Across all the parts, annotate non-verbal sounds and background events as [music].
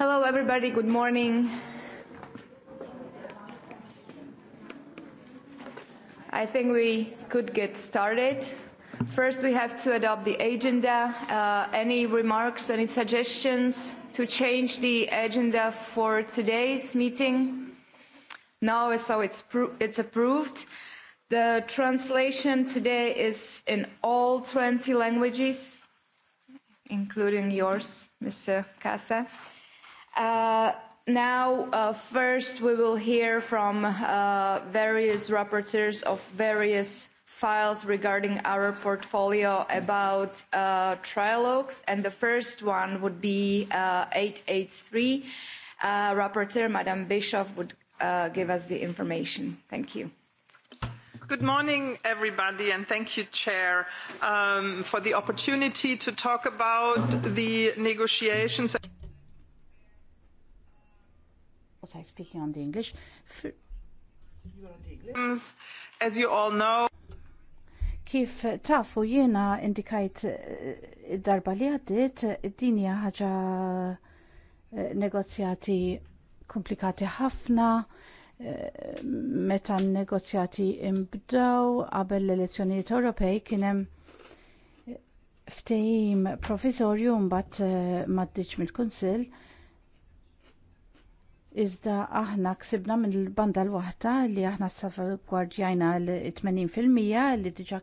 Hello everybody, good morning. I think we could get started. First we have to adopt the agenda. Uh, any remarks, any suggestions to change the agenda for today's meeting? No, so it's, pro it's approved. The translation today is in all 20 languages, including yours, Mr. Casa. Uh, now, uh, first we will hear from uh, various rapporteurs of various files regarding our portfolio about uh, trilogues, and the first one would be uh, 883. Uh, rapporteur, Madame Bischoff, would uh, give us the information. Thank you. Good morning, everybody, and thank you, Chair, um, for the opportunity to talk about the negotiations because I speak on the English. As you all know, Kif tafu jiena indikajt eh, darba li għaddit, id-dinja ħaġa eh, negozjati komplikati ħafna, eh, meta negozjati imbdew qabel l-elezzjonijiet Ewropej kien hemm ftehim provizorju mbagħad maddiċ mill-Kunsill Iżda aħna ksibna minn il-banda l-waħda li aħna salvagwardjajna l-80% li diġa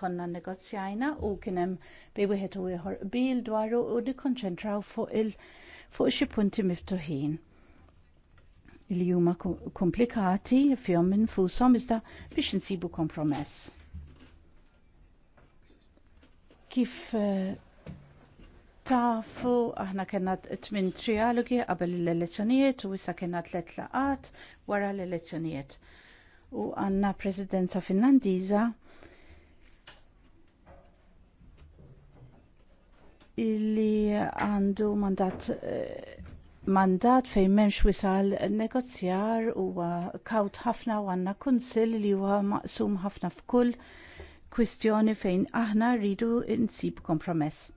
konna negozjajna u kienem bi wieħed u ieħor bil dwaru u nikkonċentraw fuq il fuq xi punti miftuħin li huma komplikati fihom infushom iżda biex insibu kompromess. Kif eh, tafu, aħna kena tmin trialogi qabel l-elezzjonijiet u issa kena tlet laqat wara l-elezzjonijiet. U għanna presidenza finlandiza illi għandu mandat eh, mandat fejn memx wisal negozjar huwa kawt ħafna u għandna kunsill li huwa maqsum ħafna f'kull kwistjoni fejn aħna rridu nsib kompromess.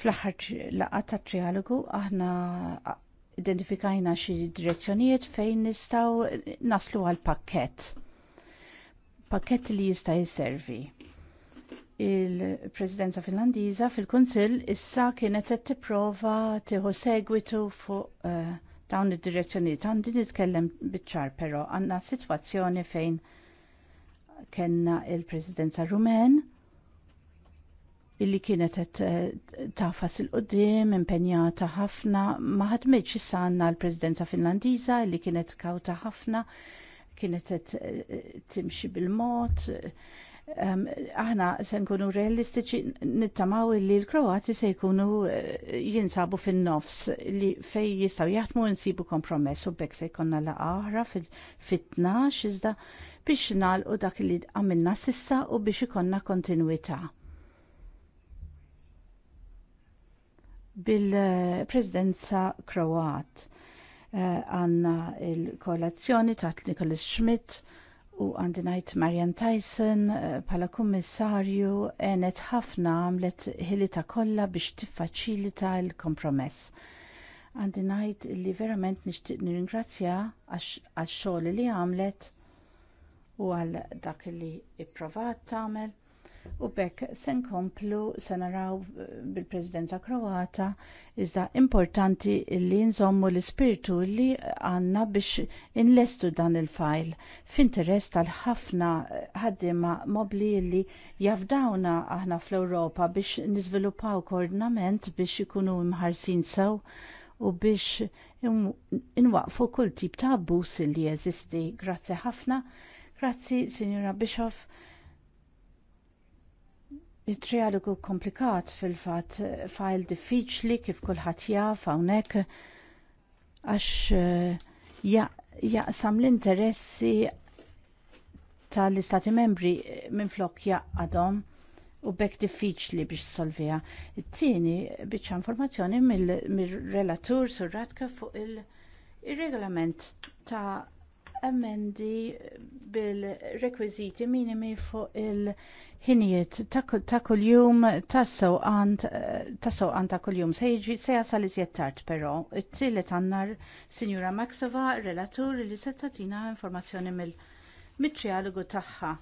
Fl-aħħar laqgħa tat trialogu aħna identifikajna xi direzzjonijiet fejn nistgħu naslu għal pakkett. Pakkett li jista' jisservi. Il-Presidenza Finlandiża fil-Kunsill issa kienet qed tipprova tieħu segwitu fuq eh, dawn id-direzzjonijiet. Għandi nitkellem biċ-ċar però għandna sitwazzjoni fejn kenna il-Presidenza Rumen illi kienet qed eh, tafas il qudiem impenjata ħafna, ma ħadmitx issa l-Presidenza Finlandiża illi kienet kawta ħafna, kienet qed eh, timxi bil-mod. Ehm, aħna se nkunu realistiċi nittamaw li l-Kroati se jkunu eh, jinsabu fin-nofs li fej jistgħu jaħdmu nsibu kompromess u bekk se jkollna la aħra fit tnax iżda biex nagħlqu dak li għamilna sissa u biex ikonna kontinwità bil-Presidenza Kroat. Eh, għanna il-koalazzjoni ta' Nicholas Schmidt u għandi ngħid Marian Tyson bħala eh, kummissarju għenet ħafna għamlet ħilita kollha biex tiffaċilita l-kompromess Għandinajt ngħid li verament nixtieq nirringrazzja għax-xogħol li għamlet u għal dak li ipprovat tagħmel U bekk se nkomplu se naraw eh, bil-Presidenza Kroata iżda importanti li nżommu l-ispirtu li għandna biex inlestu dan il-fajl f'interess tal-ħafna eh, ħaddiema mobbli li jafdawna aħna fl-Ewropa biex niżviluppaw koordinament biex ikunu mħarsin sew u biex inwaqfu kull tip ta' abbuż li jeżisti. Grazzi ħafna. Grazzi, Sinjura Bischoff Il-trialogu komplikat fil-fat fajl diffiċli kif kulħadd jaf hawnhekk għax eh, jaqsam l-interessi tal-istati membri minflok jaqadhom u bekk diffiċli biex solvija. It-tieni biċċa informazzjoni mill-relatur sur Ratka fuq il-regolament ta' emendi bil rekwiżiti minimi fuq il- ħinijiet ta' kuljum tassew għand eh, ta' kuljum se se jasal iżjed tard però. it tillet għannar Signora Maxova, relatur li se tagħtina informazzjoni mill-trialogu tagħha.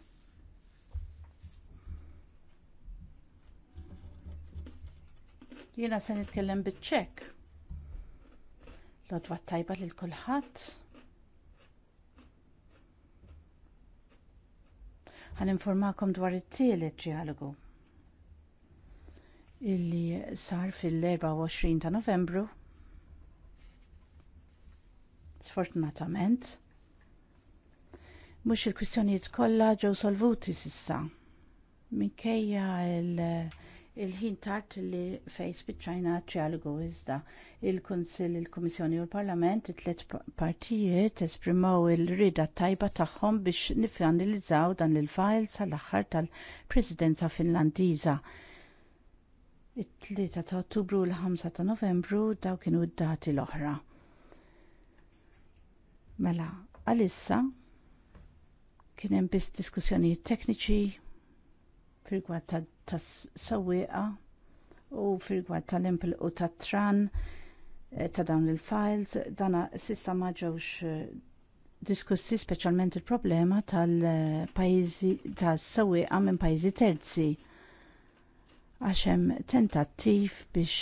Jiena se nitkellem biċ-ċekk. Lodwa tajba lil kulħadd. informakom dwar it-tielet ġialogu illi sar fil-24 ta' novembru. Sfortunatament, mhux il-kwistjonijiet kollha ġew solvuti s'issa minkejja il- il-ħin tard li fejn spiċċajna trialogu iżda il-Kunsill, il-Kummissjoni u l-Parlament it-tliet partijiet esprimaw il-rida tajba tagħhom biex nifjanalizzaw dan il-fajl sal-aħħar tal-Presidenza Finlandiża. It-3 ta' Ottubru u l-5 ta' Novembru daw kienu d-dati l-oħra. Mela, għalissa kien hemm biss diskussjonijiet tekniċi firgwat tas-sewwieqa u ta' tal-impel u tat-tran eh, ta' dawn il-files dana sissa ma ġewx eh, diskussi speċjalment il-problema tal-pajjiżi tas-sewwieqa minn pajjiżi terzi għax hemm tentattiv biex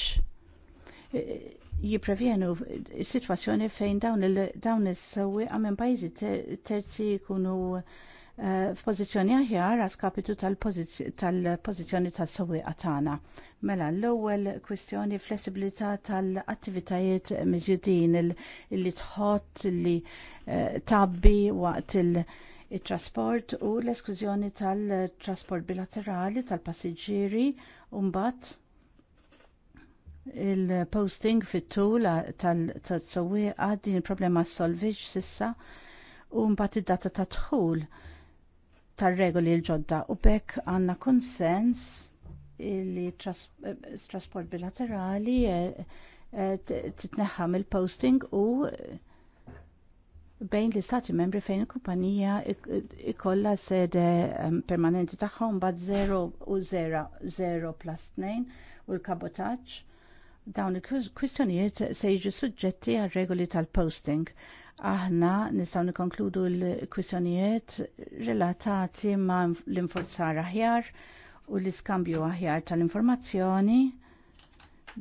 eh, jiprevjenu situazzjoni fejn dawn is-sewwieqa minn pajjiżi terzi jkunu Eh, f'pożizzjoni aħjar għas kapitu tal-pożizzjoni tas-sewwieqa tagħna. Mela l-ewwel kwistjoni flessibilità tal-attivitajiet miżjudin li tħott li eh, tabbi waqt il- trasport u l-eskużjoni tal-trasport bilaterali tal-passiġġieri u mbagħad il-posting fit-tul tal-sewwieqa din il-problema solvix sissa u mbagħad id-data ta' dħul tar-regoli l-ġodda u bekk għandna konsens li trasport bilaterali eh, eh, titneħħa mill-posting u bejn l-istati membri fejn il-kumpanija ikollha sede eh, permanenti tagħhom bad 0 u 0 plus 2 u l-kabotaġġ dawn il-kwistjonijiet se jiġu suġġetti għal regoli tal-posting aħna nistgħu nikkonkludu l-kwistjonijiet relatati ma' l-infurzar aħjar u l-iskambju aħjar tal-informazzjoni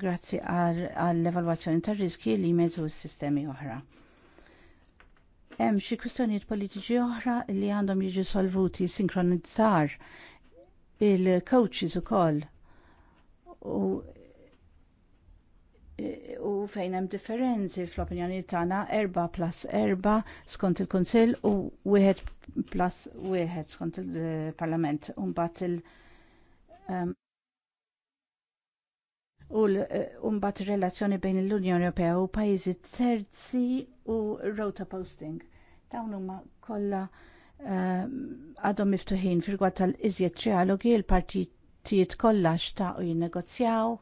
grazzi għall-evalwazzjoni tar riski li mezzu s-sistemi oħra. Hemm xi kwistjonijiet politiċi oħra li għandhom jiġu solvuti sinkronizzar il-coaches ukoll u u fejn hemm differenzi fl-opinjoni tagħna 4 plus 4 skont il-Kunsill u wieħed plus wieħed skont il-Parlament u mbagħad il- u mbagħad ir-relazzjoni bejn l-Unjoni Ewropea u pajjiżi terzi u rota posting. Dawn huma kollha għadhom miftuħin fil-gwad tal-iżjed trialogi l partitijiet kollha xtaqu jinnegozjaw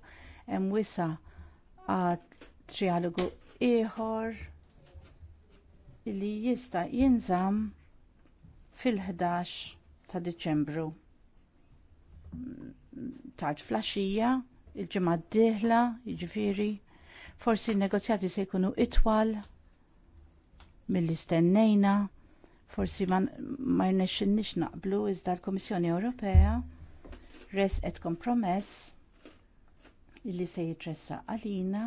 hemm wisa' għad trialogu ieħor li jista' jinżamm fil-11 ta' Diċembru. Tard flaxija, il-ġimgħa d-dieħla, jiġifieri, forsi n-negozjati se jkunu itwal mill-istennejna, forsi ma nix naqblu iżda l-Kummissjoni Ewropea res et kompromess li se jitressa għalina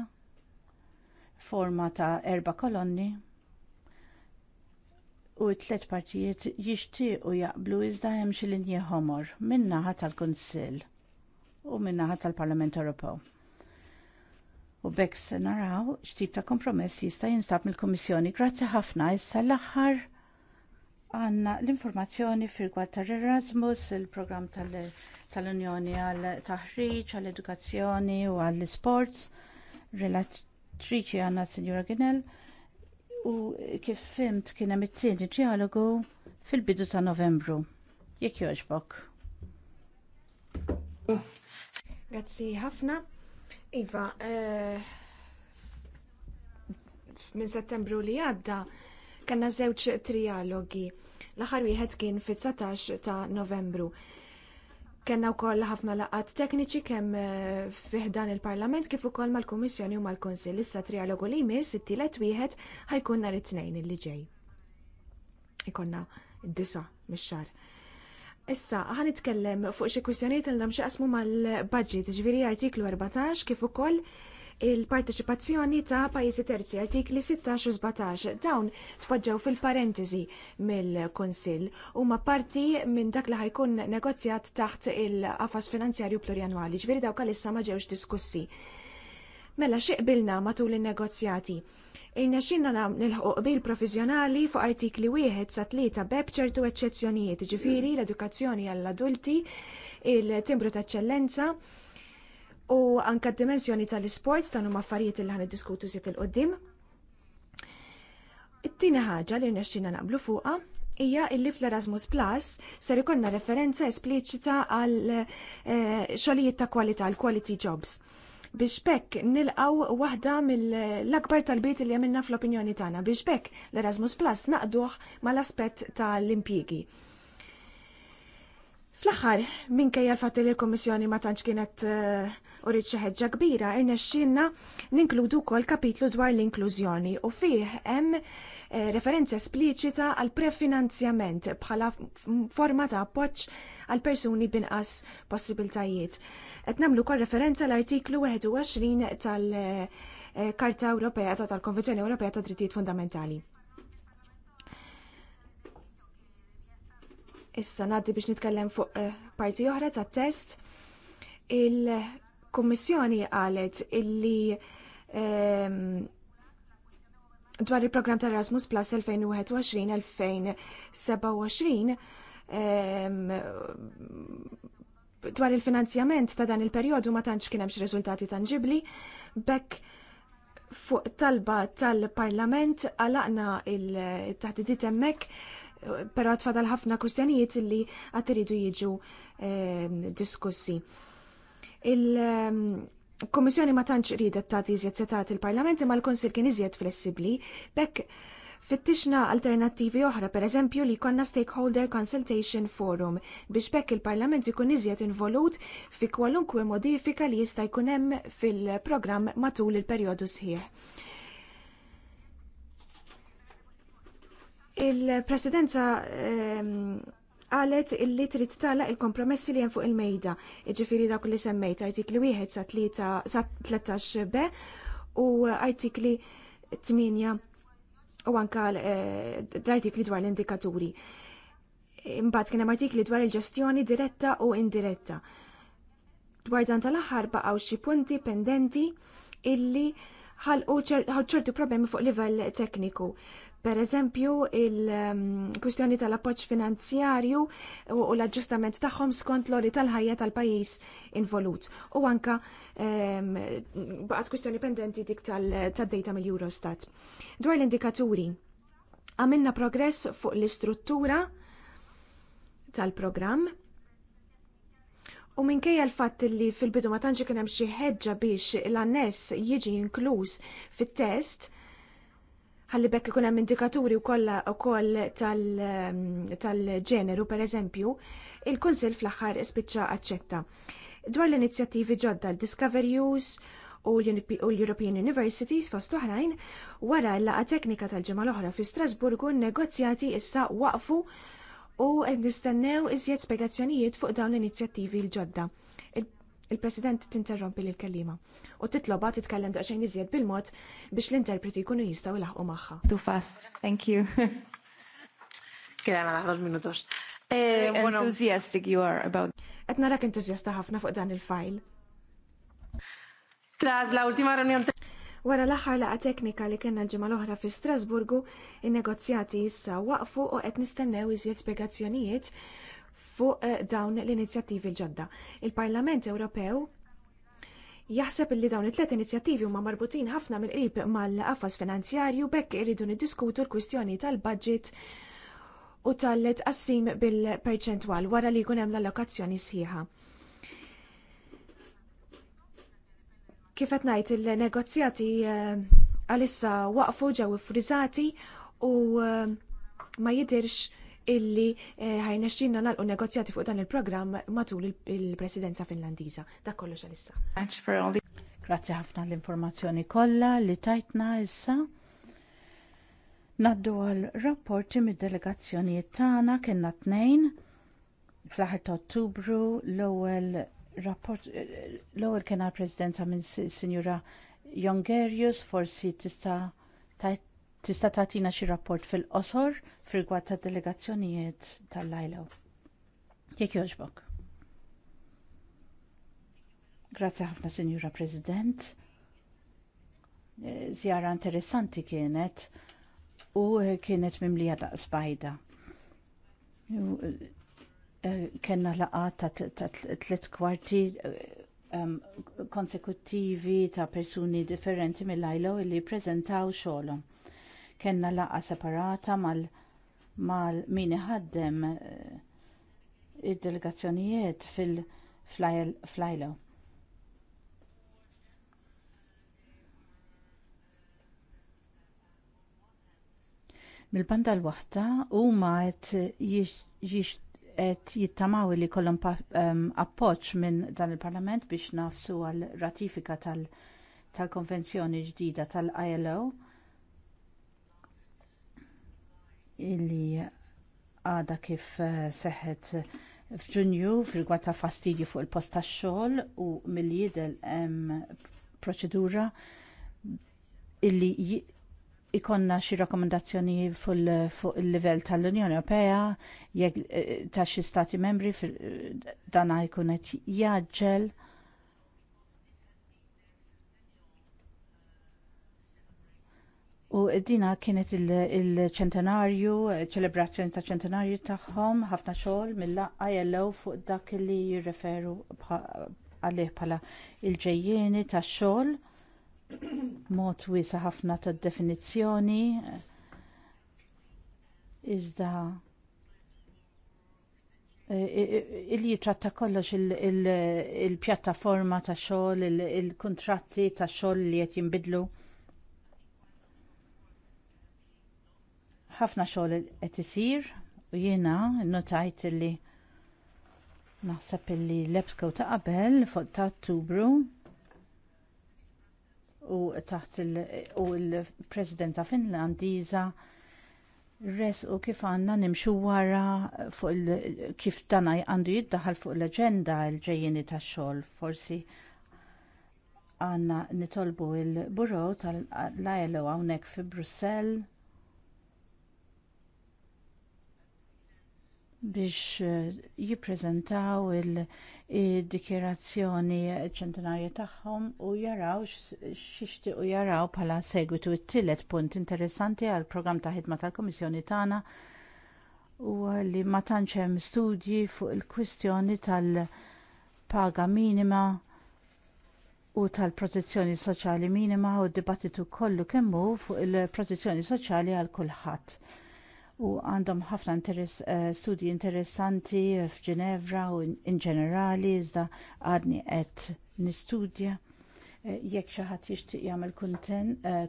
forma ta' erba kolonni u t-tlet partijiet jixtiequ jaqblu iżda hemm xi linji homor min-naħa tal-Kunsill u min-naħa tal-Parlament Ewropew. U bekk se naraw x'tip ta' kompromess jista' jinstab mill-Kummissjoni. Grazzi ħafna issa l-aħħar għanna l-informazzjoni firgwat tal-Erasmus, il-programm tal-Erasmus tal-Unjoni għal taħriġ, għall edukazzjoni u għall sports relatriċi għanna sinjura Ginel u kif fimt kien hemm it-tieni dialogu fil-bidu ta' Novembru. Jekk jogħġbok. Grazzi ħafna. Iva, eh, minn settembru li għadda kanna żewġ trialogi. L-aħħar wieħed kien fit-19 ta' Novembru. Kenna wkoll ħafna laqat tekniċi kemm eh, fiħdan il-Parlament kif ukoll mal-Kummissjoni u mal-Kunsill issa trialogu li jmiss it-tielet wieħed ħajkun nhar it-tnejn li ġej. Ikonna d-disa mix-xar. Issa, ħan nitkellem fuq xi kwistjonijiet il xi qasmu mal-budget, ġifieri artiklu 14 kif ukoll il-parteċipazzjoni ta' pajjiżi terzi, artikli 16 u 17, dawn tpoġġew fil-parentesi mill kunsill huma parti minn dak li ħajkun negozjat taħt il-qafas finanzjarju plurianwali, ġveri dawk issa ma ġewx diskussi. Mela xiqbilna matul in-negozjati. Irna xinna nam nilħu qbil professjonali fuq artikli wieħed sa tlieta beb ċertu eċċezzjonijiet, ġifiri l-edukazzjoni għall-adulti, il-timbru ta' eccellenza, u anka dimensjoni tal-isport tanu affarijiet li ħan diskutu sit il-qoddim. It-tieni ħaġa li rnexxina naqblu fuqha hija illi fl-Erasmus Plus ser ikonna referenza espliċita għal eh, xogħlijiet ta' kwalità, għal quality jobs biex bekk nilqaw waħda mill-akbar tal-bejt li għamilna fl-opinjoni tagħna biex bekk l-Erasmus Plus naqduh mal-aspett tal-impjiegi. Fl-aħħar, minkejja l fatti li l komissjoni ma tantx kienet uh, u rrid xi ħeġġa kbira irnexxielna ninkludu wkoll kapitlu dwar l-inklużjoni u fih hemm eh, referenza espliċita għal prefinanzjament bħala forma ta' appoġġ għal persuni binqas possibiltajiet. Qed nagħmlu wkoll referenza l-artiklu 21 tal- eh, Karta Ewropea ta' tal-Konvenzjoni Ewropea ta' Drittijiet Fundamentali. Issa naddi biex nitkellem fuq eh, parti oħra ta' test il kummissjoni qalet illi ehm, dwar il-programm ta' Erasmus Plus 2021-2027 ehm, dwar il-finanzjament ta' dan il-perjodu ma tantx kien hemm riżultati tanġibli bekk fuq talba tal-Parlament għalaqna il-taħdidiet hemmhekk però tfadal ħafna kwistjonijiet li għad iridu jiġu ehm, diskussi il- Kommissjoni ma tantx ridet tagħti iżjed setat il-Parlament imma l-Konsil kien iżjed flessibbli, bekk fittixna alternattivi oħra, per eżempju li konna Stakeholder Consultation Forum biex bekk il-Parlament ikun iżjed involut fi kwalunkwe modifika li jista' jkun hemm fil-programm matul il-perjodu sħiħ. Il-presidenza eh, qalet illi trid tala il-kompromessi li hemm fuq il-mejda. Iġifieri dawk li semmejt artikli wieħed sa 13 b u artikli 8 u anka l-artikli eh, dwar l-indikaturi. Imbagħad kien hemm artikli dwar il-ġestjoni diretta u indiretta. Dwar dan tal-aħħar baqgħu xi punti pendenti illi ħalqu ċertu problemi fuq livell tekniku. Per eżempju, il-kwistjoni ehm, tal-appoġġ finanzjarju u l-aġġustament tagħhom skont l-ori tal-ħajja tal-pajjiż involut. U anka ehm, baqat kwistjoni pendenti dik tad-data mill-Eurostat. Dwar l-indikaturi, għamilna progress fuq l-istruttura tal-programm U minkejja l-fatt li fil-bidu ma tanġi kien hemm xi ħeġġa biex l-anness jiġi inkluż fit-test, ħalli bekk ikun hemm indikaturi wkoll ukoll ehm, tal-ġeneru tal pereżempju, il-Kunsill fl-aħħar spiċċa aċċetta. Dwar l-inizjattivi ġodda l-Discovery Use u l-European Universities fost oħrajn wara l-laqa teknika tal-ġimgħa l-oħra fi Strasburgu negozjati issa waqfu u nistennew iżjed spjegazzjonijiet fuq dawn l-inizjattivi l-ġodda. Il-President tinterrompi l kellima u titloba titkellem daqsxejn iżjed bil-mod biex l-interpreti jkunu jistgħu ilaħqu magħha. Too fast. Thank you. [laughs] Kirana naħdu minutos. Eh, eh, enthusiastic you are about. Etna rak entuzjasta ħafna fuq dan il-fajl. Tras la ultima reunion Wara l-aħħar laqa teknika li kena l-ġimgħa l-oħra fi Strasburgu, il negozjati issa waqfu u qed nistennew iżjed spjegazzjonijiet fuq eh, dawn l-inizjattivi l-ġodda. Il-Parlament Ewropew jaħseb li dawn it-tlet inizjattivi huma marbutin ħafna mill-qrib mal-qafas finanzjarju bekk iridu niddiskutu l-kwistjoni tal-budget u tal tqassim bil-perċentwal wara li jkun hemm l-allokazzjoni sħiħa. Kif qed ngħid il-negozjati eh, għalissa waqfu ġew iffriżati u eh, ma jidirx illi eh, ħajna xinna nalqu negozjati fuq dan il-programm matul il-presidenza finlandiza. Dak kollox xalissa. Grazzi ħafna l-informazzjoni kollha li tajtna issa. Naddu għal rapporti mid-delegazzjonijiet tagħna kienna tnejn fl-aħħar ta' Ottubru l-ewwel rapport l-ewwel kien għall-Presidenza minn Sinjura Jongerius forsi tista' tajt tista' tagħtina xi rapport fil-qosor frigward tad-delegazzjonijiet tal-lajlew. Jekk jogħġbok. Grazzi ħafna, Sinjura President. Eh, zjara interessanti kienet u kienet mimlija daqs spajda. Eh, Kenna laqa ta' tliet kwarti eh, konsekuttivi ta' persuni differenti mill-ajlo li prezentaw xogħolhom kellna laqgħa separata mal, mal min ħaddem eh, id-delegazzjonijiet fil-flajlo. Mil-banda l-waħda huma qed jittamaw li jkollhom ehm, appoġġ minn dan il-Parlament biex nafsu għal ratifika tal-konvenzjoni ġdida tal-ILO. tal ilo illi għada kif eh, seħet f'Ġunju fil-gwad ta' fastidju fuq il-post tax-xogħol u mill-jidel hemm proċedura illi ikonna xi rakkomandazzjoni fuq il-livell tal-Unjoni Ewropea jekk eh, ta' xi stati membri dan jkun qed jaġġel U dina kienet il-ċentenarju, il ċelebrazzjoni ta' ċentenarju tagħhom, ħafna xogħol mill-laqqa jellew fuq dak li jirreferu għalih bħala il-ġejjeni tax xogħol mod wiesa ħafna tad definizzjoni iżda e, e, e, il jitratta kollox il-pjattaforma ta' xogħol, il-kuntratti ta' xogħol li qed jinbidlu ħafna xogħol qed isir u jiena notajt li naħseb illi l-EBSCO ta' qabel fuq ta' Ottubru u taħt il-Presidenza Finlandiża res u kif għandna nimxu wara fuq kif dan għandu jiddaħħal fuq l aġenda l-ġejjeni tax-xogħol forsi għandna nitolbu l buro tal ilo hawnhekk fi Brussell biex eh, jippreżentaw il-dikjerazzjoni ċentenarja tagħhom u jaraw xixtiequ jaraw bħala segwitu t-tielet punt interessanti għal programm ta' ħidma tal-Kummissjoni tagħna u li ma tantx hemm studji fuq il-kwistjoni tal-paga minima u tal-protezzjoni soċjali minima u d-dibattitu kollu kemm hu fuq il-protezzjoni soċjali għal kulħadd u għandhom ħafna interess, eh, studji interessanti f'Ġenevra u in ġenerali iżda għadni qed nistudja. Eh, jekk xi ħadd jixtieq jagħmel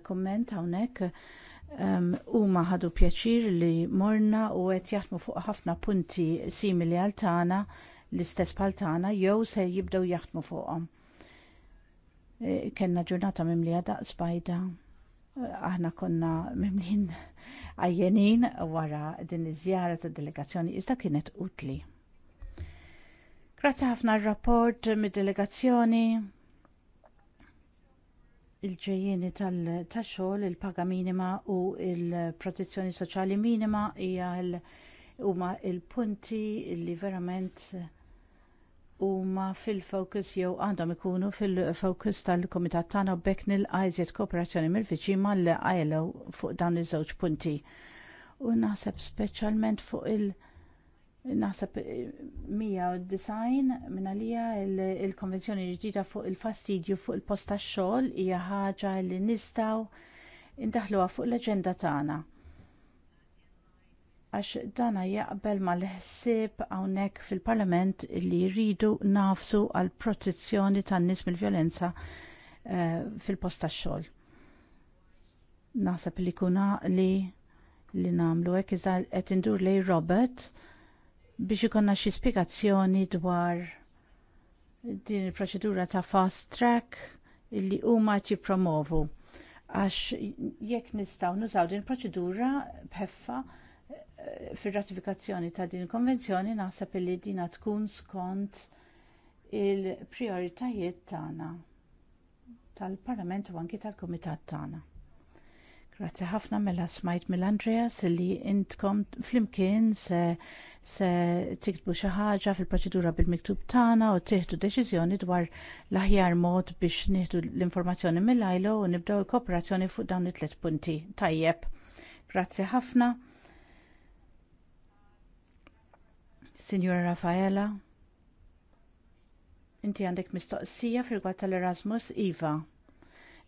kumment eh, hawnhekk ehm, huma ħadu pjaċir li morna u qed jaħdmu fuq ħafna punti simili għal tagħna l-istess bħal tagħna jew se jibdew jaħdmu fuqhom. Kenna ġurnata mimlija daqs bajda aħna konna memlin għajjenin wara din iż-żjara ta' delegazzjoni iżda kienet utli. Grazzi ħafna r-rapport mid-delegazzjoni il-ġejjeni tal-xogħol, il-paga minima u il-protezzjoni soċjali minima hija huma il-punti li verament huma fil-fokus jew għandhom ikunu fil-fokus tal-Kumitat tagħna bekk nil-għajżiet kooperazzjoni mill-viċin mal-ILO fuq dawn iż-żewġ punti. U naħseb speċjalment fuq il- Naħseb 190 minn għalija il-konvenzjoni ġdida fuq il-fastidju fuq il-post tax-xogħol hija ħaġa li nistgħu indaħluha fuq l-aġenda tagħna għax dana jaqbel mal ħsieb hawnhekk fil-Parlament li jridu nafsu għal protezzjoni tan-nies mill-vjolenza eh, fil-post tax-xogħol. Naħseb li kuna li li nagħmlu hekk iżda qed indur lejn Robert biex ikonna xi spjegazzjoni dwar din il-proċedura ta' fast track illi huma jippromovu għax jekk nistgħu nużaw din il-proċedura bħeffa fir-ratifikazzjoni ta' din il-konvenzjoni naħseb li dina tkun skont il-prioritajiet tagħna tal-Parlament u anki tal-Kumitat tagħna. Grazzi ħafna mela smajt mill-Andreas li intkom flimkien se, se tiktbu xi ħaġa fil-proċedura bil-miktub tagħna u tieħdu deċiżjoni dwar l-aħjar mod biex nieħdu l-informazzjoni mill-ajlo u nibdew il-kooperazzjoni fuq dawn it-tliet punti. Tajjeb. Grazzi ħafna. Signora Raffaella, inti għandek mistoqsija fil tal-Erasmus Iva.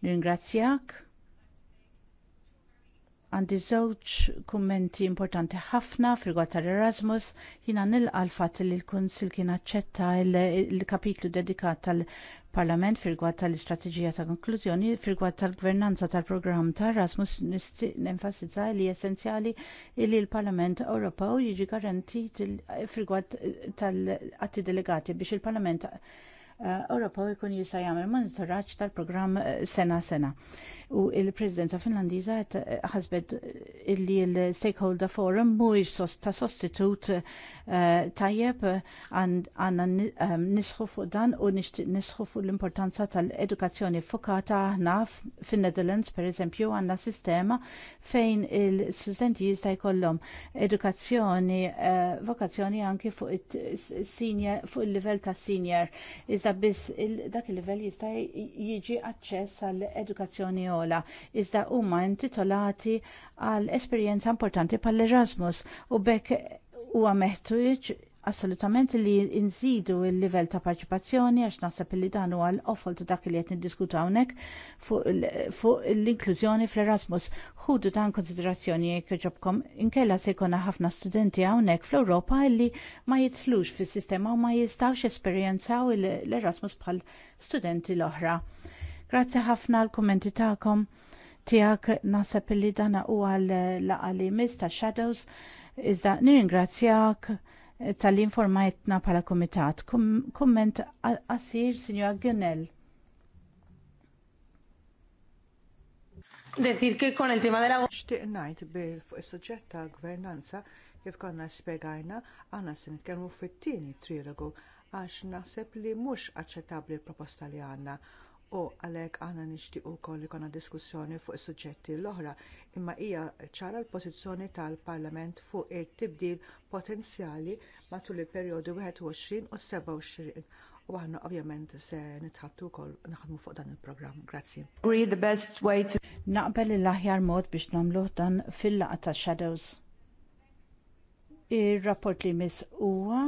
Ringrazzjak. Għandi żewġ kummenti importanti ħafna fil tal-Erasmus jina nil-għalfat li l-Kunsil kien aċċetta il kapitlu dedikat tal parlament firgwad tal-istrateġija ta' konklużjoni firgwad tal-gvernanza tal-programm ta' Erasmus nenfasizza li essenzjali li l-Parlament Ewropew jiġi garantit firgwad tal-atti delegati biex il-Parlament eh, Ewropew ikun jista' jagħmel monitoraġġ tal-programm eh, sena sena u il president Finlandiża Finlandiza eh, ħasbet eh, illi l-Stakeholder Forum mhuwiex ta' sostitut eh, tajjeb għandna nisħu fuq dan u nixtieq nisħu fuq l-importanza tal-edukazzjoni fokata aħna fin-Netherlands pereżempju għandna sistema fejn il-studenti jista' jkollhom edukazzjoni vokazzjoni anki fuq senior fuq il-livell ta' senior iżda biss dak il-livell jista' jiġi aċċess għall-edukazzjoni ola, iżda huma intitolati għal esperjenza importanti pal erasmus u bekk huwa għamehtuġ assolutament li nżidu l livell ta' parċipazzjoni għax naħseb li dan huwa l-offol ta' dak li qed niddiskuta hawnhekk fuq l-inklużjoni fl-Erasmus. Ħudu dan konsiderazzjoni jekk ġobkom inkella se jkollna ħafna studenti hawnhekk fl-Ewropa li ma jitlux fis-sistema u ma jistgħux esperjenzaw l-Erasmus bħal studenti l-oħra. Grazzi ħafna għall kummenti tagħkom tiegħek naħseb li dan huwa l-laqgħa li mis ta' Shadows iżda nirringrazzjak tal-informajtna bħala kumitat. Kumment qasir, Sinjora Gunnell. Dettir che kon il tema della Xtiq ngħid bil fuq is-suġġett ta' gvernanza kif konna spjegajna għanna se nitkellmu fit-tieni trilogu għax naħseb li mhux aċċettabbli l-proposta li għandna u għalhekk aħna nixtiequ wkoll ikollna diskussjoni fuq is-suġġetti l-oħra, imma hija ċara l-pożizzjoni tal-Parlament fuq it-tibdil potenzjali matul il-perjodu 21 u 27. U aħna ovvjament se nitħattu wkoll naħdmu fuq dan il-programm. Grazzi. Naqbel l-aħjar mod biex nagħmluh dan fil-laqgħa tax shadows. Ir-rapport li miss huwa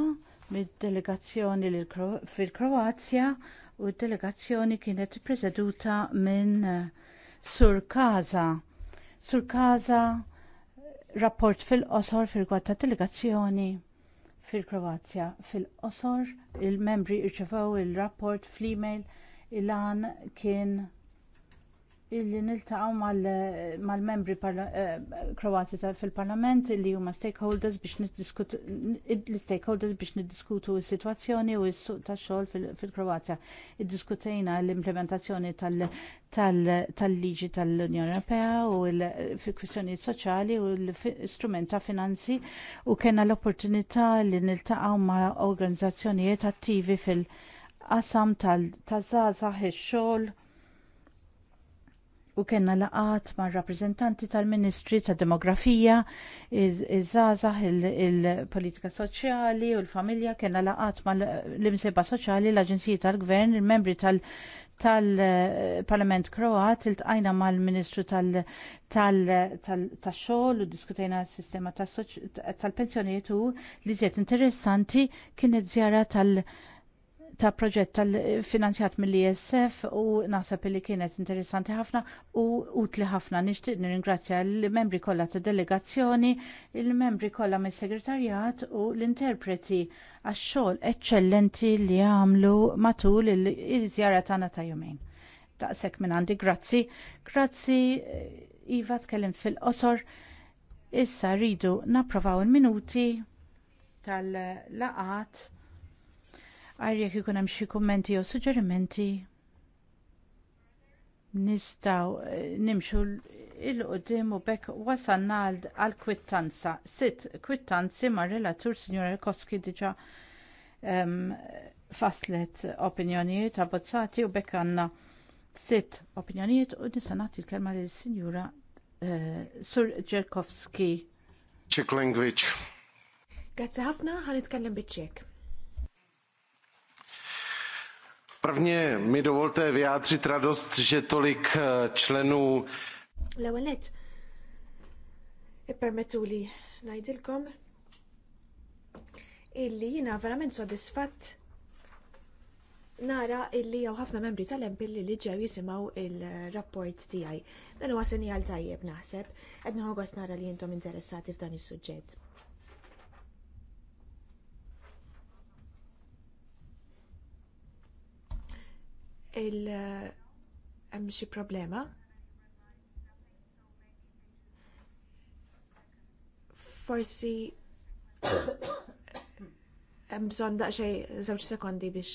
mid-delegazzjoni fil-Kroazja fil kroazja u d-delegazzjoni kienet preseduta minn eh, Sur Kaza. Sur Kaza rapport fil-qosor fil-gwad ta' delegazzjoni fil-Kroazja. Fil-qosor il-membri irċevew il-rapport fl-email il-għan kien illi niltaqgħu mal-membri eh, Kroati fil-Parlament illi huma stakeholders biex niddiskutu l-stakeholders biex niddiskutu s-sitwazzjoni u s-suq tax-xogħol fil-Kroatja. Iddiskutejna l-implementazzjoni tal-liġi tal-Unjoni Ewropea u l-kwistjonijiet soċjali u l-istrument ta' finanzi u kellna l-opportunità li niltaqgħu ma' organizzazzjonijiet attivi fil-qasam tal-żgħażagħ ix-xogħol u kena laqat ma' rappresentanti tal-Ministri ta' Demografija, iż-żazah il-politika soċjali u l-familja, kena laqat ma' l-imseba soċjali, l-Aġenziji tal-Gvern, il-membri tal-Parlament Kroat, il-tqajna ma' l-Ministru tal-xol u diskutajna s-sistema tal-pensjoniet u li zjed interessanti kienet zjara tal-, tal, tal ta' proġett tal-finanzjat mill-ISF u naħseb li kienet interessanti ħafna u utli ħafna. Nixtieq nirringrazzja l-membri kollha tad delegazzjoni, il-membri kollha mis-segretarjat u l-interpreti għax-xogħol eċċellenti li għamlu matul il-żjara tagħna ta' jumejn. Daqshekk minn għandi grazzi. Grazzi Iva tkellim fil-qosor. Issa rridu napprovaw il-minuti tal-laqat għar jekk ikun hemm xi kummenti jew suġġerimenti Nistaw eh, nimxu il-qudiem u bekk wasalna għal kwittanza. Sitt kwittanzi mar relatur Signor Koski diġà um, ehm, faslet opinjonijiet abbozzati u bekk għanna sitt opinjonijiet u nista' nagħti l-kelma lil Signora uh, Sur Ġerkowski. Czech language. Grazzi ħafna ħan nitkellem ċek Prvně mi dovolte vyjádřit radost, že tolik eh, členů. najdilkom illi jina verament sodisfatt nara illi jew ħafna membri tal-empil li li ġew jisimgħu il-rapport tiegħi. Dan huwa sinjal tajjeb naħseb, Edna nħogos nara li intom interessati f'dan is-suġġett. il hemm xi problema. Forsi [coughs] hemm bżonn daqsxejn żewġ sekondi biex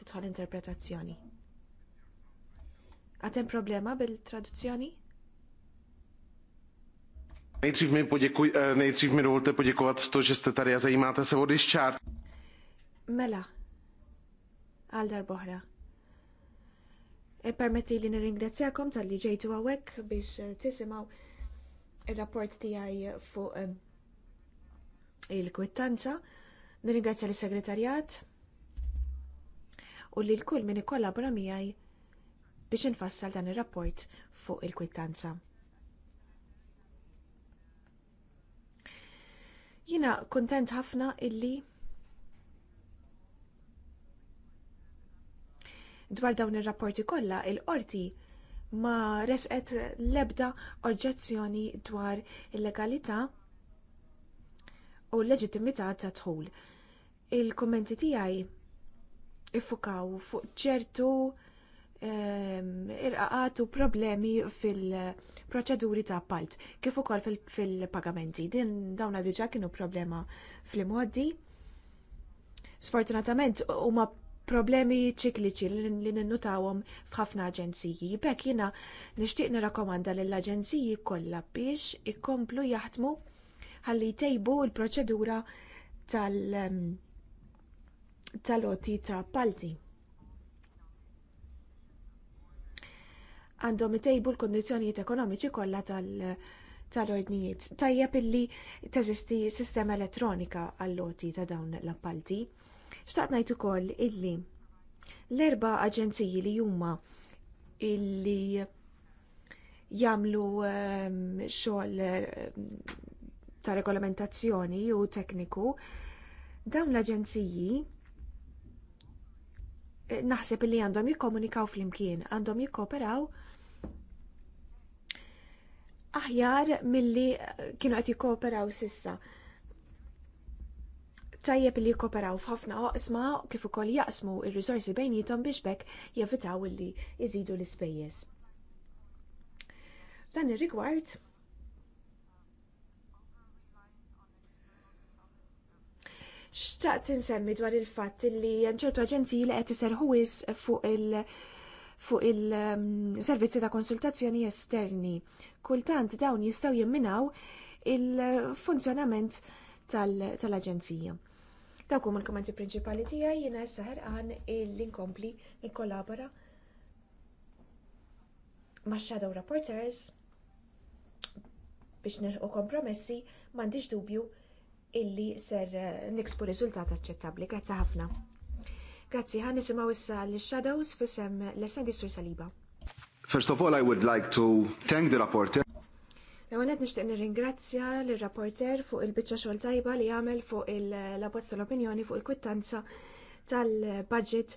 tidħol interpretazzjoni. Għatem problema bil-traduzzjoni? Nejdřív mi, poděkuj, eh, nejdřív mi dovolte poděkovat to, že jste tady a zajímáte Mela, għal darbohra. E permetti li nirringrazzjakom tal-li ġejtu għawek biex eh, tisimaw il-rapport tijaj fuq eh, il-kwittanza. Nirringrazzja li segretarjat u li l-kull min ikkollabora miegħi biex infassal dan ir-rapport fuq il-kwittanza. Jina kontent ħafna illi Dwar dawn ir-rapporti kollha il-qorti ma resqet l-ebda oġġezzjoni dwar il-legalità u l-leġittimità ta' dħul. Il-kummenti tiegħi iffukaw fuq ċertu ehm, irqaqat u problemi fil-proċeduri ta' appalt, kif ukoll fil-pagamenti. Din dawna diġa kienu problema fl-imoddi. Sfortunatament huma problemi ċikliċi li ninnutawhom f'ħafna aġenziji. Bekk jiena nixtieq nirrakkomanda lill aġenziji kollha biex ikomplu jaħdmu ħalli jtejbu l-proċedura tal- ehm, tal-oti ta' palti. Għandhom itejbu l kundizzjonijiet ekonomiċi kollha tal- tal-ordnijiet. Tajjeb illi teżisti sistema elettronika għall-loti ta' dawn l-appalti. Xtaqt ngħid ukoll illi l-erba' aġenziji li huma illi jagħmlu ehm, xogħol ehm, ta' regolamentazzjoni u tekniku, dawn l-aġenziji eh, naħseb li għandhom jikkomunikaw flimkien, għandhom jikkooperaw aħjar milli eh, kienu qed jikkooperaw sissa tajjeb li jikoperaw f'ħafna oqsma kif ukoll jaqsmu ir-riżorsi bejnietom biex bekk jevitaw li jżidu l-ispejjeż. Dan ir-rigward xtaqt insemmi dwar il-fatt li hemm ċertu aġenziji li qed iserħu fuq il- fuq il-servizzi um, ta' konsultazzjoni esterni. Kultant dawn jistgħu jimminaw il-funzjonament tal-Aġenzija. Dawk huma l-kommenti prinċipali tiegħi jiena issa ħerqan l-inkompli nikkollabora ma' Shadow Reporters biex nilħu kompromessi m'għandix dubju illi ser eh, nikspu riżultat aċċettabbli. Grazzi ħafna. Grazzi ħan nisimgħu issa l-Shadows fisem l-Essendi Sur Saliba. First of all, I would like to thank the rapporteur. Għonet nishtiq nir-ringrazzja l-rapporter fuq il-bicċa xol tajba li għamel fuq il-labozz tal-opinjoni fuq il-kwittanza tal-budget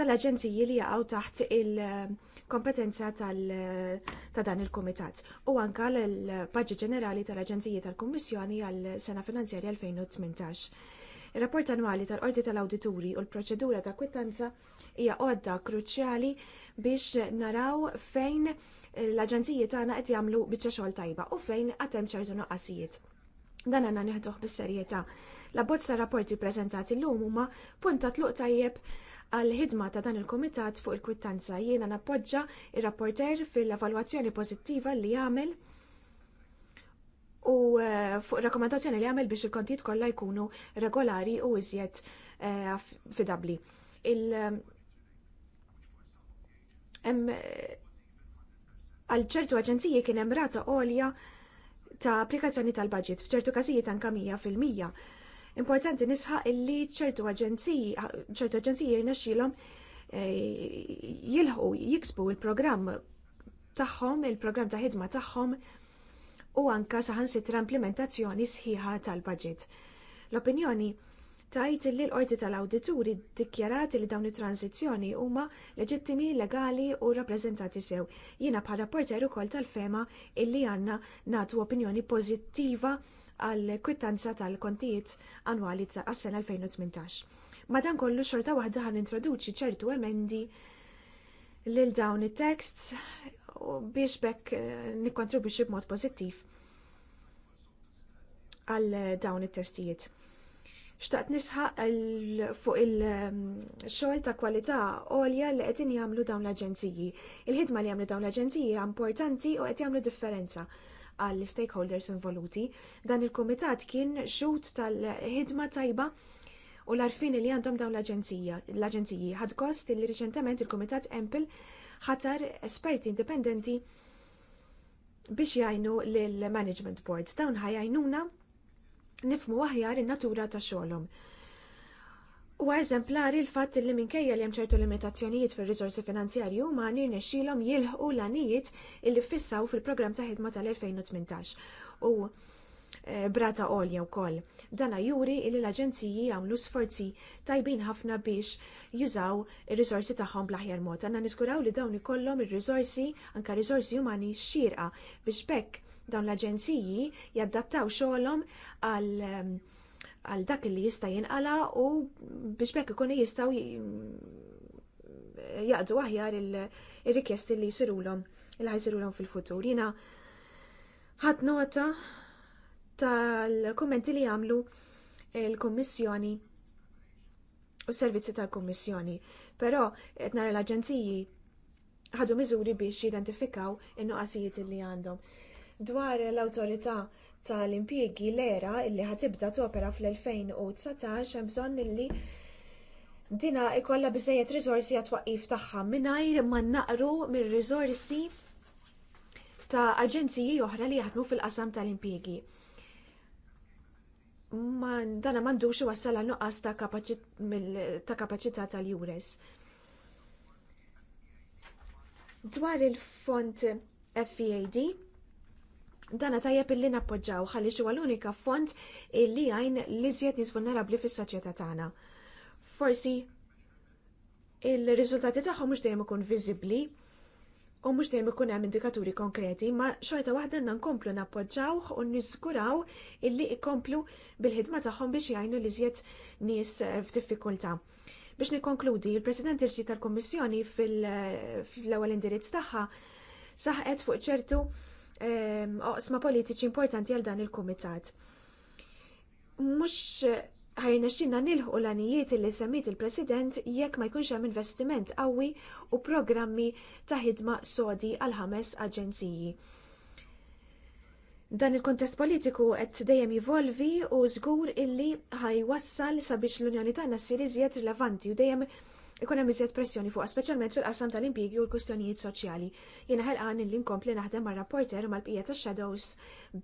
tal-aġenziji li jaqgħu taħt il-kompetenza ta' dan il-Kumitat u anka l-Budget Ġenerali tal-Aġenziji tal-Kummissjoni għal-Sena Finanzjarja 2018. Ir-rapport annwali tal-Qorti tal-Awdituri u l-proċedura ta' kwittanza hija għodda kruċjali biex naraw fejn l-aġenziji tagħna qed jagħmlu biċċa xogħol tajba u fejn qatt hemm ċertu noqqasijiet. Dan għandna nieħduh bis-serjetà. L-abbozz ta' rapporti preżentati llum huma punta tluq tajjeb għal ħidma ta' dan il-komitat fuq il-kwittanza jiena nappoġġa ir-rapporter fil-evalwazzjoni pożittiva li jagħmel u eh, fuq rakkomandazzjoni li għamel biex il-kontijiet kollha jkunu regolari u iżjed eh, affidabbli għal ċertu aġenziji kien hemm rata għolja ta' applikazzjoni tal-budget, f'ċertu każijiet anke mija fil-mija. Importanti nisħa illi ċertu aġenziji, ċertu aġenziji jirnexxilhom eh, jilħu jiksbu il-programm tagħhom, il-programm ta' ħidma tagħhom u anka saħansitra implementazzjoni sħiħa tal-budget. L-opinjoni tajt li l-Qorti tal-Awdituri ddikjarati li dawn it-tranzizzjoni huma leġittimi, legali u rappreżentati sew. Jiena bħala rapporter ukoll tal-fema illi għandna nagħtu opinjoni pożittiva għall kwittanza tal-kontijiet annwali għas-sena 2018. Madankollu xorta waħda ħan introduċi ċertu emendi lil dawn it-texts biex bekk eh, nikkontribwixxi b'mod pożittiv għal dawn it-testijiet. Xtaqt nisħaq fuq il-xogħol ta' kwalità għolja li qed jagħmlu dawn l-aġenziji. Il-ħidma li jagħmlu dawn l-aġenziji hija importanti u qed jagħmlu differenza għall stakeholders involuti. Dan il-kumitat kien xut tal-ħidma tajba u l-arfin li għandhom dawn l-aġenzija. L-aġenziji ħad kost li riċentement il-kumitat Empel ħatar esperti indipendenti biex jgħinu l-management boards. Dawn ħajajnuna nifmu aħjar in-natura ta' xogħolhom. Huwa eżemplari l-fatt li minkejja li hemm ċertu limitazzjonijiet fir-riżorsi finanzjarji umani rnexxielhom jilħqu l-anijiet illi fissaw fil-programm ta' ħidma tal-2018. U eh, brata olja u koll. Dana juri illi l-aġenziji għamlu sforzi tajbin ħafna biex jużaw il-rizorsi tagħhom bl-aħjar mod. Għanna niskuraw li dawn ikollhom il-rizorsi, anka rizorsi umani xirqa biex bekk Dawn l-aġenziji jaddattaw xogħolhom għal um, għal dak li jista' jinqala u biex bekk ikunu jistgħu jaqdu aħjar il-rikjesti li jsirulhom il ħajsirulhom fil-futur. Jiena ħadd nota tal-kummenti li jagħmlu il-Kummissjoni u s-servizzi tal-Kummissjoni. Però qed nara l-aġenziji ħadu miżuri biex jidentifikaw in nuqasijiet li għandhom. Dwar l-Awtorità tal-Impjiegi l-era illi ħatibda topera fl-2019 hemm bżonn illi dina ikollha biżżejjed riżorsi għat-twaqqif tagħha mingħajr ma naqru mir-riżorsi ta' aġenziji oħra li jaħdmu fil-qasam tal-impjiegi. Man, dana mandux wassala nuqqas ta' kapaċità tal-jures. Dwar il-font FEAD, dana tajjeb illi nappoġġaw ħalli huwa l-unika font illi għajn li żjed nies vulnerabbli fis-soċjetà tagħna. Forsi il-riżultati tagħhom mhux dejjem ikun viżibbli u mhux dejjem ikun hemm indikaturi konkreti, ma xorta waħda nkomplu nappoġġawh u niżguraw illi ikomplu bil-ħidma tagħhom biex jgħinu li żjed nies f'diffikultà. Biex nikkonkludi, il-President irġi tal-Kommissjoni fil-ewwel indirizz tagħha saħqet fuq ċertu oqsma politiċi importanti għal dan il-Kumitat. Mux ħajna xinna nilħu l-anijiet li semmit il-President jekk ma jkunx hemm investiment qawwi u programmi ta' ħidma sodi għal ħames aġenziji. Dan il-kontest politiku qed dejjem jivolvi u żgur illi ħaj wassal sabiex l-Unjoni tagħna ssir iżjed rilevanti u dejjem ikun hemm iżjed pressjoni fuqha speċjalment fil-qasam tal impjiegi u l-kustjonijiet soċjali. Jiena ħelqan li nkompli naħdem mar-rapporter mal-bqija tax-shadows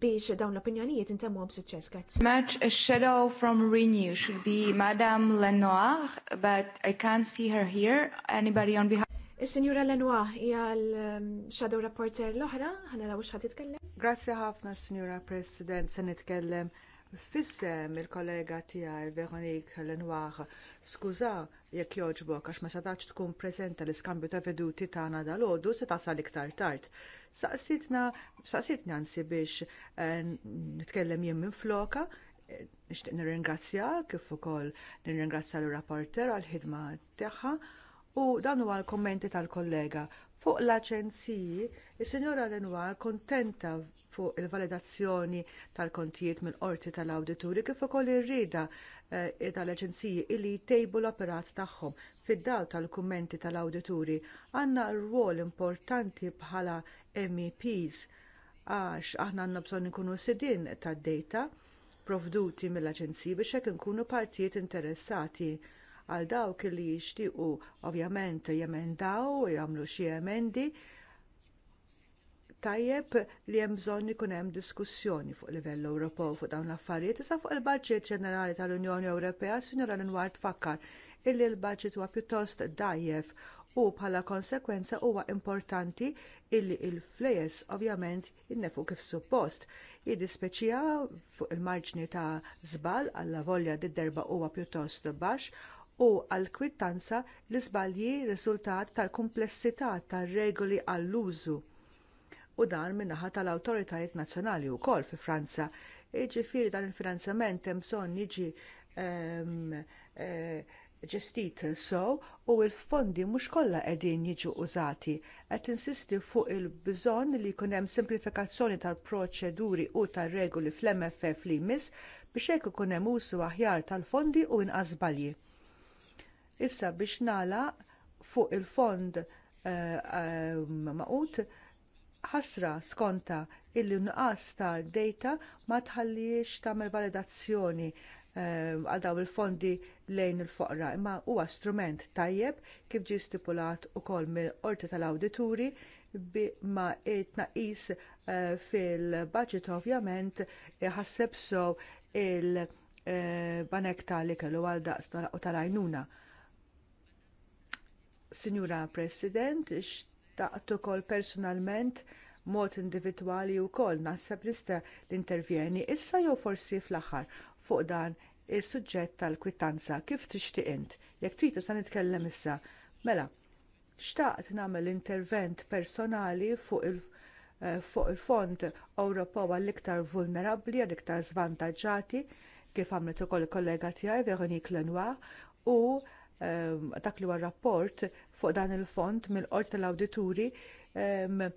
biex dawn l-opinjonijiet intemmuhom b'suċċess. Grazzi. Match a shadow from Renew should be Madame Lenoir, but I can't see her here. Anybody on behalf Is-Sinjura Lenoir hija l-Shadow Rapporter l-oħra, ħana x'ħad titkellem. Grazzi ħafna, Sinjura President, se nitkellem Fissem il-kollega tiegħi Veronique Lenoir skuża jekk jogħġbok għax ma setax tkun preżenta l-iskambju ta' veduti tagħna dal-għodu se tasal iktar tard. Saqsitna, saqsitni biex eh, nitkellem jien minn floka, eh, nixtieq nirringrazzja kif ukoll nirringrazzja l-rapporter għall-ħidma tagħha u dan huwa l-kommenti tal-kollega Fuq l-aċenziji, is sinjora Lenoir kontenta fuq il-validazzjoni tal-kontijiet mill-qorti tal-awdituri kif ukoll ir-rieda eh, tal-aġenziji illi jtejbu l-operat tagħhom fid-dawl tal-kummenti tal-awdituri għandna rwol importanti bħala MEPs għax aħna għandna bżonn ikunu sidin tad-data provduti mill-aġenziji biex hekk inkunu partijiet interessati għal dawk li jixtiequ ovvjament jemendaw jagħmlu xi emendi tajjeb li hemm bżonn ikun hemm diskussjoni fuq livell Ewropew fuq dawn l-affarijiet issa fuq il baġit ġenerali tal-Unjoni Ewropea sinjora Linwar tfakkar illi l-baġġett huwa pjuttost dajjef u bħala konsegwenza huwa importanti illi l il flejes ovvjament jinnefu kif suppost. Jiddispeċija fuq il-marġni ta' żball alla volja d-derba huwa pjuttost baxx u għall kwittanza l-iżbalji riżultat tal-kumplessità tar regoli għall-użu u dan min-naħa tal-awtoritajiet nazzjonali wkoll fi Franza. Jiġifieri dan il-finanzjament hemm bżonn jiġi ehm, eh, ġestit so u l-fondi mhux kollha qegħdin jiġu użati. Qed insisti fuq il-bżonn li jkun hemm simplifikazzjoni tal-proċeduri u tar-regoli fl-MFF li jmiss biex hekk ikun hemm usu aħjar tal-fondi u inqas balji. Issa biex nagħlaq fuq il-fond eh, eh, maqut ħasra skonta illi nqas ta' data ma tħallix tagħmel validazzjoni ehm, għal dawn il-fondi lejn il-foqra imma huwa strument tajjeb kif ġie stipulat ukoll mill-qorti tal-awdituri ma tnaqqis eh, fil-budget ovvjament ħasseb sew il-banek eh, tal u għal daqs u tal-għajnuna. Sinjura President, taqt ukoll personalment mod individwali wkoll naħseb lista l-intervjeni issa jew forsi fl-aħħar fuq dan is-suġġett tal-kwittanza kif tixtieq int. Jekk trid sa nitkellem issa. Mela, xtaqt nagħmel intervent personali fuq il- eh, fuq il-Fond Ewropew għall-iktar vulnerabbli għall-iktar żvantaġġati kif għamlet ukoll il-kollega tiegħi Veronique Lenoir u Ehm, dak li huwa rapport fuq dan il-fond mill-qorti tal-awdituri ehm,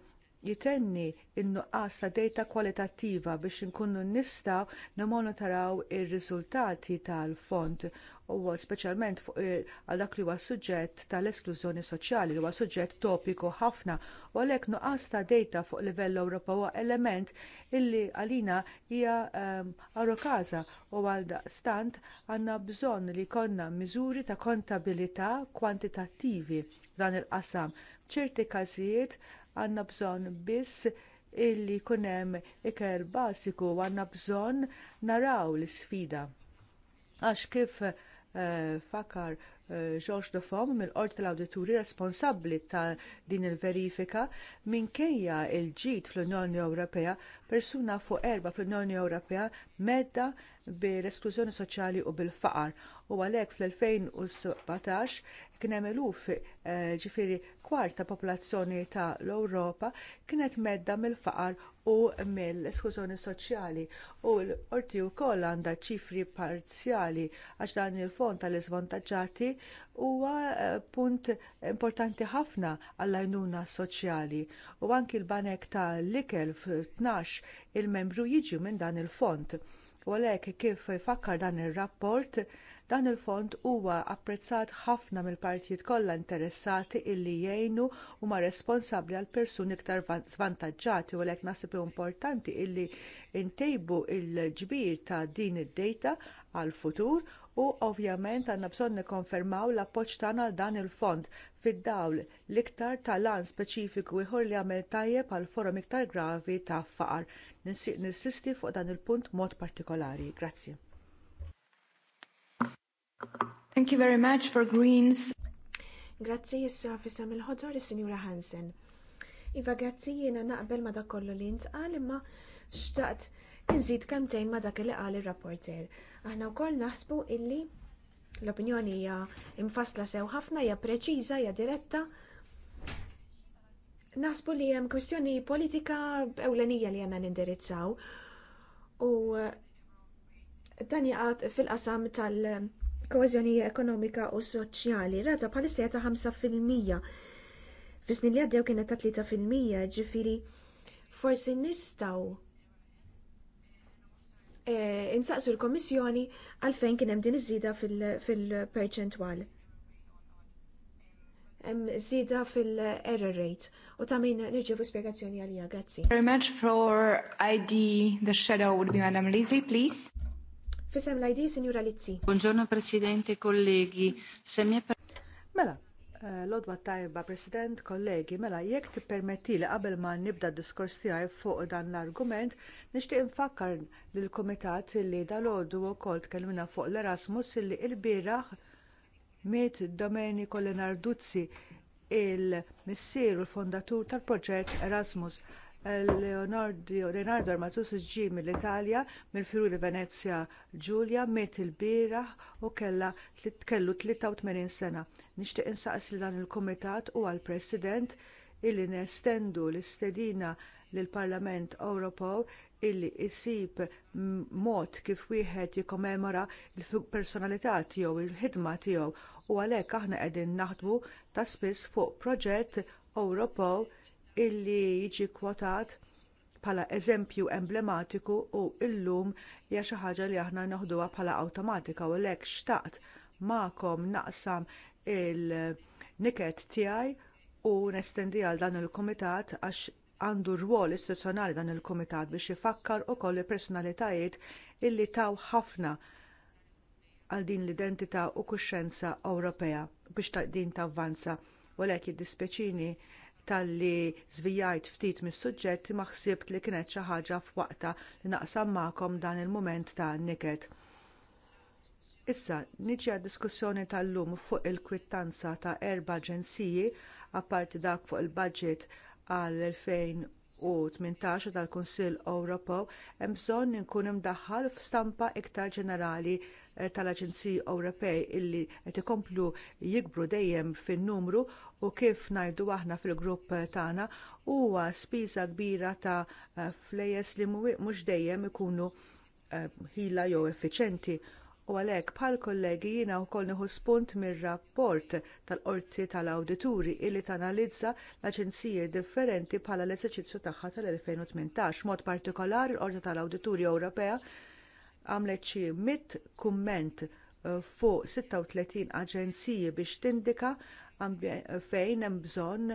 jitenni n nuqqas ta' dejta kwalitattiva biex inkunu nistgħu nimonitoraw ir-riżultati tal-fond u speċjalment eh, għal dak li huwa suġġett tal-esklużjoni soċjali li huwa suġġett topiku ħafna u għalhekk nuqqas ta' dejta fuq livell Ewropa huwa element illi għalina hija ehm, arrokaza u għaldaqstant għandna bżonn li jkollna miżuri ta' kontabilità kwantitattivi f'dan il-qasam. ċerti każijiet għandna bżonn biss illi jkun hemm iker basiku għandna bżonn naraw l isfida Għax kif uh, fakar George Dofom mill-Qorti tal-Awdituri responsabbli ta' din il-verifika minkejja l ġid fl-Unjoni Ewropea persuna fuq erba fl-Unjoni Ewropea medda bil-esklużjoni soċjali u bil-faqar u għalhekk fl-2017 kien hemm eluf eh, ġifieri kwart ta' popolazzjoni ta' l-Ewropa kienet medda mill-faqar u mill esklużjoni soċjali u l-qorti wkoll għandha ċifri parzjali għax dan il-fond tal-iżvantaġġati huwa eh, punt importanti ħafna għall-għajnuna soċjali u anki l-banek ta' likel f-12 il-membru jiġu minn dan il-fond. U għalhekk kif fakkar dan ir-rapport, dan il-fond huwa apprezzat ħafna mill-partijiet kollha interessati illi jgħinu huma responsabbli għal persuni iktar svantaġġati u għalhekk nasib importanti illi ntejbu l il ġbir ta' din id-dejta għall futur u ovvjament għandna bżonn nikkonfermaw l-appoġġ tagħna għal dan il-fond fid-dawl l-iktar talan speċifiku ieħor li għamel tajjeb għal forum iktar gravi ta' faqar. Nissisti fuq dan il-punt mod partikolari. Grazzi. Thank you very much for Greens. Grazzi jissa fissam il-ħodor is-Sinjura Hansen. Iva grazzi jiena naqbel ma dak kollu li ntqal imma xtaqt Inżid kemtejn ma dak li qal ir-rapporter. Aħna wkoll naħsbu illi l-opinjoni hija imfasla sew ħafna, hija preċiża, hija diretta. Naħsbu li hemm kwistjoni politika ewlenija li għanna nindirizzaw. U eh, dan jaqat fil-qasam tal-kohezjoni ekonomika u soċjali, rata bħalissa ta' 5%. Fis-snin li għaddew kienet ta' 3%, ġifiri forsi nistaw Eh, insaqsu l-Komissjoni għalfejn kien hemm din iż-żida fil-perċentwal. Zida fil-error rate u ta' min nirċevu spjegazzjoni għalija, grazzi. Very much for ID the shadow would be Madam Lizzy, please. Fisem l-ID, Signora Lizzi. Buongiorno Presidente, kollegi. Semmi Mela, Eh, lodwa tajba, President, kollegi, mela jekk tippermetti li qabel ma nibda d diskors tiegħi fuq dan l-argument, nixtieq infakkar lill kumitat li dalgħodu wkoll tkellimna fuq l-Erasmus li l-bieraħ miet Domenico Lenarduzzi il-missier u l-fondatur tal-proġett Erasmus Leonardo Armazus ġie mill-Italja, mill-Firuli Venezia Giulia, miet il-biraħ u kellha kellu 83 sena. Nixtieq insaqsi dan il-Kumitat u għall president illi nestendu l-istedina lill parlament Ewropew illi jsib mod kif wieħed jikkommemora l personalità tiegħu il-ħidma tiegħu u għalhekk aħna qegħdin naħdmu ta' spiss fuq proġett Ewropew illi jiġi kwotat bħala eżempju emblematiku u llum hija xi ħaġa li aħna noħduha bħala awtomatika u lek xtaqt magħkom naqsam il-niket tiegħi u nestendi għal dan il-kumitat għax għandu rwol istituzzjonali dan il-kumitat biex ifakkar ukoll il-personalitajiet illi taw ħafna għal din l-identità u kuxxenza Ewropea biex ta' din tavvanza. u Walek jiddispjaċini talli żvijajt ftit mis-suġġett ma ħsibt li kienet xi ħaġa f'waqta li naqsam magħkom dan il-mument ta' niket. Issa, niġi għad diskussjoni tal-lum fuq il-kwittanza ta' erba' aġenziji apparti dak fuq il-budget għal 2018 tal-Kunsill Ewropew hemm bżonn inkun imdaħħal f'stampa iktar ġenerali eh, tal-Aġenziji Ewropej illi qed ikomplu jikbru dejjem fin-numru u kif ngħidu aħna fil-grupp tagħna huwa spiża kbira ta' eh, flejes li mhux dejjem ikunu eh, ħila jew effiċenti. U għalhekk bħal kollegi jiena wkoll nieħu spunt mir-rapport tal-qorti tal-awdituri illi tanalizza l-aġenziji differenti bħala l-eżerċizzju tagħha tal-2018. Mod partikolari l-qorti tal-awdituri Ewropea għamlet xi mit kumment eh, fuq 36 aġenziji biex tindika fejn hemm bżonn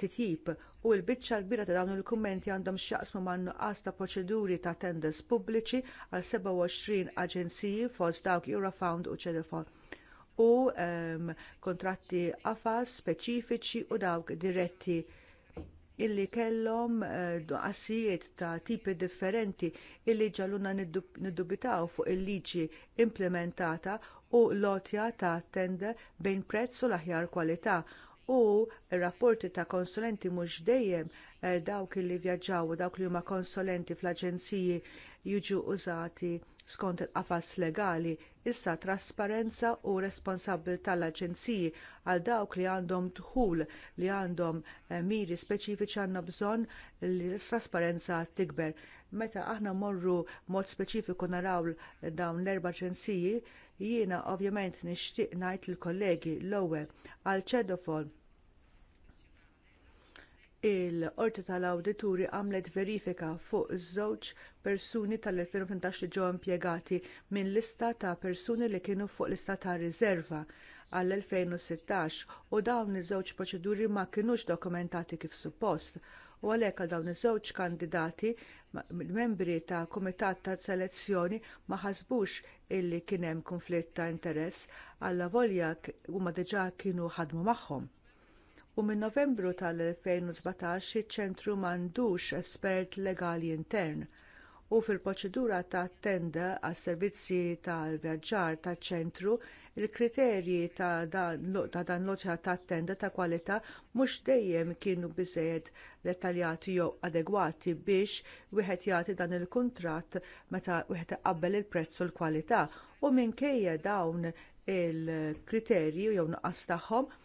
titjib u l-biċċa l-bira ta' dawn il-kummenti għandhom x'jaqsmu man nuqqas ta' proċeduri ta' tenders pubbliċi għal 27 aġenziji fost dawk Eurofound u Ċelefon u um, kontratti qafas speċifiċi u dawk diretti illi kellhom eh, qassijiet uh, ta' tipi differenti illi ġaluna niddubitaw fuq il-liġi implementata u lotja ta' tender bejn prezz u l-aħjar kwalità u r rapporti ta' konsulenti mhux dejjem eh, dawk li vjaġġaw u dawk li huma konsulenti fl-aġenziji jiġu użati skont il-qafas legali, issa trasparenza u responsabilta tal-aġenziji għal dawk li għandhom dħul li għandhom eh, miri speċifiċi għandna bżonn li l-trasparenza tikber. Meta aħna mmorru mod speċifiku naraw dawn l-erba aġenziji, Jiena ovvjament nixtieq ngħid lill-kollegi l-ewwel għal ċedofol il-qorti tal-awdituri għamlet verifika fuq żewġ persuni tal-2018 li ġew impjegati minn lista ta' persuni li kienu fuq lista ta' riserva għall-2016 u dawn iż-żewġ proċeduri ma kinux dokumentati kif suppost u għalhekk għal dawn iż-żewġ kandidati membri ta' kumitat ta' selezzjoni ma ħasbux illi kien hemm konflitt ta' interess alla volja huma diġà kienu ħadmu magħhom. U minn Novembru tal-2017 iċ-ċentru m'għandux espert legali intern u fil-proċedura ta' tenda għas servizzi tal-vjaġġar taċ ċentru il-kriterji ta' dan l-oċa ta' tenda ta' kwalità mhux dejjem kienu biżżejjed dettaljati jew adegwati biex wieħed jagħti dan il-kuntratt meta wieħed iqabbel il-prezz u l-kwalità u minkejja dawn il-kriterji jew nuqqas tagħhom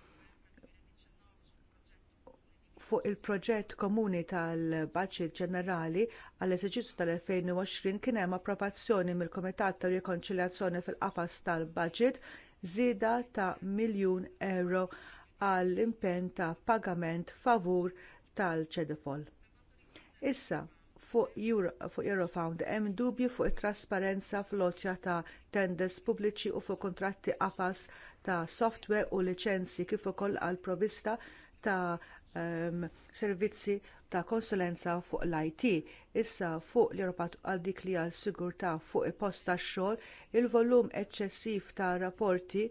fuq il-proġett komuni tal-Baċit Ġenerali għall eżerċizzju tal-2020 kien hemm approvazzjoni mill-Kumitat ta' Rikonċiljazzjoni fil-Qafas tal-Baġit żieda ta' miljun euro għall impenn ta' pagament favur tal-ċedefol. Issa, fuq Eurofound hemm dubju fuq it-trasparenza fl-lotja ta' tenders pubbliċi u fuq kuntratti qafas ta' software u liċenzji kif ukoll għall provista ta' um, servizzi ta' konsulenza fuq l-IT. Issa fuq l-Europa għal dik li għal sigurtà fuq il-post tax xogħol, il-volum eċċessiv ta' rapporti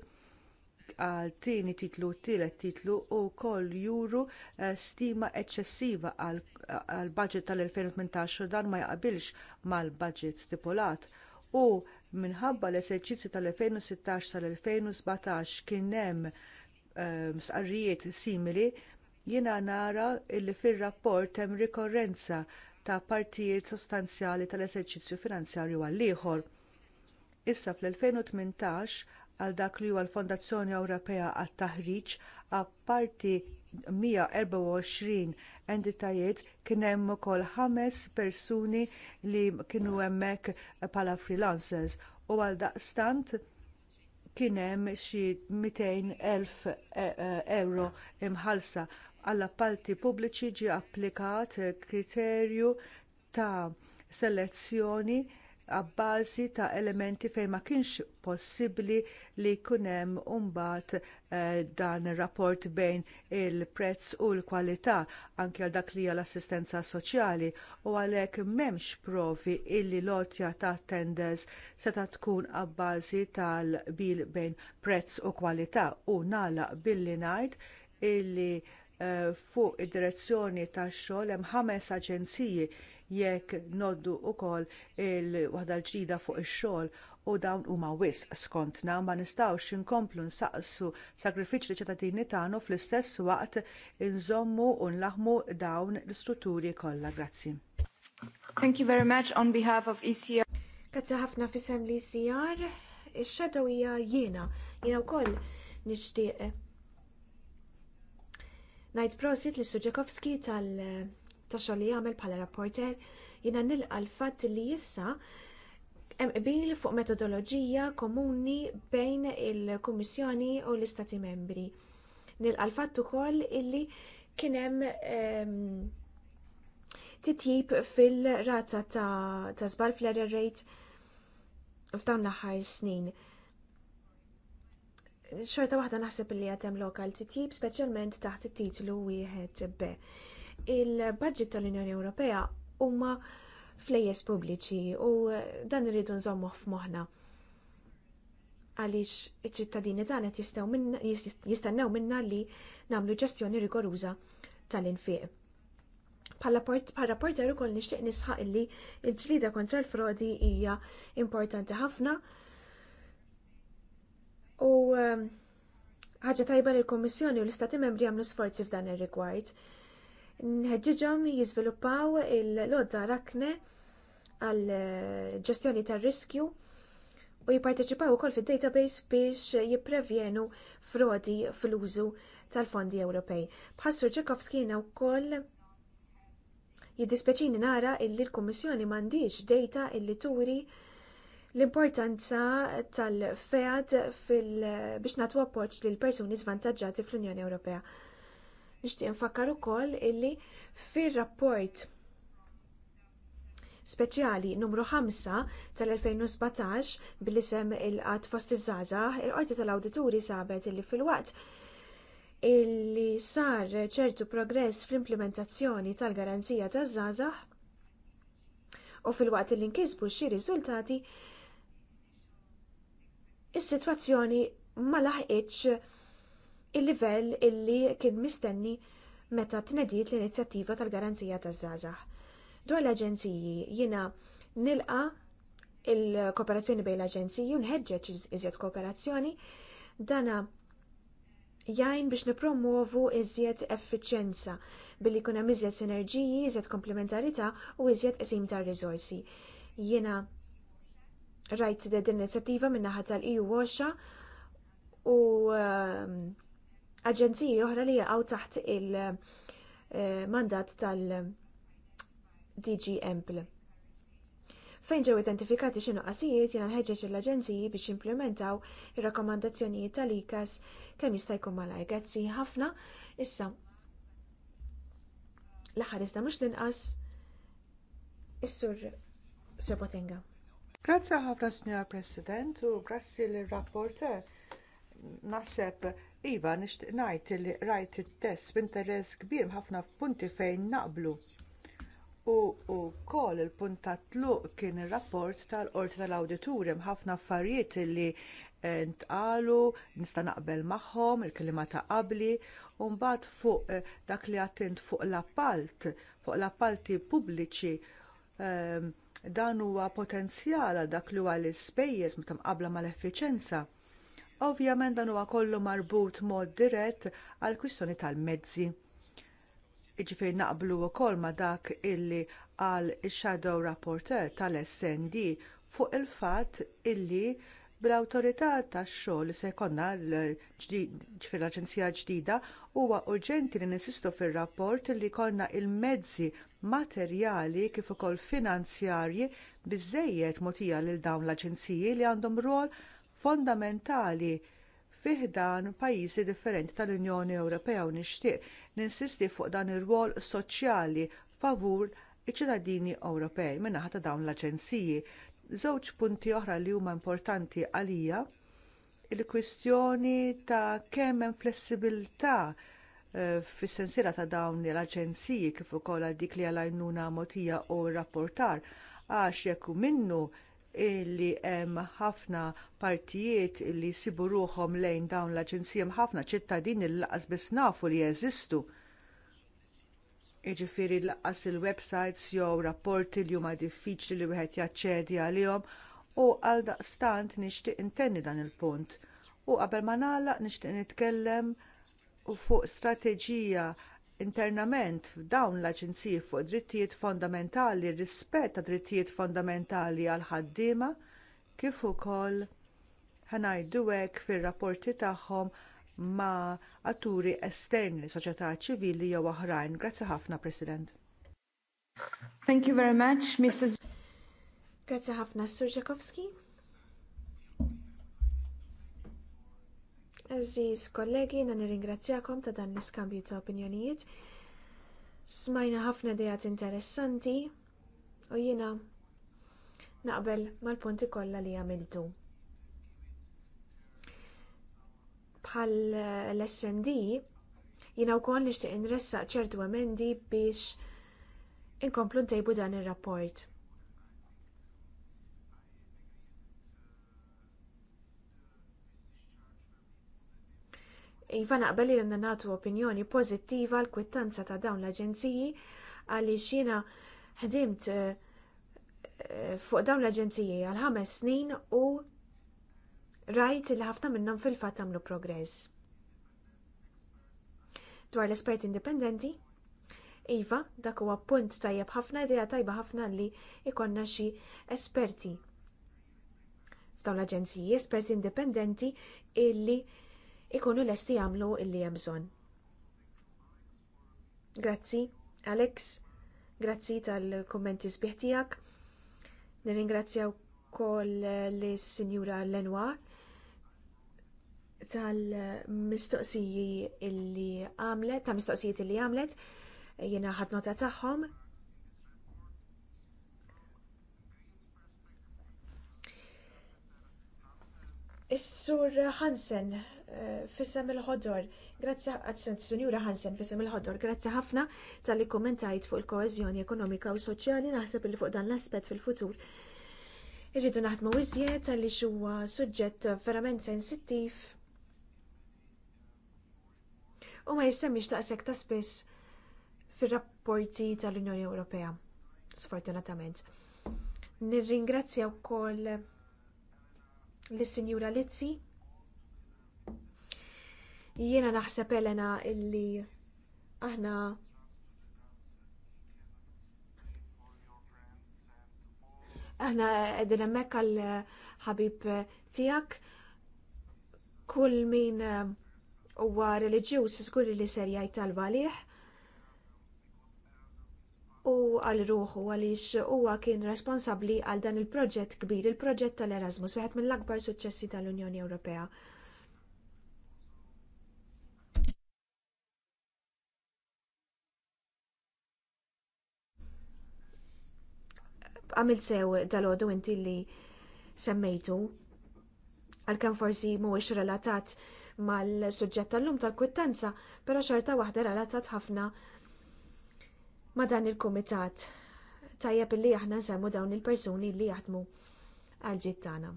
għal tieni titlu tile titlu u wkoll juru eh, stima eċċessiva għal budget tal-2018 dan ma jaqbilx mal-budget stipulat u minħabba l-eserċizzju tal-2016 tal-2017 kien hemm ehm, stqarrijiet simili Jiena nara li fir-rapport hemm rikorrenza ta' partijiet sostanzjali tal-eserċizzju finanzjarju għal ieħor. Issa fl-2018 għal dak li huwa l-Fondazzjoni Ewropea għat-Taħriġ apparti 124 entitajiet kien hemm ukoll ħames persuni li kienu hemmhekk bħala freelancers u għal daqstant kien hemm xi 200,000 eh, eh, euro imħallsa għall-appalti pubbliċi ġie applikat kriterju ta' selezzjoni għabbażi ta' elementi fejn ma kienx possibbli li jkun hemm mbagħad eh, dan ir rapport bejn il-prezz u l-kwalità anke għal dak li hija l-assistenza soċjali u għalhekk m'hemmx provi illi lotja ta' tenders seta' tkun abbażi tal-bil bejn prezz u kwalità u nagħlaq billi ngħid illi Eh, fuq id-direzzjoni tax-xogħol hemm ħames aġenziji jekk noddu wkoll il-waħda l-ġdida fuq ix-xogħol u dawn huma wisq skontna ma nistgħux inkomplu nsaqsu sagrifiċċji li ċittadini tagħna fl-istess waqt inżommu u nlaħmu dawn l-istrutturi kollha. Grazzi. Thank you very much on behalf of ECR. Grazzi ħafna fisem l ECR. Ix-xedow hija jiena, jiena wkoll nixtieq Najt prosit li Suġekowski tal- taxol li jagħmel bħala rapporter jiena nilqa l fat li issa hemm qbil fuq metodoloġija komuni bejn il-Kummissjoni u l-Istati Membri. Nilqa l fat ukoll illi kien hemm ehm, titjib fil-rata ta' żball fl-error rate f'dawn l-aħħar snin xorta waħda naħseb li għatem lokal titjib, specialment taħt it-titlu wieħed B. Il-budget tal-Unjoni Ewropea huma flejjes pubbliċi u eh, dan irridu nżommuh f'moħħna għaliex iċ-ċittadini tagħna jistennew minna li nagħmlu ġestjoni rigoruża tal-infiq. Bħal rapporter ukoll nixtieq nisħaq li l-ġlida kontra l-frodi hija importanti ħafna U ehm, ħaġa tajba li l-Kommissjoni u l-Istati membri għamlu sforzi f'dan ir-rigward. Nħeġġiġhom jiżviluppaw il-lodda rakne għal eh, ġestjoni tar-riskju u jipparteċipaw ukoll fid-database biex jipprevjenu frodi fl-użu tal-fondi Ewropej. Bħassur Ġekowskina wkoll jiddispeċini nara illi l-Kummissjoni m'għandix data illi turi l-importanza tal-fead biex nagħtu appoġġ lill persuni żvantaġġati fl-Unjoni Ewropea. Nixtieq nfakkar ukoll illi fir-rapport speċjali numru 5 tal-2017 bil-isem il-qat fost iż-żgħażagħ, il-qorti tal-awdituri sabet illi fil-waqt illi sar ċertu progress fl-implementazzjoni tal-garanzija taż-żgħażagħ u fil-waqt li nkisbu xi riżultati is-sitwazzjoni ma laħqitx il-livell illi kien mistenni meta tnediet l-inizjattiva tal-Garanzija taż-żgħażagħ. Dwar l-aġenziji jiena nilqa il-kooperazzjoni bejn l-aġenziji u nħeġġeġ iżjed kooperazzjoni dana jgħin biex nipromuovu iżjed effiċenza billi kuna iżjed sinerġiji, iżjed komplementarità u iżjed qisim tar riżorsi. Jiena rajt din inizjattiva min-naħa tal-EU Washa u ehm, aġenziji oħra li jaqgħu taħt il-mandat eh, tal-DG Emple. Fejn ġew identifikati xi qasijiet jiena nħeġġeġ l-aġenziji biex implementaw ir-rakkomandazzjonijiet tal-IKAS kemm jista' jkun malajr. ħafna issa l-aħħar iżda mhux l-inqas is-sur Sir Botenga. Grazzi ħafna, Signor President, u grazzi l-rapporter. Naħseb, Iva, nixtieq ngħid li rajt it test b'interess kbir ħafna punti fejn naqblu. U wkoll il-punt ta' tluq kien ir rapport tal-qorti tal-awdituri ħafna affarijiet li eh, ntqalu, nista' naqbel magħhom, il-kelima ta' qabli, u mbagħad fuq eh, dak li attent fuq l-appalt, fuq l-appalti pubbliċi ehm, Dan huwa potenzjal għal dak li huwa l-ispejjeż meta mqabbla mal-effiċenza. Ovvjament dan huwa kollu marbut mod dirett għall kwistjoni tal-mezzi. Iġifieri naqblu wkoll ma dak illi għal shadow rapporteur tal-SND fuq il fatt illi bl-awtorità tax-xogħol se jkollna l-aġenzija ġdida huwa urġenti li ninsistu fir-rapport li jkollna il-mezzi materjali kif ukoll finanzjarji biżżejjed mogħtija lil dawn l-aġenziji li għandhom rol fondamentali fih dan pajjiżi differenti tal-Unjoni Ewropea u nixtieq ninsisti fuq dan ir-rwol soċjali favur iċ-ċittadini Ewropej min-naħa ta' dawn l-aġenziji Żewġ punti oħra li huma importanti għalija il-kwistjoni ta' kemm hemm flessibilità eh, fis-sensiela ta' dawn l-aġenziji kif ukoll għal dik li għajnuna mogħtija u rrapportar għax jekk minnu illi hemm ħafna partijiet li jsibu ruhom lejn dawn l aġenzija ħafna ċittadini li laqas biss nafu li jeżistu jiġifieri laqqas il-websites jew rapporti li huma diffiċli li wieħed jaċċedi għalihom u għaldaqstant nixtieq intenni dan il-punt. U qabel ma nagħlaq nixtieq nitkellem fuq strateġija internament f'dawn l-aġenziji fuq drittijiet fondamentali, rispett ta' drittijiet fondamentali għal ħaddiema kif ukoll ħanajdu hekk fir-rapporti tagħhom ma' atturi esterni, soċjetà ċivili jew oħrajn. Grazzi ħafna, President. Thank you very much, Mr. Grazzi ħafna, Sur Ġakowski. Aziz kollegi, na nirringrazzjakom ta' dan l-iskambju ta' opinjonijiet. Smajna ħafna dejat interessanti u jiena naqbel mal-punti kollha li għamiltu. bħal l-SND jina u koll nishtiq nressa ċertu emendi biex inkomplu ntejbu dan il-rapport. Iva naqbel li nagħtu opinjoni pożittiva l kwittanza ta' dawn l-aġenziji għaliex jiena ħdimt eh, eh, fuq dawn l-aġenziji għal ħames snin u rajt li ħafna minnhom fil-fatt għamlu progress. Dwar l esperti indipendenti, Iva, dak huwa punt tajjeb ħafna idea tajba ħafna li ikonna xi esperti. F'dawn l-aġenziji, esperti indipendenti illi ikunu lesti jagħmlu illi hemm bżonn. Grazzi, Alex, grazzi tal-kommenti sbieħ tiegħek. Nirringrazzjaw kol l-Sinjura Lenoir tal-mistoqsiji illi għamlet, ta' mistoqsijiet illi għamlet, jena ħad nota tagħhom. Is-sur Hansen eh, fissem il-ħodor, grazzi għadsent Sinjura Hansen fissem il-ħodor, grazzi ħafna tal-li kommentajt fuq il-koezjoni ekonomika u soċjali naħseb li fuq dan l-aspet fil-futur. Irridu naħdmu iżjed tal-li xuwa suġġett verament sensittiv u ma jistemmix taqsek ta' spiss fir-rapporti tal-Unjoni Ewropea. Sfortunatament. Nirringrazzja wkoll l sinjura Lizzi. Jiena naħseb Elena illi aħna aħna għedin emmek għal ħabib tijak kull min huwa reliġjuż żgur li ser jgħid talba għalih u għal ruħu għaliex huwa kien responsabbli għal dan il-proġett kbir, il-proġett tal-Erasmus, wieħed mill-akbar suċċessi tal-Unjoni Ewropea. għamil sew dal-ħodu inti li semmejtu, għal forsi mhuwiex relatat mal-suġġett tal-lum tal-kwittanza, però xorta waħda relatat ħafna ma dan il-kumitat. Tajjeb li aħna nsemmu dawn il-persuni li jaħdmu għal-ġid tagħna.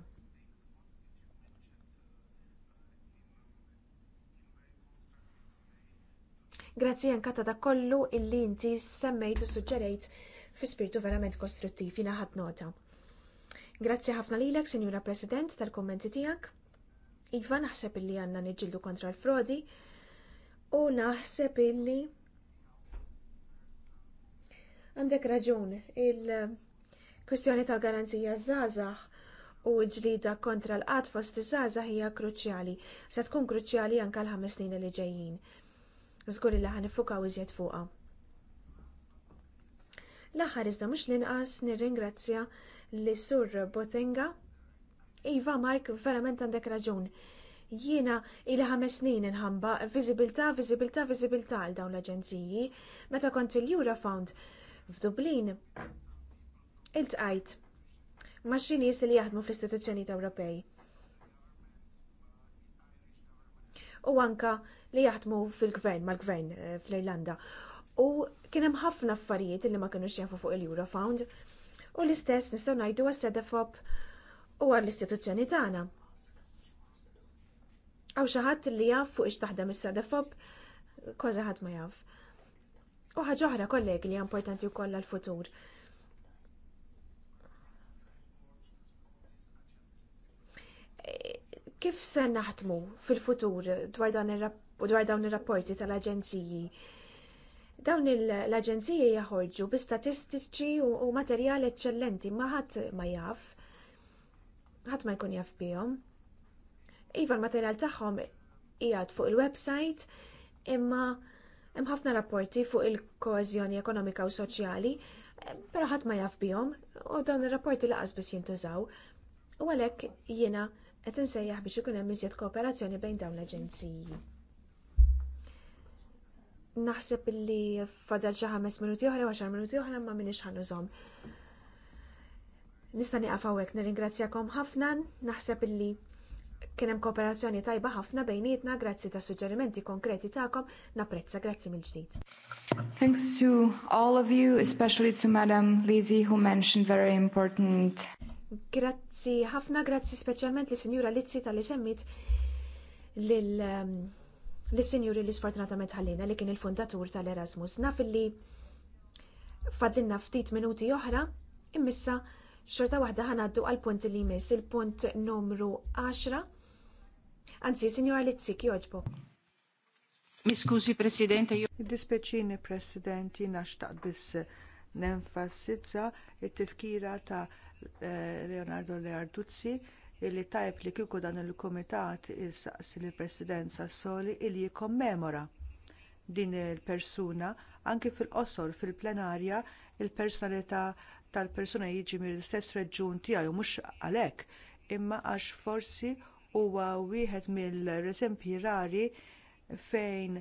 Grazzi anka ta' kollu illi inti semmejt u suġġerejt fi spiritu verament kostruttiv, jina ħadd nota. Grazzi ħafna lilek, Sinjura President, tal-kommenti tiegħek. Iva naħseb illi għandna niġildu kontra l-frodi u naħseb illi għandek raġun il-kwestjoni ta' garanzija żgħażagħ u l-ġlieda kontra l-qat fost iż hija kruċjali. Se tkun kruċjali anke l-ħames snin li ġejjin. Żgur li ħan nifukaw iżjed fuqha. L-aħħar iżda mhux l-inqas nirringrazzja li sur Botenga Iva, Mark, verament għandek raġun. Jiena il ħames snin inħamba viżibilità, viżibilità, viżibilità għal dawn l-aġenziji. Meta kont fil-Eurofound f'Dublin, iltqajt ma' xi nies li jaħdmu fl-istituzzjonijiet Ewropej. U anka li jaħdmu fil-gvern, mal-gvern eh, fl-Irlanda. U kien hemm ħafna affarijiet li ma kinux jafu fuq il-Eurofound. U l-istess nistgħu ngħidu għas-sedefop u għall-istituzzjoni tagħna. Għaw xi ħadd li jaf fuq ix taħdem is-sadafob, kważi ħadd ma jaf. U ħaġa oħra kollegi li hija importanti wkoll għall-futur. Kif se naħdmu fil-futur dwar dawn ir-rapporti tal-aġenziji? Dawn l-aġenziji jaħorġu bi statistiċi u materjal eċċellenti ma ħadd ma jaf ħadd ma jkun jaf bihom. Iva l-materjal tagħhom qiegħed fuq il-website imma hemm ħafna rapporti fuq il-koeżjoni ekonomika u soċjali, però ħadd ma jaf bihom u dawn ir-rapporti laqas biss jintużaw. U għalhekk jiena qed insejjaħ biex ikun hemm iżjed kooperazzjoni bejn dawn l-aġenziji naħseb li fadal xi ħames minuti oħra u 10 minuti oħra ma minix ħanużhom. Nista' nieqaf hawnhekk nirringrazzjakom ħafna, naħseb illi kien hemm kooperazzjoni tajba ħafna bejnietna grazzi ta' suġġerimenti konkreti tagħkom, napprezza grazzi mill-ġdid. Thanks to all of you, especially to Madam Lizzy, who mentioned very important Grazzi ħafna, grazzi speċjalment li senjura Lizzi tal-li semmit li ehm, sinjuri li sfortunatament ħallina li kien il-fundatur tal-Erasmus. Naf li fadlinna ftit minuti oħra, immissa Xorta waħda ħanaddu għal punt li jmiss il-punt numru 10. Anzi, signora Lizzik, joġbo. Miskużi, Presidente. Dispeċini, Presidente, jina xtaq biss nenfasizza il tifkira ta' eh, Leonardo Learduzzi illi tajb li kieku dan il kumitat il-saqsi li presidenza soli illi jikkommemora din il-persuna anki fil-qosor fil-plenarja il-personalità tal-persuna jiġi mill-istess reġjun tiegħu mhux għalhekk imma għax forsi huwa wieħed mill-eżempji rari fejn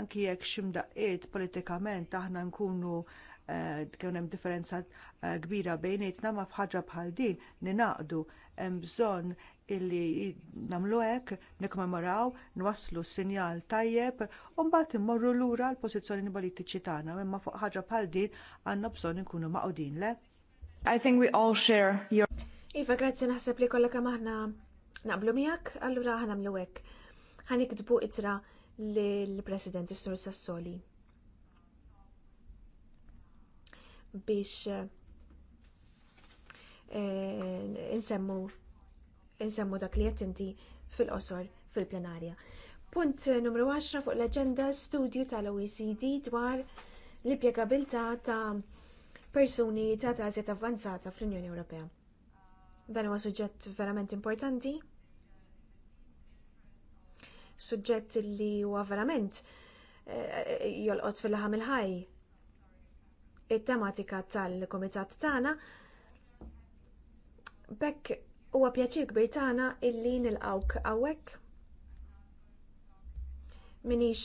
anki jekk ximdaqqiet politikament aħna nkunu eh, kien hemm differenza eh, kbira bejnietna ma fħaġa bħal din ninaqdu hemm bżonn illi namlu hekk nikmemoraw, nwasslu sinjal tajjeb u mbagħad immorru lura l-pożizzjoni politiċi tagħna imma fuq ħaġa bħal din għandna bżonn inkunu maqudin le. I think we all share your Iva, grazzi naħseb li kollha kemm aħna naqblu miegħek, allura aħna nagħmlu hekk. Ħanikdbu itra lill-President is-Sur Sassoli. Biex eh, insemmu insemmu dak li qed inti fil-qosor fil-plenarja. Punt numru 10 fuq l-aġenda studju tal-OECD dwar l-impjegabilità ta' persuni ta' tażiet avvanzata fl-Unjoni Ewropea. Dan huwa suġġett verament importanti. Suġġett li huwa verament eh, jolqot fil-ħam il-ħaj. It-tematika tal-komitat tagħna bekk Huwa pjaċir kbir tagħna illi nilqawk hawnhekk. Minix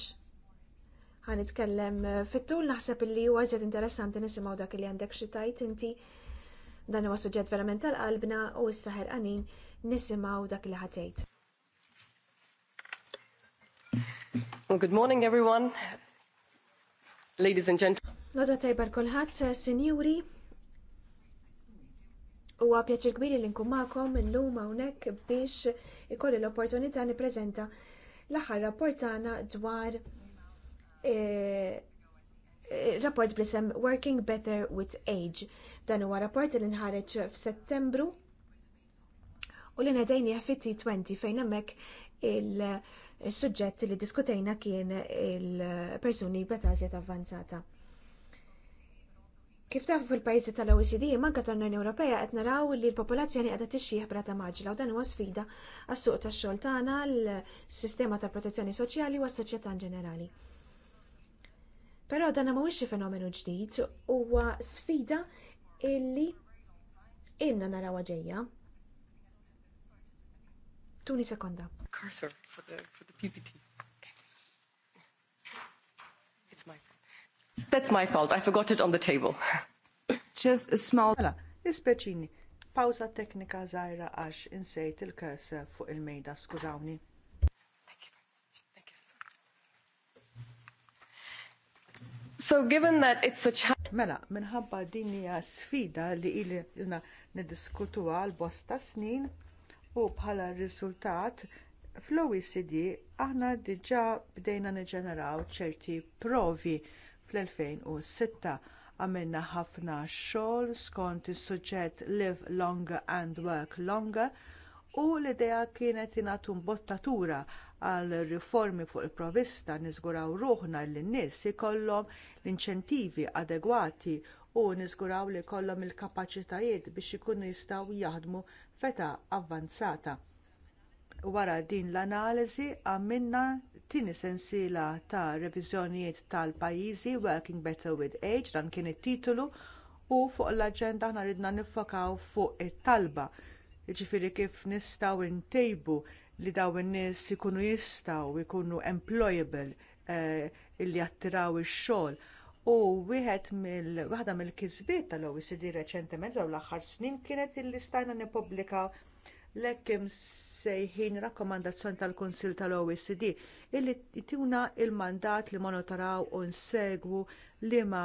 ħan itkellem fit-tul naħseb illi huwa eżed interessanti nisimgħu dak li għandek xi tajt inti dan huwa suġġett verament tal-qalbna u issa ħerqanin nisimgħu dak li ħatejt. Good morning everyone. Ladies and gentlemen. Lodwa tajbar kolħat, kulħadd sinjuri, Huwa pjaċir kbir li nkun magħkom illum hawnhekk biex ikolli l-opportunità nippreżenta l-aħħar rapport tagħna dwar e, e, rapport blisem Working Better with Age. Dan huwa rapport li nħareġ f'Settembru u li ngħidejni fit T20 fejn hemmhekk il-suġġett li diskutejna kien il-persuni b'età avvanzata. Kif tafu fil-pajjiżi tal-OECD manka tal-Unjoni Ewropea qed naraw li l-popolazzjoni qiegħda tixjieħ ta' maġla u dan huwa sfida għas-suq tax-xogħol tagħna, l-sistema tal-protezzjoni soċjali u għas-soċjetà ġenerali. Però dan mhuwiex xi fenomenu ġdid, huwa sfida illi inna narawha ġejja. Tuni sekonda. Cursor for the, for the PPT. That's my fault. I forgot it on the table. [laughs] Just a small... Mela, ispeċini, pawza teknika zaħira għax insejt il-kese fuq il-mejda, skużawni. So given that it's a challenge... Mela, minħabba dinja sfida li ilna niddiskutuha għal bosta snin u bħala riżultat fl-OECD aħna diġà bdejna niġeneraw ċerti provi fl-2006 għamilna ħafna xogħol skont is-suġġett Live Longer and Work Longer u l-idea kienet ingħatu mbottatura għal riformi fuq il-provista niżguraw ruħna li n-nies ikollhom l-inċentivi adegwati u niżguraw li jkollhom il-kapaċitajiet biex ikunu jistgħu jaħdmu feta avvanzata. Wara din l-analiżi għamilna tieni sensiela ta' reviżjonijiet tal-pajjiżi Working Better with Age dan kien it titulu u fuq l-aġenda aħna ridna niffokaw fuq it-talba. Jiġifieri kif nistgħu ntejbu li dawn in-nies ikunu jistgħu jkunu employable eh, illi jattiraw ix-xogħol. U wieħed mill waħda mill-kisbiet tal-OECD reċentement jew l-aħħar snin kienet illi stajna nippubblikaw l-ekkim sejħin rakkomandazzjoni tal-Konsil tal-OECD illi tuna l il mandat li monitoraw u nsegwu liema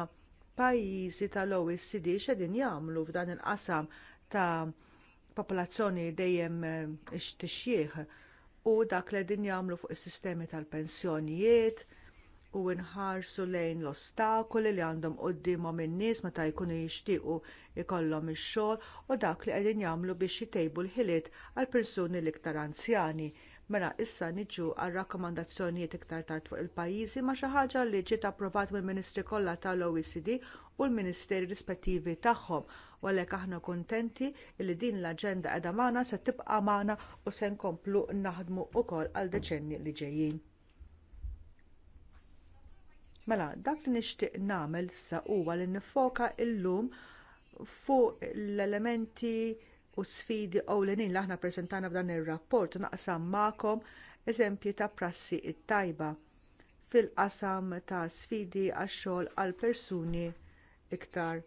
pajjiżi tal-OECD x'edin jagħmlu f'dan il-qasam ta' popolazzjoni dejjem eh, ixtixjieħ u dak li din jagħmlu fuq is-sistemi tal-pensjonijiet, u nħarsu lejn l-ostakoli li għandhom quddiemhom in-nies meta jkunu jixtiequ ikollhom ix-xogħol u dak li qegħdin jagħmlu biex jtejbu l-ħiliet għall persuni l-iktar anzjani. Mela issa niġu għal rakkomandazzjonijiet iktar tard fuq il-pajjiżi ma xi ħaġa li ġiet approvat mill-Ministri kollha tal-OECD u l-Ministeri rispettivi tagħhom u għalhekk aħna kuntenti li din l-aġenda qiegħda magħna se tibqa' magħna u se nkomplu naħdmu wkoll għal deċenni li ġejjin. Mela, dak li nixtieq nagħmel sa huwa li nifoka llum fuq l-elementi u sfidi ewlenin li aħna ppreżentana f'dan ir-rapport naqsam magħkom eżempji ta' prassi it-tajba fil-qasam ta' sfidi għax-xogħol għal persuni iktar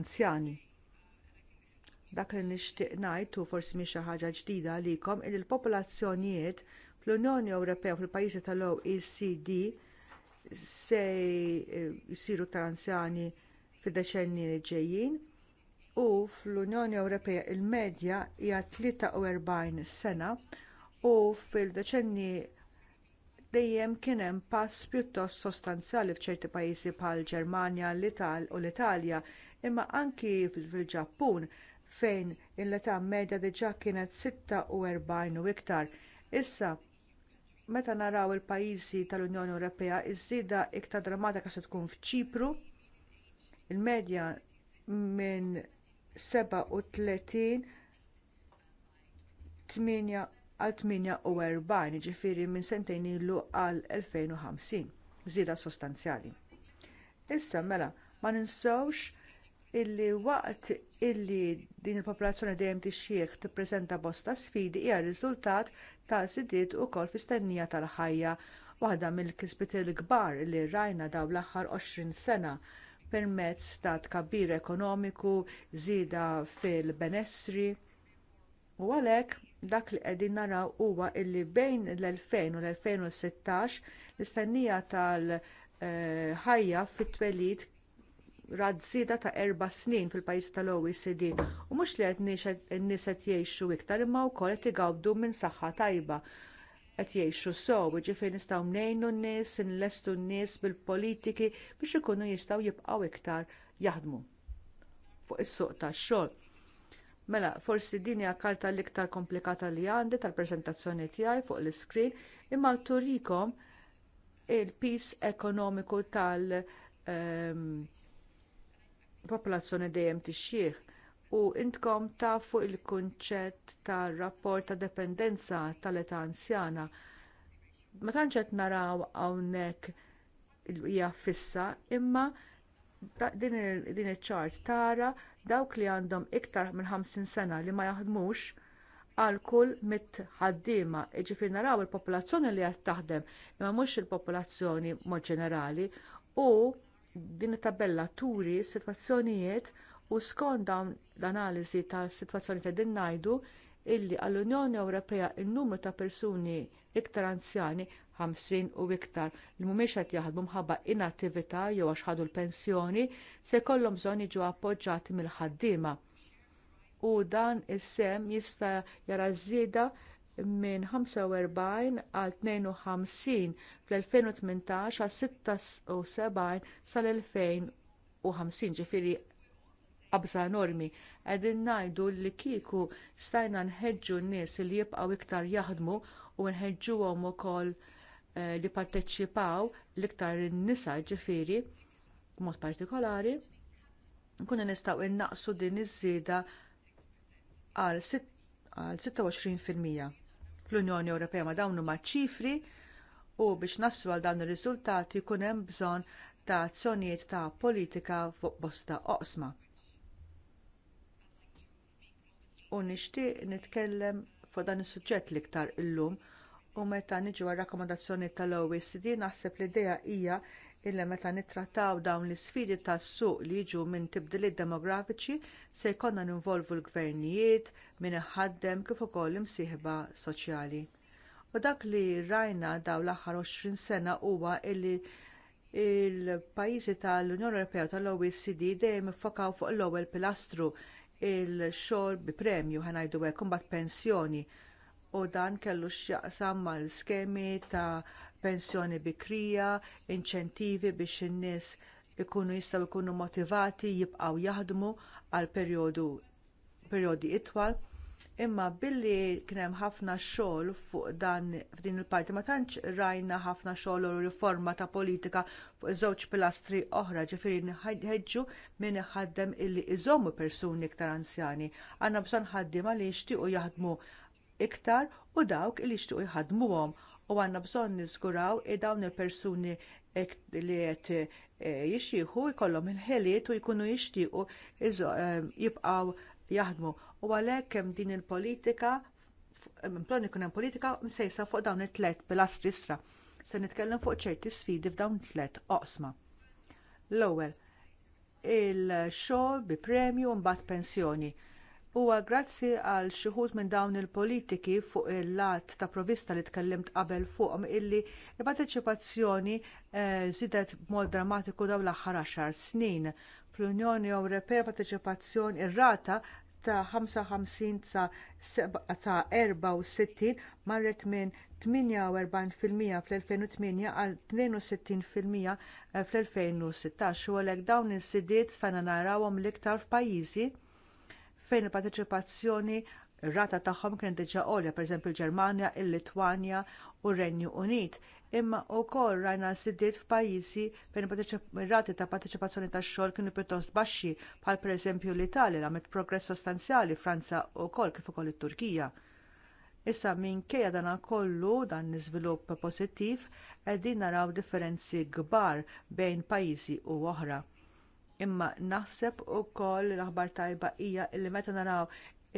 anzjani. Dak li nixtieq ngħid u forsi mhi xi ħaġa ġdida għalikom li l-popolazzjonijiet fl-Unjoni Ewropea u fil-pajjiżi tal-OECD se eh, jsiru tal-anzjani fid-deċenni li ġejjin u fl-Unjoni Ewropea il-medja hija 43 sena u fil-deċenni dejjem kien hemm pass pjuttost sostanzjali f'ċerti pajjiżi bħal Ġermanja u l-Italja, imma anki fil-Ġappun fejn il-età medja diġà kienet 46 u iktar. Issa meta naraw il-pajjiżi tal-Unjoni Ewropea iż-żieda iktar drammatika se tkun f'Ċipru, il-medja minn 37 għal 48, ġifiri minn sentejn ilu għal 2050, żieda sostanzjali. Issa mela, ma ninsewx illi waqt illi din il-popolazzjoni dejjem tixjiek tippreżenta bosta sfidi hija riżultat ta' sidiet ukoll fis-tennija tal-ħajja waħda mill-kisbiet il-kbar li rajna dawn l-aħħar 20 sena permezz ta' tkabbir ekonomiku, żieda fil-benessri. U għalhekk dak li qegħdin naraw huwa li bejn l-2000 u l-2016 l-istennija tal- ħajja fit-twelid zida ta' erba snin fil-pajjiż tal-OECD u mhux li qed nies qed jgħixu iktar imma wkoll qed igawdu minn saħħa tajba qed jgħixu sew, jiġifieri nistgħu ngħinu n-nies, inlestu n-nies bil-politiki biex ikunu jistgħu jibqgħu iktar jaħdmu fuq is-suq tax-xogħol. Mela, forsi din hija karta l-iktar komplikata li għandi tal-preżentazzjoni tiegħi fuq l-iskrin, imma turikom il-pis ekonomiku tal- um, popolazzjoni dejjem tixjih u intkom tafu l kunċett tar rapport ta' dependenza tal-età anzjana. Ma tantx qed naraw hawnhekk hija fissa imma din iċ-ċart tara dawk li għandhom iktar minn 50 sena li ma jaħdmux għal kull mit ħaddiema jiġifieri naraw il-popolazzjoni li qed taħdem imma mhux il-popolazzjoni mod ġenerali u din it-tabella turi sitwazzjonijiet u skont dawn l-analiżi tas-sitwazzjoni ta' din ngħidu illi għall-Unjoni Ewropea n numru ta' persuni iktar anzjani 50 u iktar li mhumiex qed jaħdmu minħabba inattività jew għax ħadu l-pensjoni se jkollhom bżonn jiġu appoġġjati mill-ħaddiema. U dan is-sem jista' jara żieda minn 45 għal 52 fl-2018 għal 76 sal-2050 ġifiri qabża enormi. Qegħdin ngħidu li kieku stajna nħeġġu n-nies li jibqgħu iktar jaħdmu u nħeġġuhom ukoll eh, li parteċipaw l-iktar n-nisa ġifiri b'mod partikolari, nkunu nistgħu innaqsu din iż-żieda għal 26% fl-Unjoni Ewropea ma dawn huma ċifri u biex naslu għal dan ir-riżultati jkun hemm bżonn ta' azzjonijiet ta' politika fuq bosta oqsma. U nixtieq nitkellem fuq dan is-suġġett l-iktar illum u meta niġu għar rakkomandazzjoni tal-OECD naħseb l-idea hija illa meta nittrattaw dawn l isfidi tas-suq li jiġu minn tibdiliet demografiċi se jkollna ninvolvu l-gvernijiet minn iħaddem kif ukoll imsieħba soċjali. U dak li rajna dawn l-aħħar 20 sena huwa li l pajjiżi tal-Unjoni Ewropea tal-OECD dejjem iffokaw fuq l-ewwel pilastru il-xogħol bi premju ħanajdu hekk imbagħad pensjoni u dan kellu x'jaqsam mal-skemi ta' pensjoni bikrija, inċentivi biex in-nies ikunu jistgħu jkunu motivati jibqgħu jaħdmu għal perjodi itwal. Imma billi kien hemm ħafna xogħol fuq dan f'din il-parti ma tantx rajna ħafna xogħol u riforma ta' politika fuq żewġ pilastri oħra ġifieri ħeġġu min iħaddem illi iżommu persuni iktar anzjani. Għandna bżonn ħaddiema li jixtiequ jaħdmu iktar u dawk li jixtiequ jħadmuhom u għandna bżonn niżguraw i e dawn il-persuni li qed e, jixtieħu jkollhom il-ħeliet u jkunu jixtiequ e, jibqgħu jaħdmu. U għalhekk hemm din il-politika imploni hemm politika msejsa fuq dawn it-tlet pilastri isra. Se nitkellem fuq ċerti sfidi f'dawn it-tlet oqsma. L-ewwel, il-xogħol bi premju mbagħad pensjoni huwa grazzi għal xi wħud minn dawn il-politiki fuq il-lat ta' provista li tkellimt qabel fuqhom illi l-parteċipazzjoni eh, żiedet b'mod drammatiku dawn l-aħħar għaxar snin. Fl-Unjoni Ewropea parteċipazzjoni ir-rata ta' 55 sa' 64 marret minn 48% fl-2008 għal 62% eh, fl-2016 u għalhekk dawn is-sidiet stajna narawhom l-iktar f'pajjiżi fejn il-parteċipazzjoni rata tagħhom kien diġà għolja, pereżempju l-Ġermanja, il-Litwanja u r-Renju Unit. Imma wkoll rajna sidiet f'pajjiżi fejn ir-rati ta' parteċipazzjoni tax-xogħol kienu pjuttost baxxi, bħal pereżempju l-Italja għamlet progress sostanzjali Franza u wkoll kif ukoll it-Turkija. Issa minkejja dan kollu dan l-iżvilupp pożittiv qegħdin naraw differenzi kbar bejn pajjiżi u oħra. Imma naħseb ukoll l-aħbar tajba hija li meta naraw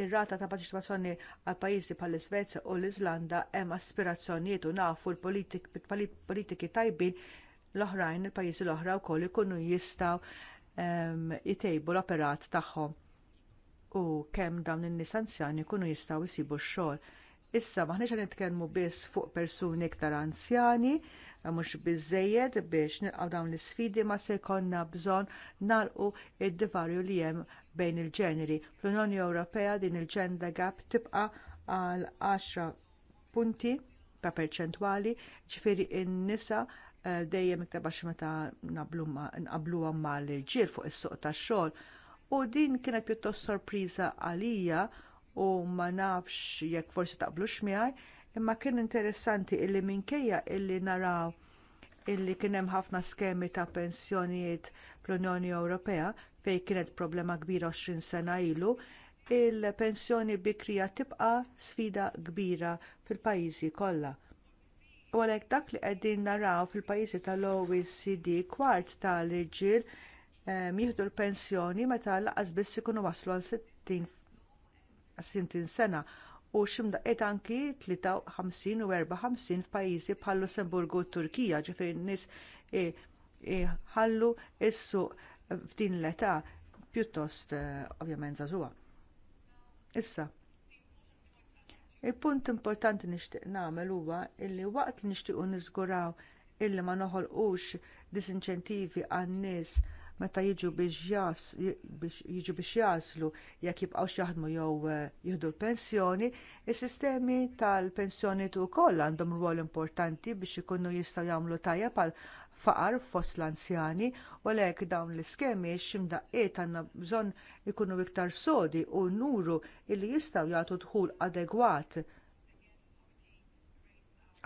ir-rata ta' parteċipazzjoni għal pajjiżi bħall iżvezja u l-Iżlanda hemm aspirazzjonijiet u nafu l-politiki tajbin l-oħrajn il-pajjiżi l-oħra wkoll ikunu jistgħu ehm, jtejbu l-operat tagħhom u kemm dawn in-nies anzjani jkunu jistgħu jsibu x-xogħol. Issa qed nitkellmu biss fuq persuni iktar anzjani, mhux biżżejjed biex nilqgħu dawn l isfidi ma se jkollna bżonn nagħlqu d divarju li hemm bejn il-ġeneri. Fl-Unjoni Ewropea din il-ġenda gap tibqa għal 10 punti ta' perċentwali, ġifieri n nisa eh, dejjem iktar baxx meta nqabluha mal-irġiel fuq is-suq tax-xogħol. U din kienet pjuttost sorpriża għalija u ma nafx jekk forsi taqblux miegħi Imma kien interessanti illi minkejja illi naraw illi kien hemm ħafna skemi ta' pensjonijiet fl-Unjoni Ewropea fejn kienet problema kbira 20 sena ilu, il-pensjoni bikrija tibqa' sfida kbira fil-pajjiżi kollha. U għalhekk dak li qegħdin naraw fil-pajjiżi tal-OECD kwart tal-irġiel ehm, jieħdu l-pensjoni meta lanqas biss ikunu waslu għal 60 sena u ximdaqiet anki 53 u 54 f'pajjiżi bħal Lussemburgu u Turkija ġifieri nies ħallu issu f'din l-età pjuttost eh, ovvjament żagħżugħa. Issa, il-punt importanti nixtieq nagħmel huwa li waqt li nixtiequ niżguraw illi ma noħolqux disinċentivi għan-nies meta jiġu biex jaslu jekk jibqgħux jaħdmu jew eh, jieħdu l-pensjoni, is-sistemi tal-pensjoni tu wkoll għandhom rwol importanti biex ikunu jistgħu jagħmlu tajja pal faqar fost l-anzjani u għalhekk dawn l-iskemi x'imdaqqiet għandna bżonn ikunu iktar sodi u nuru li jistgħu jagħtu dħul adegwat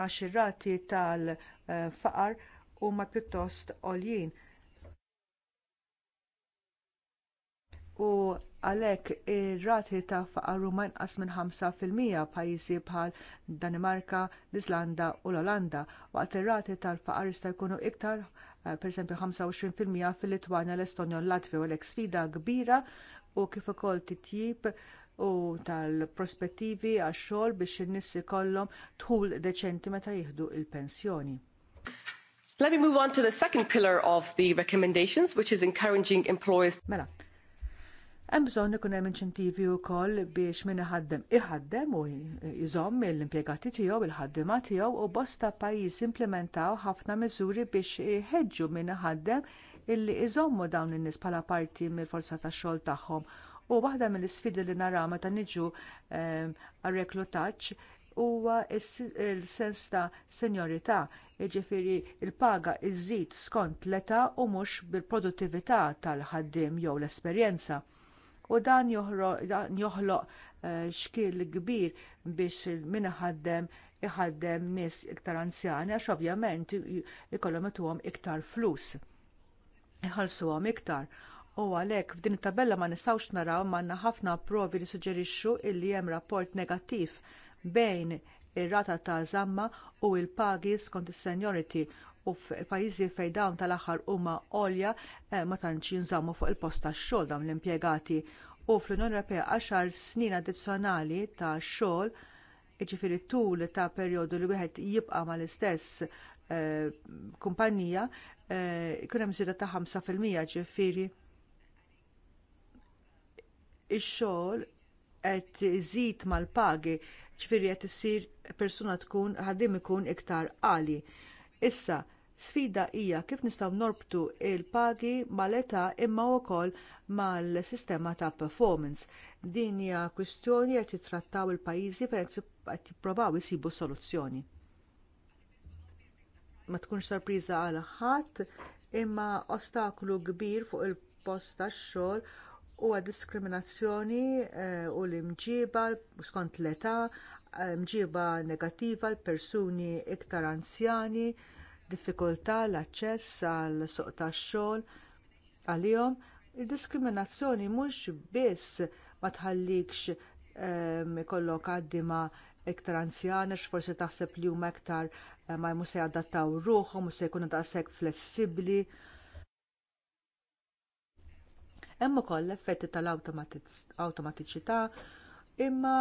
għax ir-rati tal-faqar eh, huma pjuttost għoljin u għalhekk ir-rati ta' faqar huma inqas minn 5% pajjiżi bħal Danimarka, l-Iżlanda u l-Olanda, waqt ir-rati tal-faqar jista' jkunu iktar eh, pereżempju 25% fil-Litwanja, l-Estonja u l-Latvja u l sfida kbira u kif ukoll titjib u tal-prospettivi għax-xogħol biex in-nies ikollhom dħul deċenti meta jieħdu l pensjoni Let me move on to the second pillar of the recommendations, which is encouraging employers. Mela, Hemm bżonn ikun hemm inċentivi wkoll biex min iħaddem iħaddem u jżomm l-impjegati tiegħu il-ħaddiema tiegħu u bosta pajjiż implementaw ħafna miżuri biex iħeġġu min iħaddem illi jżommu dawn in-nies bħala parti mill-forza tax-xogħol tagħhom. U waħda mill-isfidi li naraw meta niġu ehm, għar-reklutaġġ huwa il-sens ta' senjorità, jiġifieri l paga żżid skont l-età u mhux bil-produttività tal-ħaddiem jew l-esperjenza u dan joħloq eh, xkil kbir biex min ħaddem iħaddem nies iktar anzjani għax ovvjament ikollhom ituhom iktar flus. Iħallsuhom iktar. U għalhekk f'din it-tabella ma nistgħux naraw manna ħafna provi li suġġerixxu li hemm rapport negattiv bejn ir-rata ta' żamma u l-pagi skont is-seniority u f'pajjiżi fejn dawn tal-aħħar huma għolja eh, ma tantx jinżammu fuq il-post tax-xogħol dawn l-impjegati u fl-Unjoni Ewropea għaxar snin addizzjonali ta' xogħol jiġifieri tul ta' perjodu li wieħed jibqa' mal-istess eh, kumpanija jkun eh, hemm żieda ta' 5% ġifieri ix-xogħol qed iżid mal-pagi ċifiri qed issir persuna tkun ħaddim ikun iktar għali. Issa, Sfida hija kif nistgħu norbtu l pagi mal-età imma wkoll mal-sistema ta' performance. Din hija kwistjoni qed jittrattaw il-pajjiżi fejn qed jippruvaw isibu soluzzjoni. Ma tkunx sorpriża għal ħadd imma ostaklu kbir fuq il-post tax-xogħol huwa diskriminazzjoni eh, u l-imġiba skont l-età, eh, mġiba negattiva l-persuni iktar anzjani, diffikultà l-aċċess għal suq tax-xogħol għalihom id-diskriminazzjoni mhux biss ma tħallikx ehm, ikollok għaddima iktar anzjana x'forsi taħseb li huma iktar eh, ma jmu se jadattaw ruħhom u se jkunu daqshekk flessibbli. Hemm ukoll l-effetti tal-awtomatiċità imma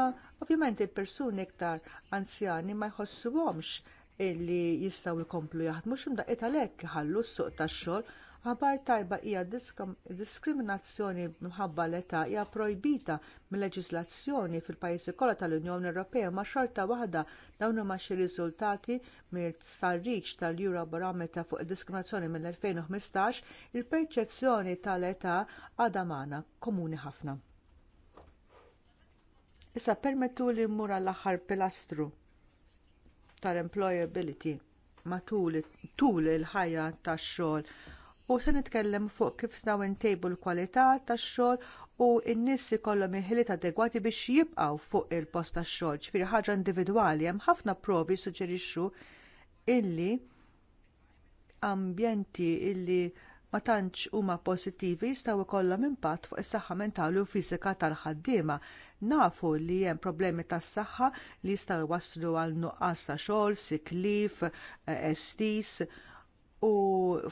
ovvjament il-persuni iktar anzjani ma jħossuhomx illi jistgħu jkomplu jaħdmu x'imdaqqiet għalhekk iħallu s-suq tax-xogħol ħabar tajba hija diskriminazzjoni minħabba l-età hija projbita mill-leġiżlazzjoni fil-pajjiżi kollha tal-Unjoni Ewropea ma' xorta waħda dawn huma xi riżultati mill-sarriċ tal-Eurobarometer fuq id-diskriminazzjoni mill-2015 il-perċezzjoni tal-età għadha magħna komuni ħafna. Issa permettu li mmur għall aħħar pilastru tal-employability matul tul il-ħajja tax-xogħol. U se nitkellem fuq kif snaw intejbu l-kwalità tax-xogħol u n-nies ikollhom il-ħiliet adegwati biex jibqgħu fuq il-post tax-xogħol. Ġifieri ħaġa individwali hemm ħafna provi suġġerixxu illi ambjenti illi ma tantx huma pożittivi jistgħu jkollhom impatt fuq is-saħħa mentali u fiżika tal-ħaddiema. Nafu li hemm problemi tas-saħħa li jistgħu jwasslu għal nuqqas ta' xogħol, siklif, eh, estis u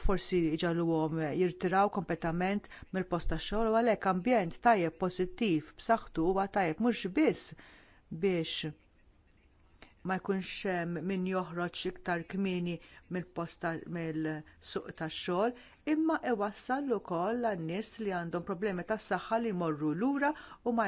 forsi ġalluhom jirtiraw kompletament mill-post tax xogħol u għalhekk ambjent tajjeb pożittiv b'saħħtu huwa tajjeb mhux biss biex ma jkunx hemm min joħroġ iktar kmieni mill-posta mill-suq tax-xogħol, imma iwassal ukoll għan-nies li għandhom problemi tas-saħħa li jmorru lura u ma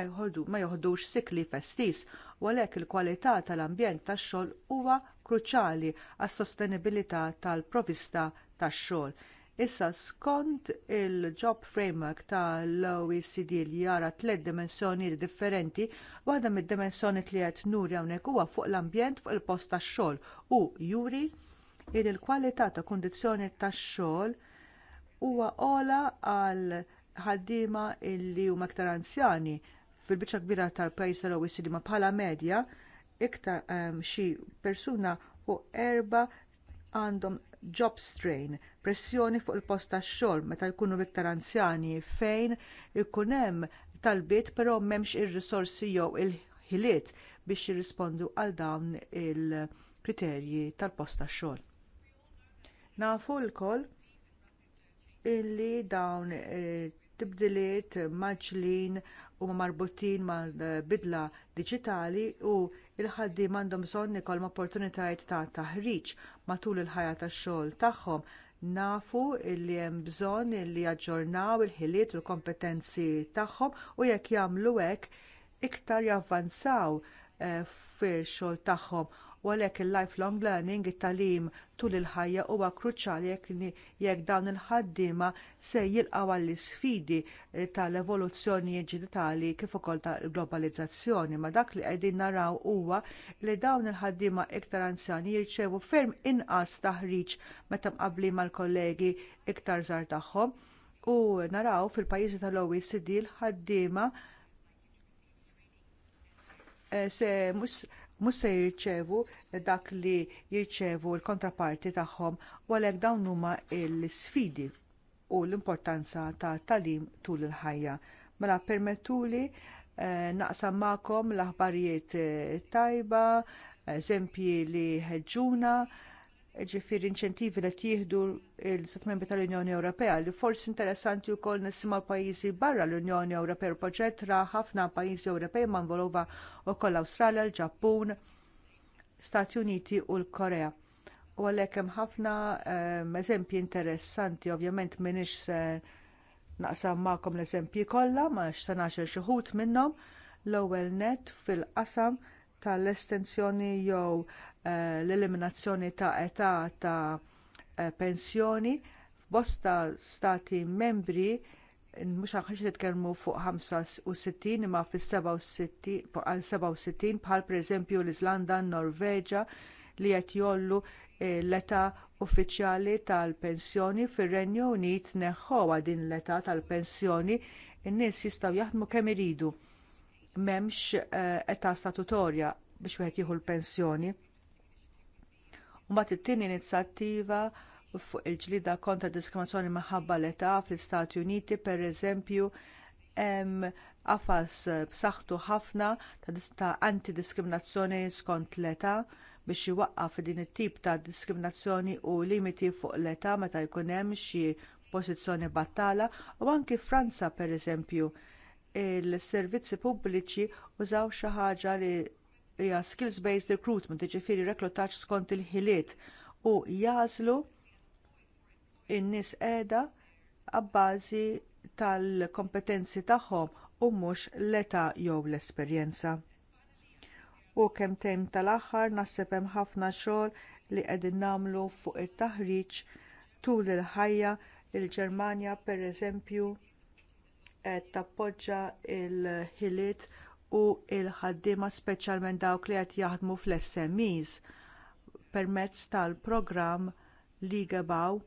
joħdux sikli festis, u għalhekk il-kwalità tal-ambjent tax-xogħol huwa kruċjali għas-sostenibilità tal-provista tax-xogħol. Issa skont il-job framework tal-OECD li jara tliet dimensjonijiet differenti, waħda mid-dimensjoni li qed nuri hawnhekk huwa fuq l-ambjent fuq il-post tax-xogħol u juri li l kwalità ta' kundizzjoni tax-xogħol huwa għola għal ħaddiema li huma aktar anzjani fil-biċċa kbira tal-pajjiż tal-OECD ma bħala medja iktar ehm, xi persuna fuq erba għandhom job strain, pressjoni fuq il-post tax-xogħol meta jkunu iktar anzjani fejn ikun hemm talbiet però m'hemmx ir-risorsi jew il-ħiliet biex jirrispondu għal dawn il-kriterji tal-post tax-xogħol. Nafu lkoll illi dawn eh, tibdiliet maġlin huma marbutin mal-bidla diġitali u il-ħaddim għandhom bżonn ikollhom opportunitajiet ta' taħriġ matul il-ħajja tax-xogħol tagħhom nafu li hemm bżonn li jaġġornaw il-ħiliet u l-kompetenzi tagħhom u jekk jagħmlu hekk iktar javvanzaw eh, fil-xogħol tagħhom u għalhekk il-lifelong learning it-talim tul il-ħajja huwa kruċjali jekk dawn il-ħaddiema se jilqgħu għall isfidi eh, tal-evoluzzjoni ġiditali kif ukoll tal-globalizzazzjoni, ma dak li qegħdin naraw huwa li dawn il-ħaddiema iktar anzjani jirċevu ferm inqas taħriġ meta mqabbli mal-kollegi iktar żgħar tagħhom u naraw fil-pajjiżi tal-OECD l-ħaddiema eh, se mhux mhux se jirċevu dak li jirċevu l-kontraparti tagħhom u għalhekk dawn huma l-sfidi u l-importanza ta' talim tul il-ħajja. Mela permettuli eh, naqsam magħkom l-aħbarijiet eh, tajba, eżempji li ħeġġuna, ġifir inċentivi li tieħdu l-Stat Membri tal-Unjoni Ewropea li forsi interessanti wkoll nisimgħu pajjiżi barra l-Unjoni Ewropea proġett ra ħafna pajjiżi Ewropej ma u wkoll Awstralja, l-Ġappun, Stati Uniti u l-Korea u għalhekk hemm ħafna ehm, eżempji interessanti, ovvjament m'iniex se naqsam magħkom l-eżempji kollha, ma se naxel wħud minnhom l-ewwel net fil-qasam tal-estensjoni jew Eh, l-eliminazzjoni ta' età ta' eh, pensjoni f'bosta stati membri mhux li nitkellmu fuq 65 imma fis-67 għal 67 bħal pereżempju l-Iżlanda, n-Norveġa li qed jollu eh, l-età uffiċjali tal-pensjoni fir-Renju Unit neħħowa din l-età tal-pensjoni in-nies jistgħu jaħdmu kemm iridu. M'hemmx età statutorja biex wieħed jieħu l-pensjoni. Mbagħad it-tieni inizjattiva fuq il-ġlida kontra diskriminazzjoni minħabba l-età fl-Istati Uniti, pereżempju hemm qafas b'saħħtu ħafna ta' antidiskriminazzjoni skont l-età biex iwaqqaf din it-tip ta' diskriminazzjoni u limiti fuq l-età meta jkun hemm xi pożizzjoni battala u anki Franza pereżempju il-servizzi pubbliċi użaw xi ħaġa li hija skills-based recruitment, jiġifieri reklutax skont il-ħiliet u jażlu in-nies qiegħda abbażi tal-kompetenzi tagħhom u mhux l-età jew l-esperjenza. U kemm tejm tal-aħħar naħseb hemm ħafna xogħol li qegħdin nagħmlu fuq it-taħriġ tul il-ħajja il-Ġermanja pereżempju qed tappoġġja l ħiliet u l ħaddiema speċjalment dawk li qed jaħdmu fl-SMEs permezz tal-programm li gebaw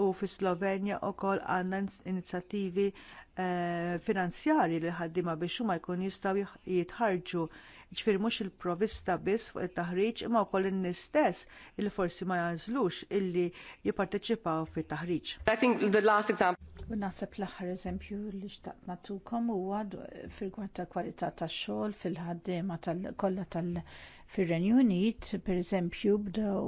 u fi Slovenja wkoll għandna inizjattivi eh, finanzjarji li ħaddiema biex huma jkun jistgħu jitħarġu ġifir mhux il-provista biss fuq it-taħriġ imma wkoll in-nies stess li forsi ma jażlux illi jipparteċipaw fit-taħriġ. U naħseb l-aħħar eżempju li xtaqt natukom huwa fil-gwad ta' kwalità tax-xogħol fil-ħaddiema kollha tal fir-Renju Unit, pereżempju bdew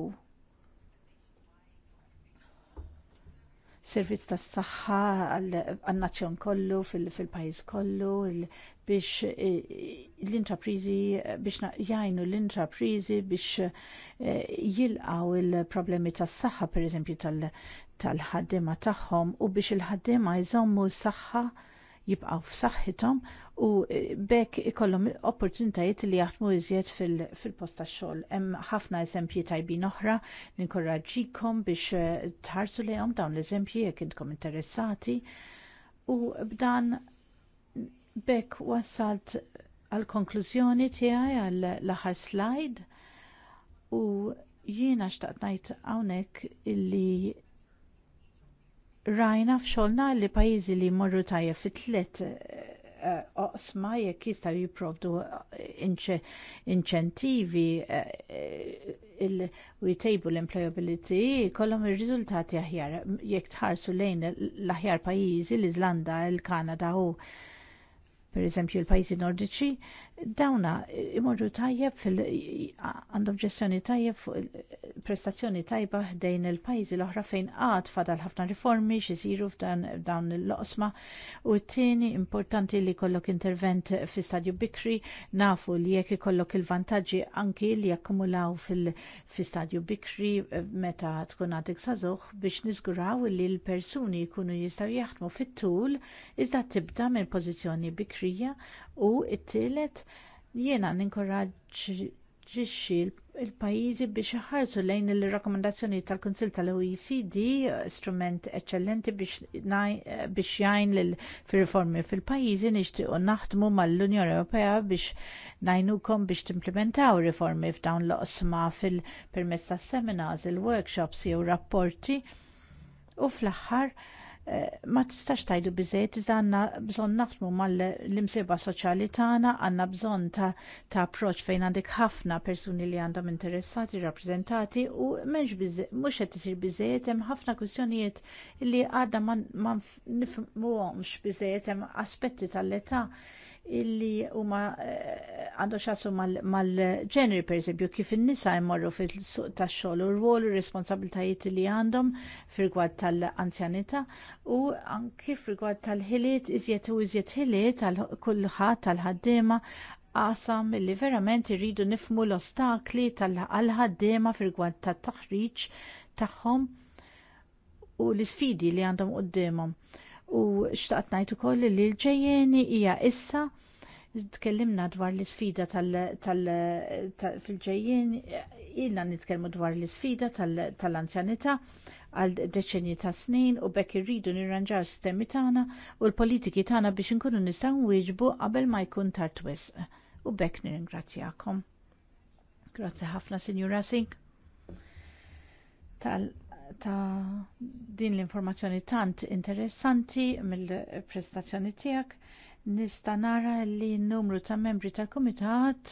servizz tas saħħa għal-nazzjon kollu, fil-pajis kollu, biex l-intraprizi, biex jajnu l-intraprizi biex eh, jilqaw il-problemi tas saħħa per eżempju, tal-ħaddiema tagħhom u biex il-ħaddiema jżommu s-saħħa jibqgħu f'saħħithom u e, bekk ikollhom opportunitajiet li jaħdmu iżjed fil-post tax-xogħol. Hemm ħafna eżempji tajbin oħra ninkoraġġikom biex e, tħarsu lejhom dawn l-eżempji jekk intkom interessati u b'dan bekk wassalt għal konklużjoni tiegħi għal l-aħħar slide u jiena xtaqt ngħid hawnhekk illi rajna f'xogħolna li pajjiżi li jmorru tajjeb fit tliet eh, eh, oqsma jekk jistgħu jipprovdu eh, inċentivi u jtejbu l-employability jkollhom ir-riżultati aħjar jekk tħarsu lejn l-aħjar pajjiżi l-Iżlanda, il-Kanada u pereżempju l-pajjiżi Nordiċi dawna imorru tajjeb fil għandhom ġestjoni tajjeb fuq prestazzjoni tajba ħdejn il-pajjiżi l-oħra fejn għad fadal ħafna riformi xisiru f'dan dawn l-oqsma u t-tieni importanti li kollok intervent fi stadju bikri nafu li jekk ikollok il-vantaġġi anki li jakkumulaw fi stadju bikri eh, meta tkun għadek sażuħ biex niżguraw li l-persuni jkunu jistgħu jaħdmu fit-tul iżda tibda minn pożizzjoni bikrija u t-tielet Jiena ninkoraġġixxi il-pajjiżi biex iħarsu lejn il-rakkomandazzjoni tal-Kunsill tal-OECD, strument eċċellenti biex jgħin fir-riformi fil-pajjiżi nixtiequ naħdmu mal-Unjoni Ewropea biex ngħinukom biex timplementaw riformi f'dawn l-oqsma fil-permezz tas-seminars, il-workshops jew rapporti u fl-aħħar Eh, ma tistax tajdu biżejt iżda għandna bżonn naħdmu mal-imsiba soċjali tagħna, għandna bżonn ta', ta approċċ fejn għandek ħafna persuni li għandhom interessati, rappresentati u mhux mhux qed isir biżejjed hemm ħafna kwistjonijiet li għadha ma nifhmuhomx biżejt hemm aspetti tal-età illi huma eh, għandu xassu mal-ġenri per eżempju kif in-nisa jmorru fil-suq tax-xogħol u rwol u responsabiltajiet li għandhom fil-gwad tal-anzjanità u anki fil-gwad tal-ħiliet iżjed u iżjed ħiliet għal kulħadd tal-ħaddiema qasam li verament irridu nifmu l-ostakli tal-ħaddiema fil-gwad tat-taħriġ tagħhom u l-isfidi li għandhom quddiemhom u xtaqt ngħid ukoll li l-ġejjeni hija issa tkellimna dwar l isfida fil-ġejjien ilna nitkellmu dwar l isfida tal-anzjanità għal deċenji ta' snin u bekk irridu nirranġar sistemi tagħna u l-politiki tagħna biex inkunu nistgħu nwieġbu qabel ma jkun tard wisq. U bekk nirringrazzjakom. Grazzi ħafna, Sinjura Singh. tal ta' din l-informazzjoni tant interessanti mill-prestazzjoni tiegħek nista' nara li n-numru ta' membri tal-kumitat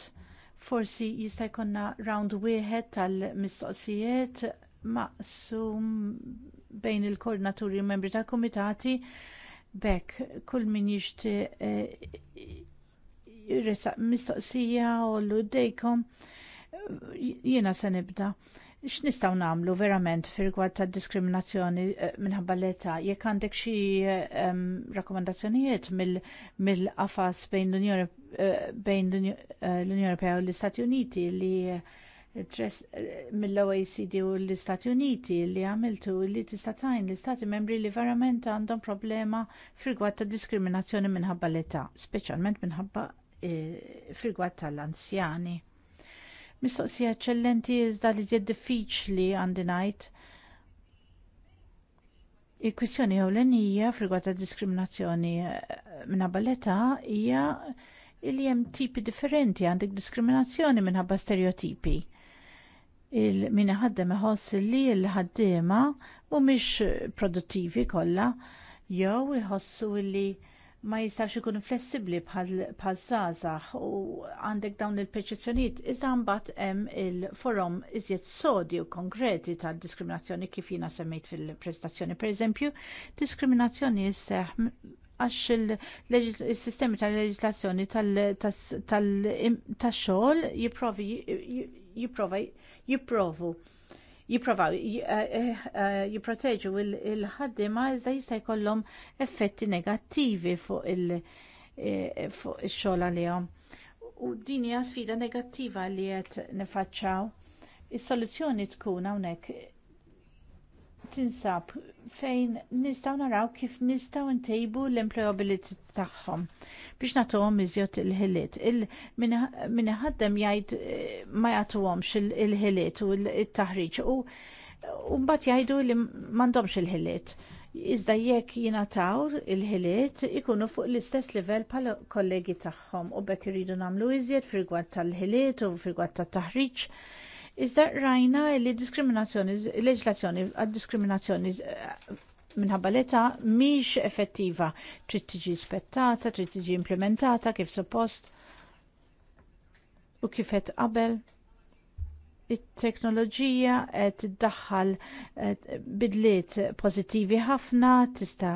forsi jista' jkollna round wieħed tal-mistoqsijiet maqsum bejn il-koordinaturi u membri tal-kumitati b'hekk kull min jixtieq eh, mistoqsija u l-dejkom jiena se nibda x'nistgħu nagħmlu verament fi rigward ta' diskriminazzjoni eh, minħabba l-età jekk għandek xi um, rakkomandazzjonijiet mill-qafas mil bejn l-Unjoni uh, bejn l eh, Ewropea u l-Istati Uniti li mill-OECD u l-Istati Uniti li għamiltu li tista' tajn l-Istati membri li verament għandhom problema fi rigward ta' diskriminazzjoni minħabba l-età, speċjalment minħabba uh, rigward tal-anzjani Mistoqsija eċċellenti iżda li żjed diffiċli għandi ngħid. Il-kwistjoni ewlenija fil-gwad ta' diskriminazzjoni eh, minħabba l-età hija li hemm tipi differenti għandek diskriminazzjoni minħabba stereotipi. Il-min ħaddem iħoss li l-ħaddiema mhumiex produttivi kollha jew iħossu li ma jistax ikunu flessibbli bħal żgħażagħ u għandek dawn il-perċezzjonijiet iżda mbagħad hemm il-forom iżjed sodi u konkreti ta' diskriminazzjoni kif jiena semmejt fil-prestazzjoni. Pereżempju, diskriminazzjoni jisseħ għax il-sistemi tal-leġislazzjoni tal-xogħol jipprovi jipprovu jipprovaw jipproteġu eh, eh, eh, il-ħaddima iżda jista' jkollhom effetti negattivi fuq il-xogħol għalihom. U din hija sfida negattiva li qed nifaċċaw. Is-soluzzjoni tkun hawnhekk tinsab fejn nistgħu naraw kif nistgħu ntejbu l-employability tagħhom biex nagħtuhom iżjed il-ħiliet. Min ħaddem jgħid eh, ma jagħtuhomx il-ħiliet u l-taħriġ u mbagħad jgħidu li m'għandhomx il-ħiliet. Iżda jekk jingħataw il-ħiliet ikunu fuq l-istess livell bħal kollegi tagħhom u bekk iridu nagħmlu iżjed firgwad tal-ħiliet u firgwad tat-taħriġ. Iżda rajna li diskriminazzjoni, leġlazzjoni għad-diskriminazzjoni eh, minħabba l-età miex effettiva. Trid tiġi spettata, trid tiġi implementata kif suppost u kif qed qabel it-teknoloġija qed iddaħħal eh, bidliet pożittivi ħafna tista'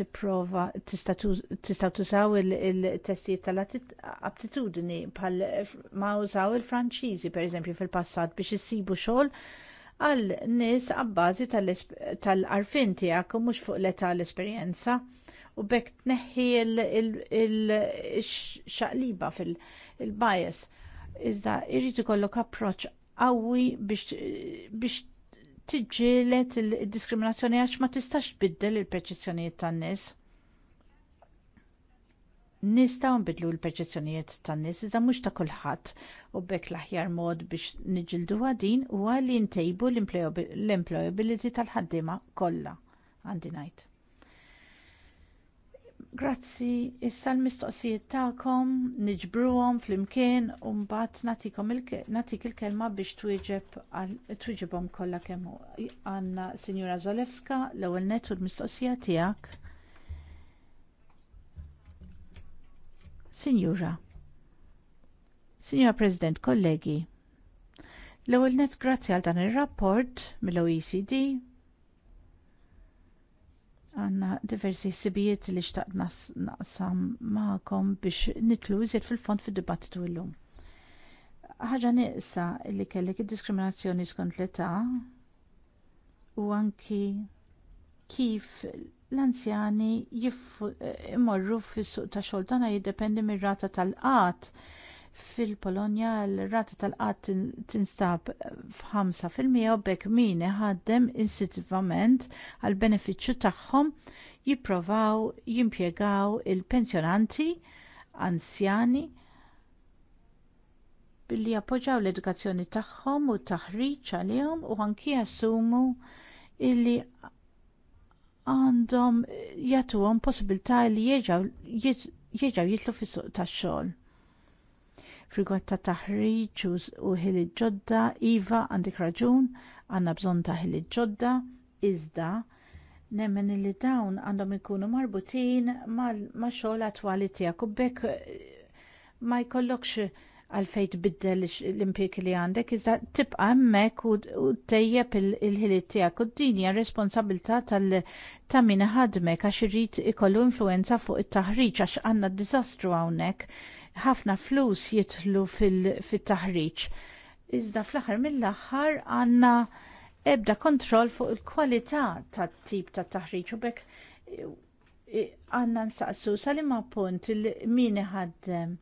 tipprova tista' tużaw il-testijiet tal attitudni bħal ma użaw il-Franċiżi pereżempju fil-passat biex issibu xogħol għal nies abbażi tal-arfin tiegħek u mhux fuq l-età l-esperjenza u bekk tneħħi il-xaqliba fil-bias. Iżda irrid ikollok approċċ qawwi biex tiġġielet il-diskriminazzjoni għax ma tistax tbiddel il-perċezzjonijiet tan-nies. Nistgħu nbiddlu l-perċezzjonijiet tan-nies iżda mhux ta' kulħadd u bekk l-aħjar mod biex niġildu din huwa li ntejbu l-employability tal-ħaddiema kollha għandi ngħid. Grazzi, issa l-mistoqsijiet tagħkom niġbruhom flimkien u mbagħad nagħtikom nagħtik il-kelma biex twieġeb twieġibhom kollha kemm għandna Sinjura Zolewska l-ewwel net u l-mistoqsija tiegħek. Sinjura. Sinjura President, kollegi. L-ewwel net grazzi għal dan ir-rapport mill-OECD għanna diversi sibijiet li xtaqt naqsam magħkom biex nitlu iżjed fil-fond fil-dibattitu illum. Ħaġa nieqsa li kellek id-diskriminazzjoni skont l-età u anki kif l-anzjani jimmorru fis-suq ta' xogħol tagħna jiddependi mir-rata tal-qatt Fil-Polonja l-rata tal-qatt tinstab f'5% u bekk min iħaddem insittivament għall benefiċċju tagħhom jipprovaw jimpjegaw il-pensjonanti anzjani billi jappoġġaw l-edukazzjoni tagħhom u t taħriġ għalihom u anki jassumu illi għandhom jagħtuhom possibilità li jerġgħu jitlu fis-suq tax-xogħol frigwat ta' taħriġ u ħili ġodda, Iva għandek raġun, għandna bżonn ta' ħili ġodda, iżda nemmen li dawn għandhom ikunu marbutin ma' xogħol attwali tiegħek u bekk eh, ma jkollokx għalfej tbiddel l-impjeg li għandek, iżda tibqa' hemmhekk u tejjeb il-ħiliet tiegħek u d-dinja responsabilità ta' min ħadmek għax irid ikollu influenza fuq it-taħriġ għax għandna d-diżastru hawnhekk ħafna flus jitlu fil-taħriġ. Iżda fl-aħħar mill-aħħar għandna ebda kontroll fuq il-kwalità tat-tip ta' taħriġ u bekk e, e, għandna nsaqsu sal-imma punt il-min ħaddem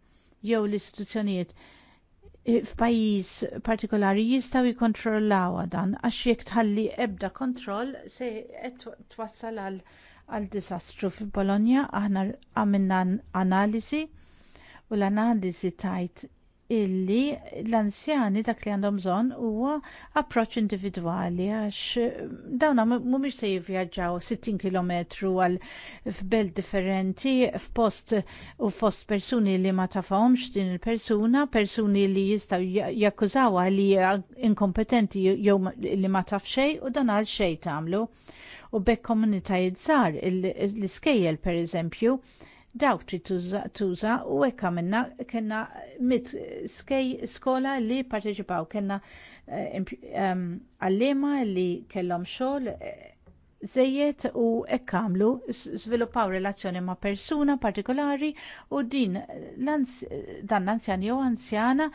jew l-istituzzjonijiet e, f'pajjiż partikolari jistgħu jikkontrollaw dan għax jekk tħalli ebda kontroll se qed twassal għal disastru fil aħna għamilna analiżi u l-analiżi tajt illi l-anzjani dak li għandhom bżonn huwa approċċ individwali għax mm, dawn mhumiex se jivvjaġġaw 60 km għal f'belt differenti f'post u fost persuni li ma tafhomx din il-persuna, persuni li jistgħu jakkużawha li inkompetenti jew li ma taf xejn u dan għal xejn tagħmlu. U bekk komunitajiet żgħar l-iskejjel pereżempju daw trid tuża u hekk għamilna kellna mit skej skola li parteċipaw kellna eh, ehm, għalliema li kellhom xogħol eh, żejjed u hekk għamlu żviluppaw relazzjoni ma' persuna partikolari u din dan l-anzjan jew anzjana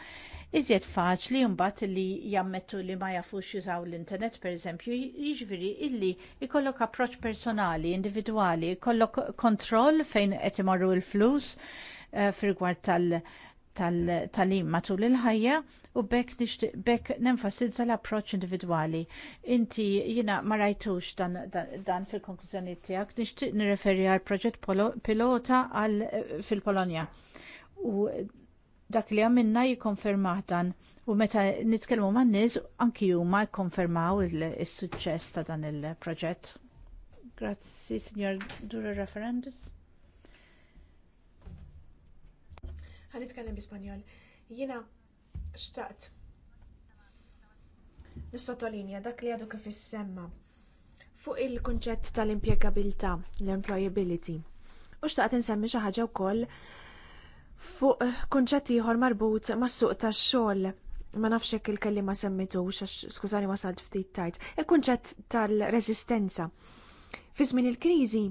iżjed faċli mbagħad li jammettu li ma jafux jużaw l-internet pereżempju, jiġifieri illi jkollok approċċ personali, individwali, jkollok kontroll fejn qed imorru l-flus uh, tal- tal-talim matul il-ħajja u bekk bekk nenfasizza l-approċ individwali. Inti jina ma rajtux dan, dan, dan fil-konklużjoni tiegħek nixtieq nirreferi għal proġett pilota għal eh, fil-Polonja. U dak li għamilna jikkonfermaħ dan u meta nitkellmu man nies anki ma jikkonfermaw is-suċċess ta' dan il-proġett. Grazzi, signor Dura Referendus. Għan nitkellem bi ispanjol Jiena xtaqt Nistatolinja dak li għadu kif issemma fuq il-kunċett tal impiegabilta l-employability. U xtaqt insemmi xi ħaġa wkoll Fuq konċetti ieħor marbut mas-suq tax-xogħol ma nafx hekk il ma' semmitu għax skużani wasalt ftit tajt, Il-kunċett tal-reżistenza. Fi żmien il-kriżi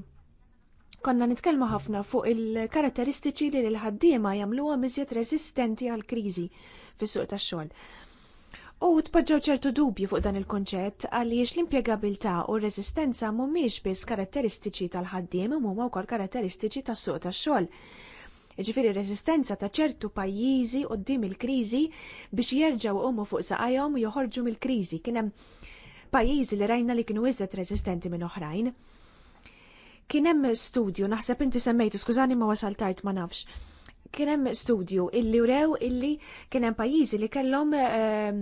konna nitkellmu ħafna fuq il-karatteristiċi li l-ħaddiema jagħmluhom iżjed rezistenti għal kriżi fis-suq tax-xogħol. U tpoġġew ċertu dubju fuq dan il-konċett għaliex l-impjegabilità u r-reżistenza mhumiex biss karatteristiċi tal-ħaddiem huma wkoll karatteristiċi tas-suq tax-xogħol. Ġifiri resistenza ta' ċertu pajjiżi qoddim il-kriżi biex jerġgħu qomu fuq saqajhom joħorġu mill-kriżi. Kien hemm pajjiżi li rajna li kienu iżet resistenti minn oħrajn. Kien hemm studju, naħseb inti semmejtu, skużani ma wasaltajt ma nafx kien hemm studju illi urew illi kien hemm pajjiżi li kellhom ehm,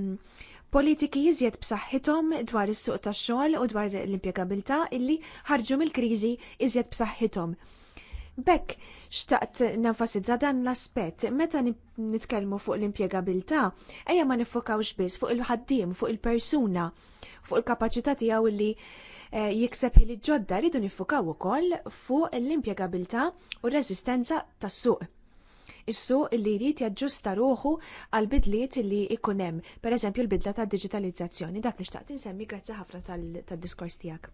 politiki jizjed b'saħħithom dwar is-suq tax-xogħol u dwar l-impjegabilità illi ħarġu mill-kriżi iżjed b'saħħithom. Bekk, xtaqt nenfasizza dan l-aspett, meta nitkellmu fuq l-impjegabilità, ejja ma nifokawx biss fuq il-ħaddim, fuq il-persuna, fuq il-kapaċità tiegħu li eh, jikseb li ġodda rridu nifokaw ukoll fuq l-impjegabilità u r-reżistenza tas-suq. Is-suq li jrid jaġġusta ruħu għal bidliet li ikun hemm, pereżempju l-bidla tad diġitalizzazzjoni dak li xtaqt insemmi grazzi ħafna tad-diskors tiegħek.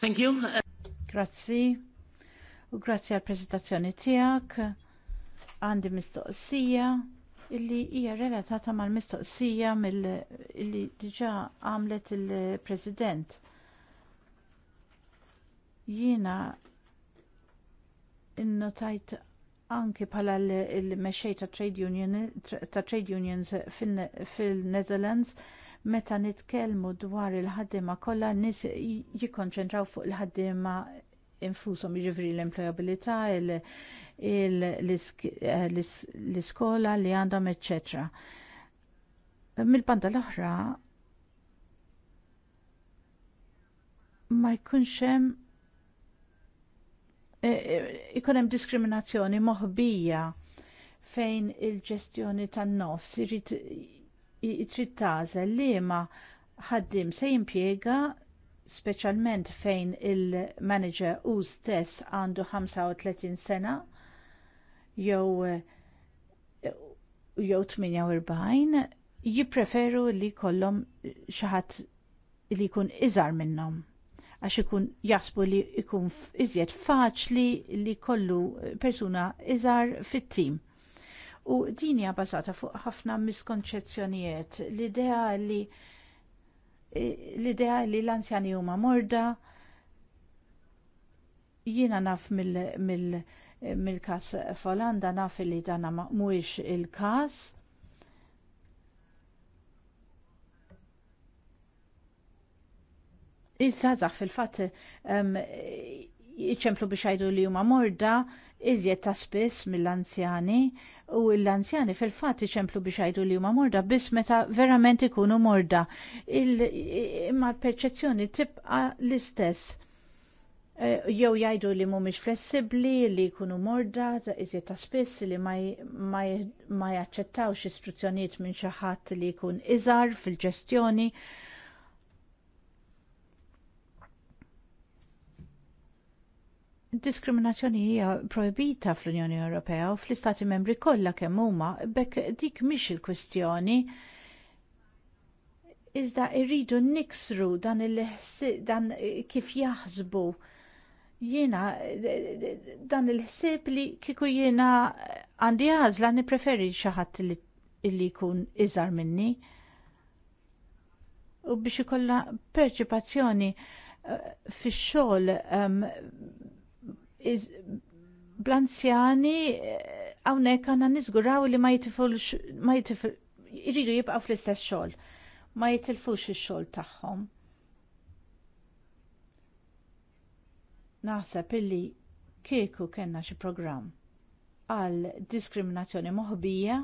Thank you. Grazzi. U grazzi għal prezentazzjoni tijak. Għandi mistoqsija illi hija relatata mal-mistoqsija mill-illi diġa għamlet il-President. Jiena innotajt anki bħala l mexej ta' trade unions fil netherlands Meta nitkellmu dwar il-ħaddiema kollha nies jikkonċentraw fuq il-ħaddiema infushom jiġifieri l-employabilità, l-iskola li għandhom, eċċetera. Mill-banda l-oħra ma jkunx hemm e, e, ikun hemm diskriminazzjoni moħbija fejn il-ġestjoni tan-nofs irid trid tażel liema ħaddiem se jimpjega speċjalment fejn il-manager hu stess għandu 35 sena jew jew 48 jippreferu li jkollhom xi ħadd li jkun iżgħar minnhom għax ikun jaħsbu li jkun iżjed faċli li kollu persuna iżgħar fit-tim u din hija bażata fuq ħafna miskonċezzjonijiet. L-idea li l-idea li l-anzjani huma morda jiena naf mill-kas f'Olanda naf li dana mhuwiex il-każ. Il-sazax fil-fatt iċemplu biex għajdu li huma morda iżjed ta' spiss mill-anzjani u l-anzjani fil-fat iċemplu biex għajdu li huma morda biss meta verament ikunu morda. Imma l-perċezzjoni tibqa l-istess e, jew jgħidu li mhumiex flessibbli li jkunu morda iżjed ta' spiss li ma jaċċettawx istruzzjonijiet minn xi ħadd li jkun iżgħar fil-ġestjoni diskriminazzjoni hija projbita fl-Unjoni Ewropea u fl-Istati Membri kollha kemm huma bekk dik mhix il-kwistjoni. Iżda irridu niksru dan il dan kif jaħsbu jiena dan il-ħsieb li kieku jiena għandi għażla nippreferi xi ħadd li jkun iżgħar minni u biex ikollha perċipazzjoni eh, fix-xogħol ehm, bl blanzjani għawnek eh, għanna nizguraw li ma jitifulx, ma jitifulx, jiridu jibqaw fl-istess xol, ma jitilfux il-xol taħħom. Naħseb illi kieku kena xi program għal diskriminazzjoni moħbija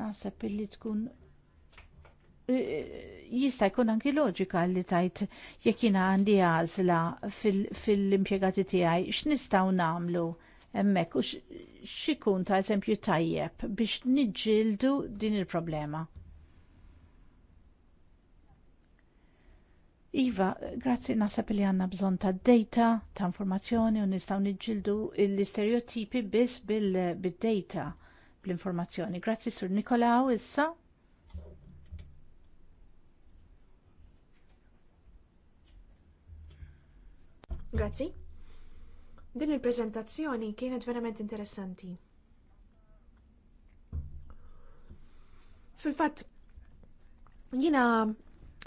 naħseb illi tkun jista' jkun anki loġika li tajt jekk jiena għandi għażla fil-impjegati fil tiegħi x'nistgħu nagħmlu hemmhekk u x'ikun ta' eżempju tajjeb biex niġġieldu din il-problema. Iva, grazzi nasab li għanna bżon ta' data, ta' informazzjoni u nistaw nġildu l-istereotipi biss bil-data, bl-informazzjoni. Grazzi sur Nikolaw issa. Grazzi. Din il-prezentazzjoni kienet verament interessanti. Fil-fatt, jina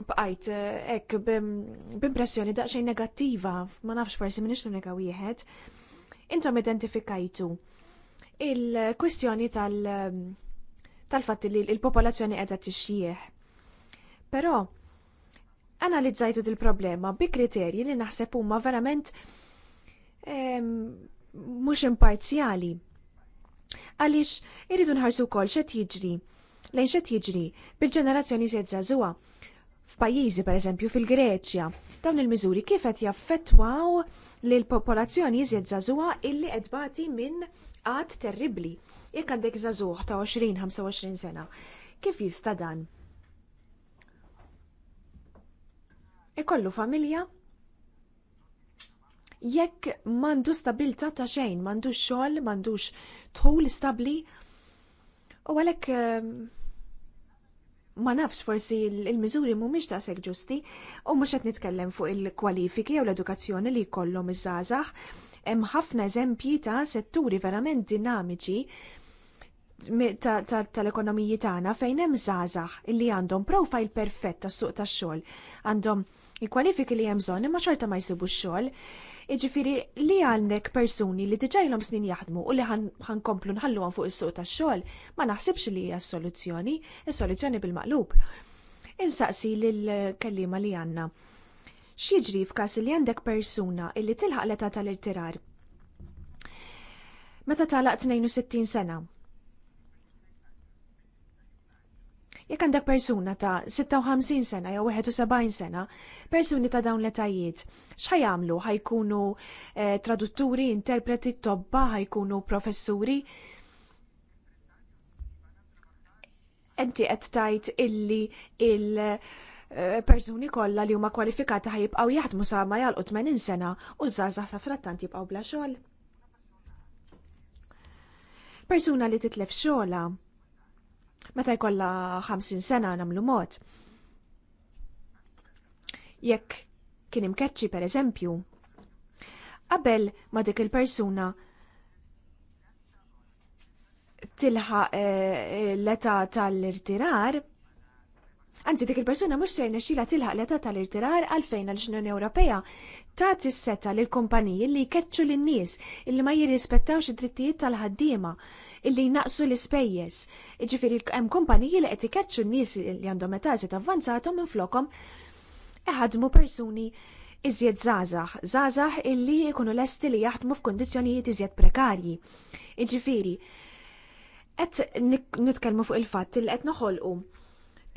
bqajt eh, ek b'impressjoni daqsxejn negattiva, ma nafx forsi minix nega wieħed, intom identifikajtu il-kwistjoni tal- eh, tal-fatt li l-popolazzjoni qiegħda tixjieħ. Però analizzajtu dil-problema bi kriterji li naħseb huma verament mhux imparzjali. Għaliex irridu nħarsu wkoll x'qed jiġri lejn xed jiġri bil-ġenerazzjoni se żagħżugħa. F'pajjiżi pereżempju fil-Greċja, dawn il-miżuri kif qed jaffettwaw lil popolazzjoni iżjed żagħżuha illi qed bati minn qatt terribbli jekk għandek żagħżugħ ta' 20-25 sena. Kif jista' dan? ikollu familja jekk mandu stabilta ta' xejn, mandu xogħol, mandux tħul stabli. U għalhekk ehm, ma nafx forsi il-miżuri mhumiex ta' sek ġusti u mhux qed nitkellem fuq il-kwalifiki jew l-edukazzjoni li jkollhom iż-żgħażagħ. Hemm ħafna eżempji ta' setturi verament dinamiċi tal-ekonomiji tagħna fejn hemm żgħażagħ li għandhom profile perfett tas-suq tax-xogħol, għandhom il-kwalifiki li hemm bżonn imma xorta ma jsibu x-xogħol. Iġifiri li għandek persuni li diġajlhom snin jaħdmu u li ħankomplu nħalluhom fuq is-suq tax-xogħol, ma naħsibx li hija s-soluzzjoni, is-soluzzjoni bil-maqlub. Insaqsi lill-kellima li għandna. X'jiġri f'każ li għandek persuna illi tilħaq l-età tal-irtirar meta talaq 62 sena Jekk għandek persuna ta' 56 sena jew 71 sena, persuni ta' dawn l-etajiet, x'ħaj jagħmlu? Ħajkunu eh, tradutturi, interpreti, tobba, ħajkunu professuri. Enti qed tajt illi il eh, persuni kollha li huma kwalifikati ħajibqgħu jaħdmu sa ma jalqu 80 sena u żgħażagħ ta' frattant jibqgħu bla xogħol. Persuna li titlef xogħla meta jkollha 50 sena nagħmlu mod. Jekk kien imkeċċi pereżempju, qabel ma dik il-persuna tilħaq eh, l-età tal-irtirar, Anzi, dik il-persuna mhux sejn xila tilħaq l-età tal-irtirar għalfejn għall-Unjoni Ewropea tagħti s-seta lil kumpaniji li jkeċċu lin-nies illi ma jirrispettawx id-drittijiet tal-ħaddiema illi naqsu l-ispejjeż. Ġifieri hemm kumpaniji li qed ikeċċu n-nies li għandhom meta iżjed avvanzata minn flokhom iħadmu persuni iżjed żgħażagħ, żgħażagħ illi jkunu lesti li jaħdmu f'kundizzjonijiet iżjed prekarji. Ġifieri, qed nitkellmu fuq il-fatt li qed noħolqu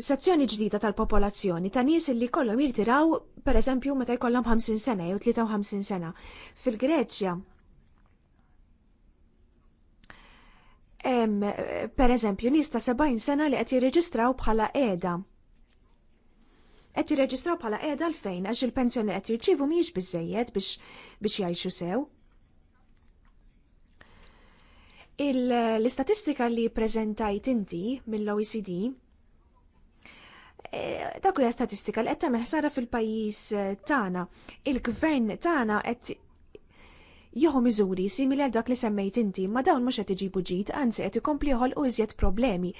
sezzjoni ġdida tal-popolazzjoni ta' nies li kollhom jirtiraw pereżempju meta jkollhom 50 sena jew 53 sena. Fil-Greċja Em, per eżempju, nista 70 sena li qed jirreġistraw bħala qiegħda. Qed jirreġistraw bħala qiegħda għalfejn għax il-pensjoni qed jirċievu mhijiex biżejjed biex biex jgħixu sew. L-istatistika li preżentajt inti mill-OECD eh, dak hija statistika li qed tagħmel ħsara fil-pajjiż tagħna. Il-gvern tagħna qed jieħu miżuri simili għal dak li semmejt inti, ma dawn mhux qed iġibu ġid, anzi qed ikompli u iżjed problemi.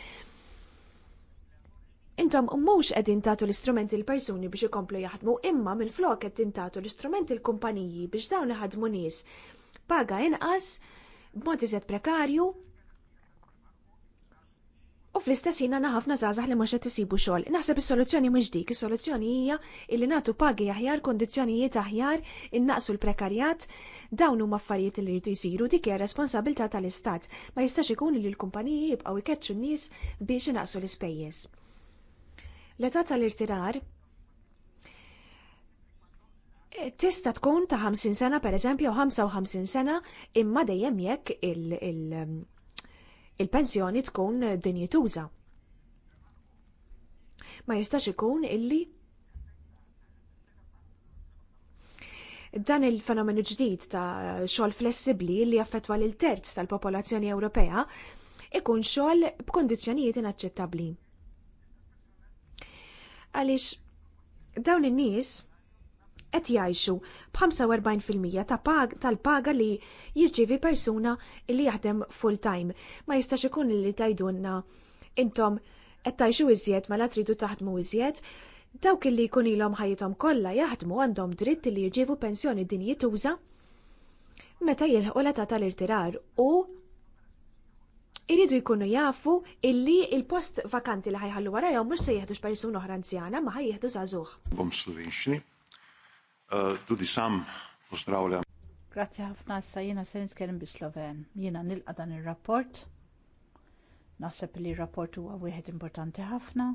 Intom mhux qed intatu l-istrumenti l-persuni biex ikomplu jaħdmu, imma mill-flok qed intatu l-istrumenti l-kumpaniji biex dawn iħadmu nies. Paga inqas, b'mod iżjed prekarju, U fl-istess jina ħafna zazah li maċa qed isibu xogħol. Naħseb is-soluzzjoni mhux dik, is-soluzzjoni hija illi nagħtu pagi aħjar, kondizzjonijiet aħjar, innaqsu l-prekarjat, dawn huma affarijiet li jitu jsiru dik hija responsabilità tal-Istat. Ma jistax ikun li l-kumpaniji jibqgħu jkeċċu n-nies biex naqsu l-ispejjeż. L-età tal-irtirar Tista tkun ta' 50 sena per eżempju u 55 sena imma dejjem jekk il-, il il-pensjoni tkun dinjituża. Ma jistax ikun illi dan il-fenomenu ġdid ta' xogħol flessibbli li jaffetwa lil terz tal-popolazzjoni Ewropea ikun xogħol b'kondizzjonijiet inaċċettabbli. Għaliex dawn in-nies qed jgħixu b'45% ta' tal-paga li jirċievi persuna li jaħdem full-time. Ma jistax ikun li tajdunna intom qed tgħixu iżjed mela tridu taħdmu iżjed, dawk li jkun ilhom ħajjithom kollha jaħdmu għandhom dritt li jirċievu pensjoni din jituża meta jilħqu l-età tal-irtirar u iridu jkunu jafu illi il-post vakanti li ħajħallu warajhom mhux se jieħdux persuna oħra anzjana ma ħajjieħdu żagħżugħ. Eh, tudi sam postrawlja. Grazzi ħafna sa jiena se nitkellem bi Sloven. Jiena nilqa dan ir-rapport. Naħseb li r-rapport huwa wieħed importanti ħafna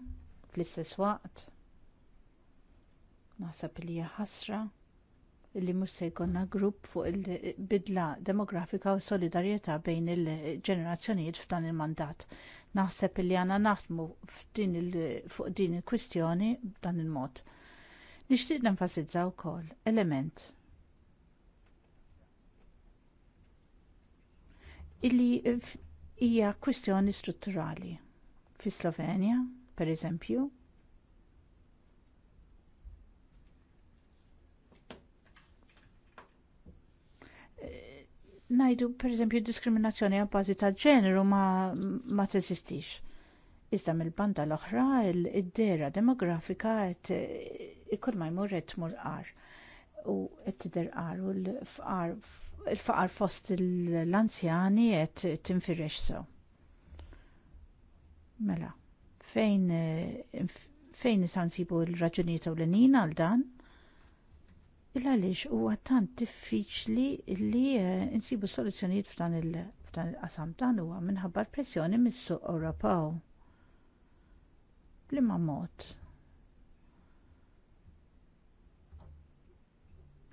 fl-istess waqt. Naħseb li hija ħasra li mhux se jkollna grupp fuq il-bidla demografika u solidarjetà bejn il-ġenerazzjonijiet f'dan il-mandat. Naħseb li għandna naħdmu fuq din il-kwistjoni b'dan il-mod. Nixtieq nenfasizza wkoll element illi hija kwistjoni strutturali. Fi Slovenja, per eżempju, eh, najdu per eżempju diskriminazzjoni għal ta' ġeneru ma, ma teżistix Iżda mill-banda l-oħra id-dera demografika qed ikol ma jmur qed tmur qar u qed tidher qar u l faqar fost l-anzjani qed tinfirex sew. Mela, fejn fejn nisan sibu l-raġunijiet ewlenin għal dan? il għaliex huwa tant diffiċli li eh, insibu soluzzjonijiet f'dan il-qasam dan huwa minħabba l-pressjoni mis-suq Ewropew. Blimma mod.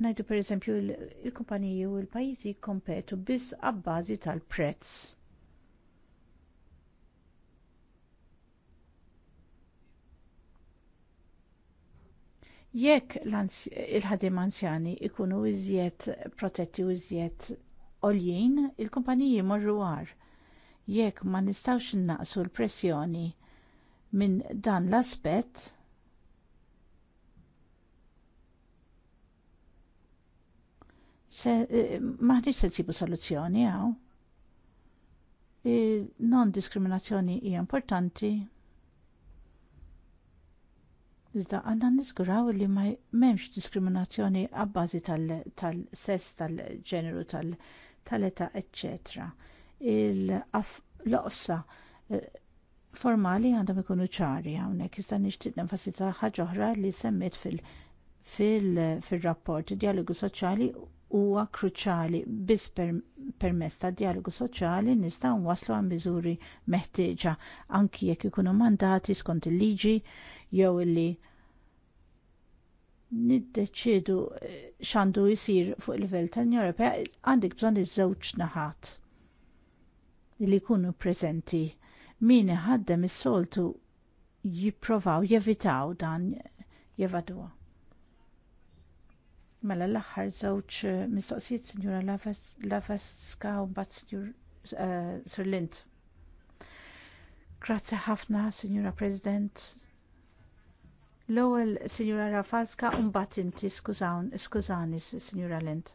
Najdu per eżempju il-kumpaniji u l-pajizi kompetu biss għabbażi tal-prezz. Jekk il-ħadim anzjani ikunu iżjed protetti u iżjed oljin, il-kumpaniji morru għar. Jekk ma nistawx naqsu l-pressjoni minn dan l-aspett maħdix se tsibu e, e, soluzzjoni għaw. E, non-diskriminazzjoni hija importanti. Iżda għanna nizguraw li ma memx diskriminazzjoni għabbażi tal-sess, tal sess tal tal-età, eccetera. Il-loqsa formali għandhom ikunu ċari hawnhekk jista' nixtieq nenfasizza ħaġa oħra li semmiet fil-rapport fil, fil dialogu soċjali huwa kruċjali biss per ta' dialogu soċjali nistgħu nwasslu għal miżuri meħtieġa anki jekk ikunu mandati skont il-liġi jew illi niddeċiedu eh, x'għandu jsir fuq il-livell tal-Unjoni Ewropea għandek bżonn iż-żewġ naħat li jkunu preżenti min iħaddem is-soltu jipprovaw jevitaw dan jevadwa. Mela l-aħħar żewġ eh, mistoqsijiet Sinjura Lavaska u mbagħad Sinjur eh, Sir Lint. Grazzi ħafna, Sinjura President. L-ewwel Sinjura Rafalska u mbagħad inti skużawn skużani Sinjura Lint.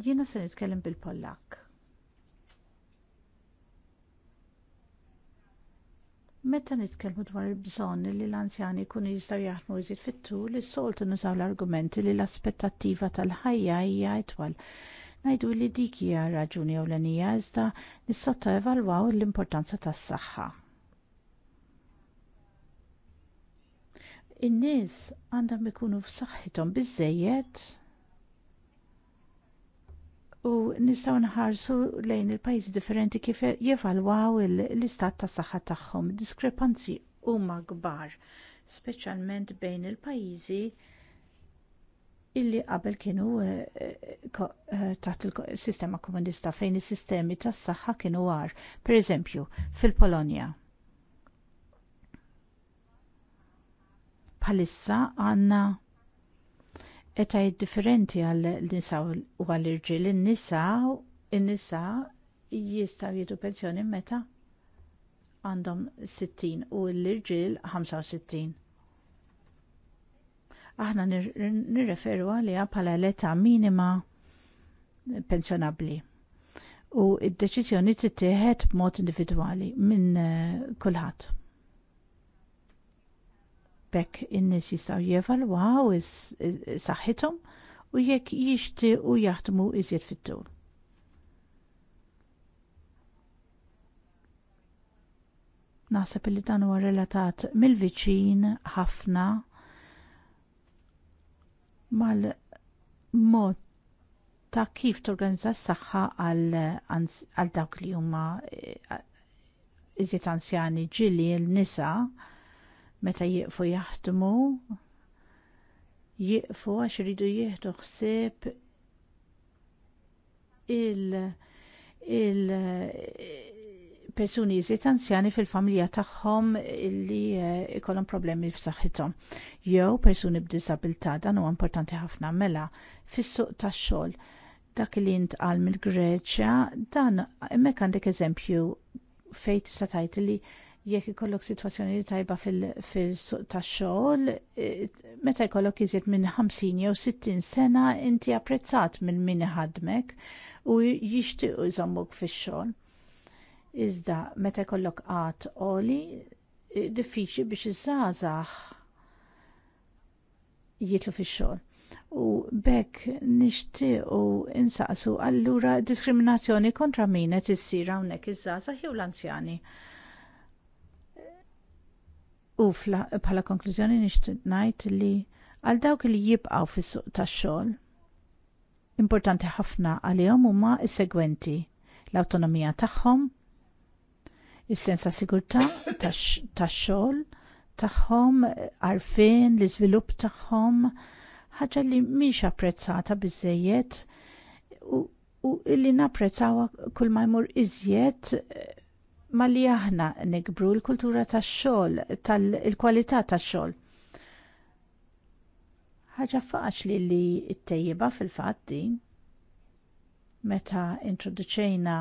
Jiena se nitkellem bil-Pollak. Meta nitkellmu dwar il-bżonn li l-anzjani jkunu jistgħu jaħdmu iżid fit-tul, is-soltu nużaw l-argumenti li l-aspettattiva tal-ħajja hija itwal. Ngħidu li dik hija raġuni ewlenija iżda nissotto evalwaw l-importanza tas-saħħa. In-nies għandhom ikunu f'saħħithom biżżejjed u nistgħu nħarsu lejn il-pajjiżi differenti kif jevalwaw l-istat tas saħħa tagħhom. Diskrepanzi huma kbar, speċjalment bejn il-pajjiżi illi qabel kienu eh, eh, taħt il-sistema komunista fejn is-sistemi tas-saħħa kienu għar. Pereżempju, fil-Polonja. Bħalissa għandna etajt differenti għal-nisa u għall-irġiel. In-nisa nisa jistgħu jiedu pensjoni meta għandhom 60 u l-irġiel 65. Aħna nirreferu għaliha bħala l-età minima pensjonabbli. U d deċiżjoni tittieħed b'mod individwali minn eh, kulħadd bekk in-nies jistgħu jevalwaw is saħħithom u jekk jixtiequ jaħdmu iżjed fit-tul. Naħseb li dan huwa relatat mill-viċin ħafna mal-mod ta' kif torganizza s-saħħa għal dawk li huma eh, iżjed anzjani ġili l-nisa meta jieqfu jaħdmu jieqfu għax iridu jieħdu ħsieb il-persuni il jizit anzjani fil-familja tagħhom li eh, ikollhom problemi f'saħħithom. Jew persuni b'disabilità dan huwa importanti ħafna mela fis-suq tax-xogħol dak li intqal mill-Greċja dan hemmhekk għandek eżempju fejn tista' li jekk ikollok sitwazzjoni li tajba fil-suq tax-xogħol, e, meta jkollok iżjed minn 50 jew 60 sena inti apprezzat minn min ħadmek u jixtiequ iżommok fix-xogħol. Iżda meta jkollok qatt oli e, diffiċli biex iżgħażagħ jitlu fix-xogħol. U bekk nixtiequ insaqsu allura diskriminazzjoni kontra min qed issir hawnhekk iż-żgħażagħ jew l-anzjani. U bħala konklużjoni nixtieq ngħid li għal dawk li jibqgħu fis-suq tax-xogħol importanti ħafna għalihom huma s-segwenti l-awtonomija tagħhom, is-sens ta' sigurtà tax-xogħol tagħhom, għarfien, l-iżvilupp tagħhom, ħaġa li mhix apprezzata biżejjed u, u illi napprezzawha kull ma jmur iżjed ma li aħna nikbru l-kultura tax-xogħol, tal-kwalità tax-xogħol. Ħaġa faċli li ttejjiba fil-fatt din meta introduċejna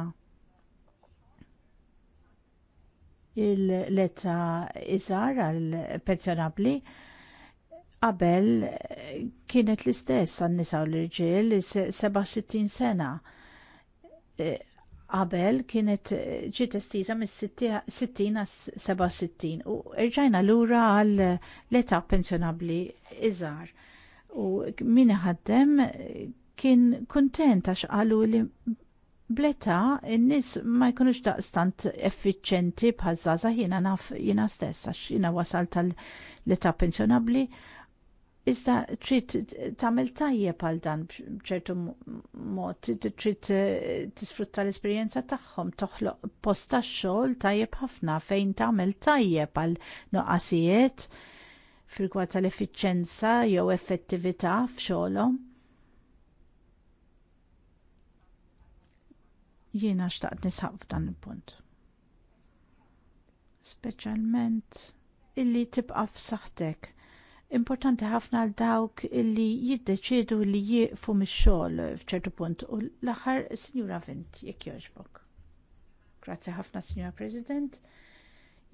il-letta iżar għal pensjonabbli qabel kienet l-istess għan nisa u l-irġiel 67 sena qabel kienet eh, ġiet estiża mis-60 67 u rġajna lura għal l-età pensjonabbli iżgħar. U min ħaddem eh, kien kuntent għax qalu li bleta n-nis ma jkunux daqstant effiċenti bħal zaza jiena naf jiena stess għax jiena wasal tal-età pensjonabbli Iżda trid tagħmel tajjeb għal dan b'ċertu mod, trid eh, tisfrutta l-esperjenza tagħhom, toħloq post tax-xogħol tajjeb ħafna fejn tagħmel tajjeb għal noqasijiet fil tal-effiċenza jew effettività f'xogħolhom. Jiena xtaqt nisħaq f'dan il-punt. Speċjalment illi tibqa' f'saħħtek importanti ħafna għal dawk illi jiddeċiedu li jieqfu mix-xogħol f'ċertu punt u l-aħħar Sinjura Vint jekk jogħġbok. Grazzi ħafna Sinjura President.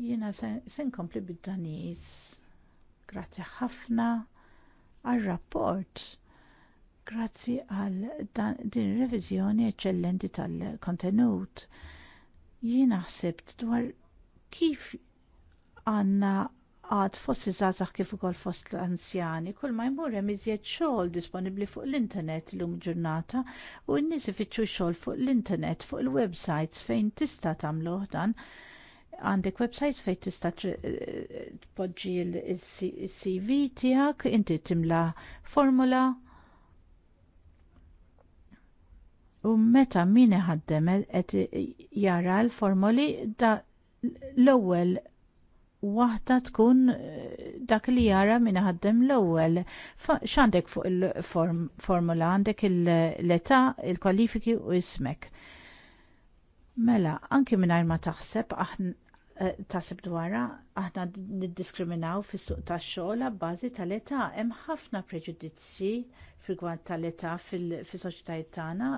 Jiena se nkompli bid-Daniż. Grazzi ħafna għar rapport Grazzi għal din reviżjoni eċċellenti tal-kontenut. Jiena ħsibt dwar kif għandna għad fost iżgħażagħ kif ukoll fost l-anzjani, kull ma jmur hemm iżjed xogħol disponibbli fuq l-internet illum ġurnata u n-nies ifittxu xogħol fuq l-internet fuq il-websites fejn tista' tagħmluh dan. Għandek websites fejn tista' eh, tpoġġi l-CV tiegħek, inti timla formula u meta min iħaddem qed jara l-formuli da l-ewwel waħda tkun eh, dak li jara minn ħaddem l-ewwel. X'għandek fuq il-formula għandek l-età, il-kwalifiki u ismek. Mela, anki mingħajr ma taħseb Eh, tasib dwarha aħna niddiskriminaw fis-suq tax-xogħol bażi tal-età hemm ħafna preġudizzi fil-gwad tal-età fis-soċjetajiet tagħna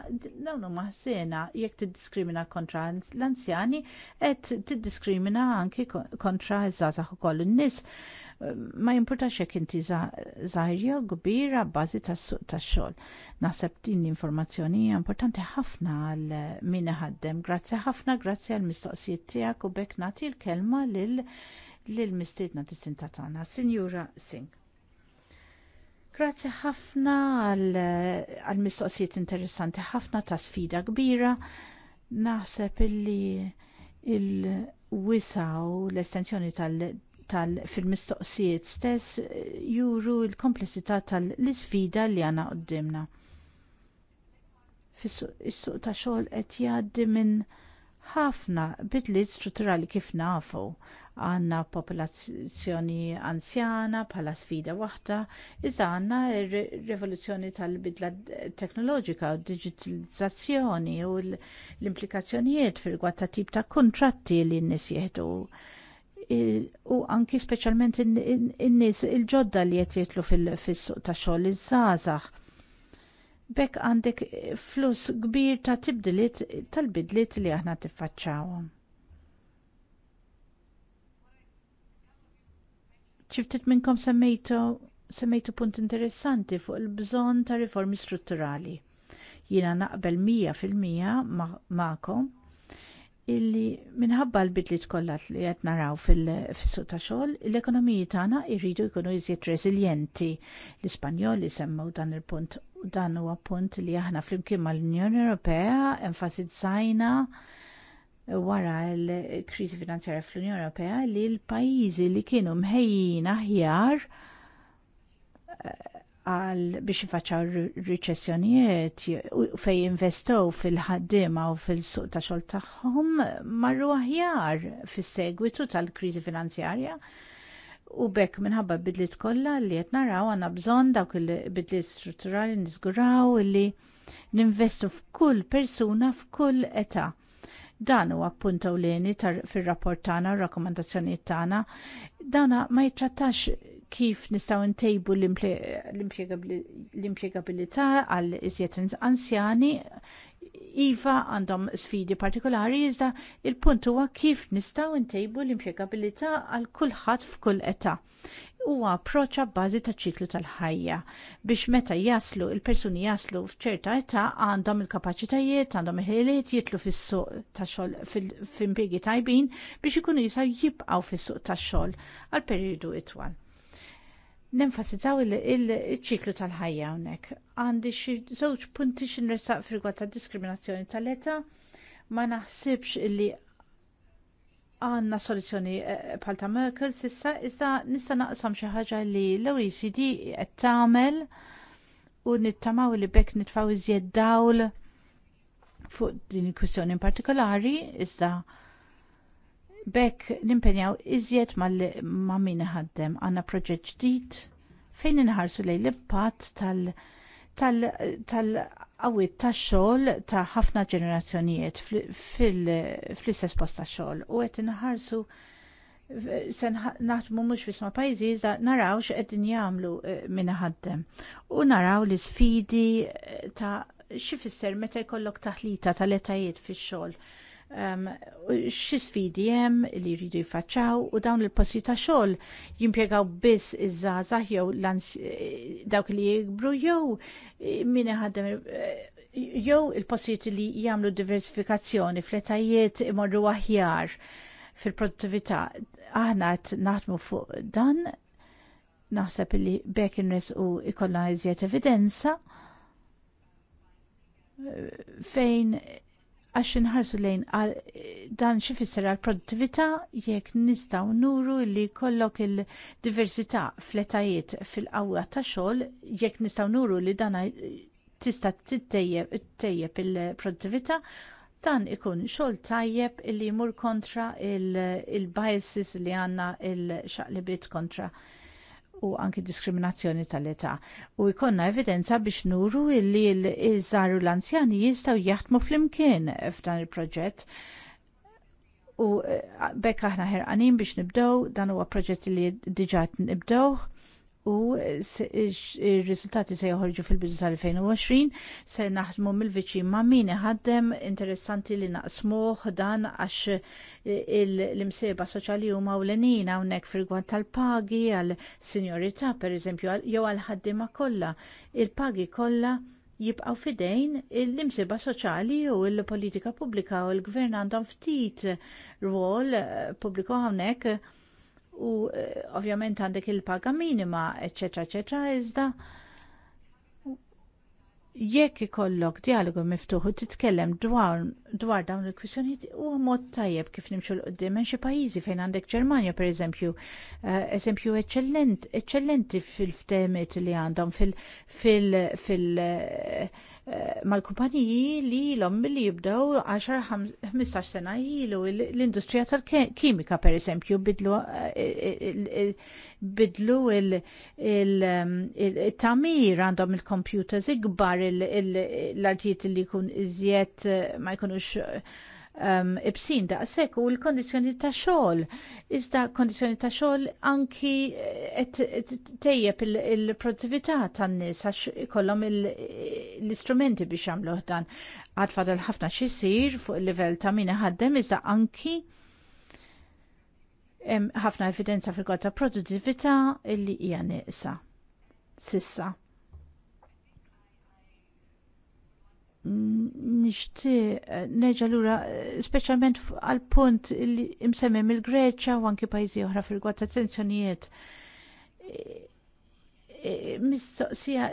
dawn huma ħsiena jekk tiddiskrimina kontra l-anzjani qed tiddiskrimina anki kontra ż żgħażagħ ukoll in-nies ma jimportax jekk inti zaħirja kbira bbażi tas-suq tax-xogħol. Naħseb din l-informazzjoni hija importanti ħafna għal min iħaddem. Grazzi ħafna, grazzi għall mistoqsijiet tiegħek u bekk nagħti l-kelma lil lil mistiedna tis-sinta tagħna, Sinjura Singh. Grazzi ħafna għal mistoqsijiet interessanti ħafna ta' sfida kbira. Naħseb illi il-wisa u l-estensjoni fil-mistoqsijiet stess eh, juru l-komplessità tal-isfida li għana qoddimna. Fis-suq ta' xogħol qed jgħaddi minn ħafna bidliet strutturali kif nafu għanna popolazzjoni anzjana bħala sfida waħda, iżda għanna rivoluzzjoni tal-bidla teknoloġika u digitalizzazzjoni u l-implikazzjonijiet fil ta' tip ta' kuntratti li n-nis jieħdu u anki speċjalment in-nies il-ġodda li qed jitlu fis-suq ta' xogħol iż-żgħażagħ. Bekk għandek flus kbir ta' tibdilit tal-bidliet li aħna tiffaċċawhom. ċiftit minnkom semmejtu semmejtu punt interessanti fuq il-bżonn ta' riformi strutturali. Jiena naqbel 100% ma'kom ma illi minħabba l-bidliet kollha li qed naraw fis-suq ta' xogħol, l-ekonomiji tagħna jridu jkunu iżjed reżiljenti. L-Ispanjoli semmew dan il-punt dan huwa punt li aħna flimkien mal-Unjoni Ewropea enfasizzajna wara l-kriżi finanzjarja fl-Unjoni Ewropea li l-pajjiżi li kienu mħejjin aħjar għal biex jifaċċaw riċessjonijiet fejn jinvestow fil-ħaddiema u fil-suq ta' xogħol tagħhom marru aħjar fis-segwitu tal-kriżi finanzjarja. U bekk minħabba bidliet kollha li qed naraw għandna bżonn dawk il-bidliet strutturali niżguraw li ninvestu f'kull persuna f'kull età dan huwa punt ewlieni fir-rapport tagħna u rakkomandazzjonijiet tagħna dana ma jittrattax kif nistaw ntejbu l-impiegabilità għal iżjed anzjani, iva għandhom sfidi partikolari, iżda il-punt huwa kif nistaw ntejbu l-impiegabilità għal kulħadd f'kull età. Huwa approċċa bażi ta' ċiklu tal-ħajja biex meta jaslu il-persuni jaslu f'ċerta età għandhom il-kapaċitajiet, għandhom il-ħiliet jitlu fis-suq tax-xogħol fil-impjiegi tajbin biex ikunu jistgħu jibqgħu fis-suq tax-xogħol għal perjodu itwal nenfasizzaw il-ċiklu tal-ħajja hawnhekk. Għandi xi żewġ punti xi nresaq rigward ta' diskriminazzjoni tal-età ma naħsibx li għandna soluzzjoni eh, eh, bħal ta' Merkel sissa iżda nista' naqsam xi ħaġa li l-OECD qed tagħmel u nittamaw li bekk nitfaw iżjed dawl fuq din il-kwistjoni in partikolari iżda bekk nimpenjaw iżjed ma' min ħaddem għandna proġett ġdid fejn inħarsu lejn l-impatt tal- tal-għawit tax xogħol ta' ħafna ġenerazzjonijiet fl-istess post ta' xogħol u qed inħarsu se naħdmu mhux ma' pajjiżi iżda naraw x'qegħdin jagħmlu e, min ħaddem u naraw l isfidi e, ta' xi fisser meta jkollok taħlita tal-etajiet fix-xogħol xi sfidi hemm li jridu jfaċċaw u dawn il-posti ta' xogħol jimpjegaw biss iż-żgħażagħ jew eh, dawk li jikbru jew eh, min ħaddem eh, jew il-postijiet li jagħmlu diversifikazzjoni fl-etajiet imorru aħjar fil-produttività. Aħna qed naħdmu fuq dan naħseb li bekk inres u ikollna iżjed evidenza fejn għax inħarsu lejn dan xi fisser għal produttività jekk nistgħu nuru li jkollok il-diversità fl-etajiet fil-qawwa ta' xogħol jekk nistgħu nuru li dan tista' tittejjeb il-produttività dan ikun xogħol tajjeb li jmur kontra il-biases li għandna il-xaqlibiet kontra u anki diskriminazzjoni tal-età u jkonna evidenza biex nuru illi l-żaru l-anzjani jistgħu jaħdmu flimkien f'dan il-proġett u eh, bekk aħna ħerqanin biex nibdew dan huwa proġett li diġà nibdew u r-riżultati se joħorġu fil-bidu tal-2020 se naħdmu mill viċi ma' min ħaddem interessanti li naqsmuh dan għax l-imsieba u huma u hawnhekk fil-gwant tal-pagi għal-sinjorità pereżempju jew għal ħaddima kollha. Il-pagi kollha jibqaw fidejn l-imsiba soċjali u l-politika pubblika u l-gvern għandhom ftit rwol eh, pubbliku hawnhekk u eh, ovvjament għandek il-paga minima, eccetera, eccetera, iżda jekk ikollok dialogu miftuħ u titkellem dwar, dwar dawn il-kwissjonijiet huwa mod tajjeb kif nimxu l qudiem hemm xi pajjiżi fejn għandek Ġermanja pereżempju, eh, eżempju eċċellent, eċċellenti fil-ftehmiet li għandhom fil-, fil, fil eh, Eh, mal-kumpaniji li l-om li jibdaw 10-15 sena ilu l-industrija tal-kimika per esempio bidlu eh, eh, bidlu il-tamir għandhom il-computers ikbar l-artijiet li kun iżjed ma jkunux um, ibsin daqshekk u l-kondizjoni ta' xogħol. Iżda kondizjoni ta' xogħol anki qed eh, tejjeb il-produttività tan-nies għax ikollhom l-istrumenti biex jagħmlu dan. Għad fadal ħafna xisir fuq il-livell ta' min ħaddem iżda anki hemm ħafna evidenza fil ta' produttività illi hija nieqsa. Sissa Mm, nixtieq eh, neġa' lura eh, speċjalment għal punt li imsemmi il greċja u anki pajjiżi oħra fil-gwatt attenzjonijiet. Eh, mistoqsija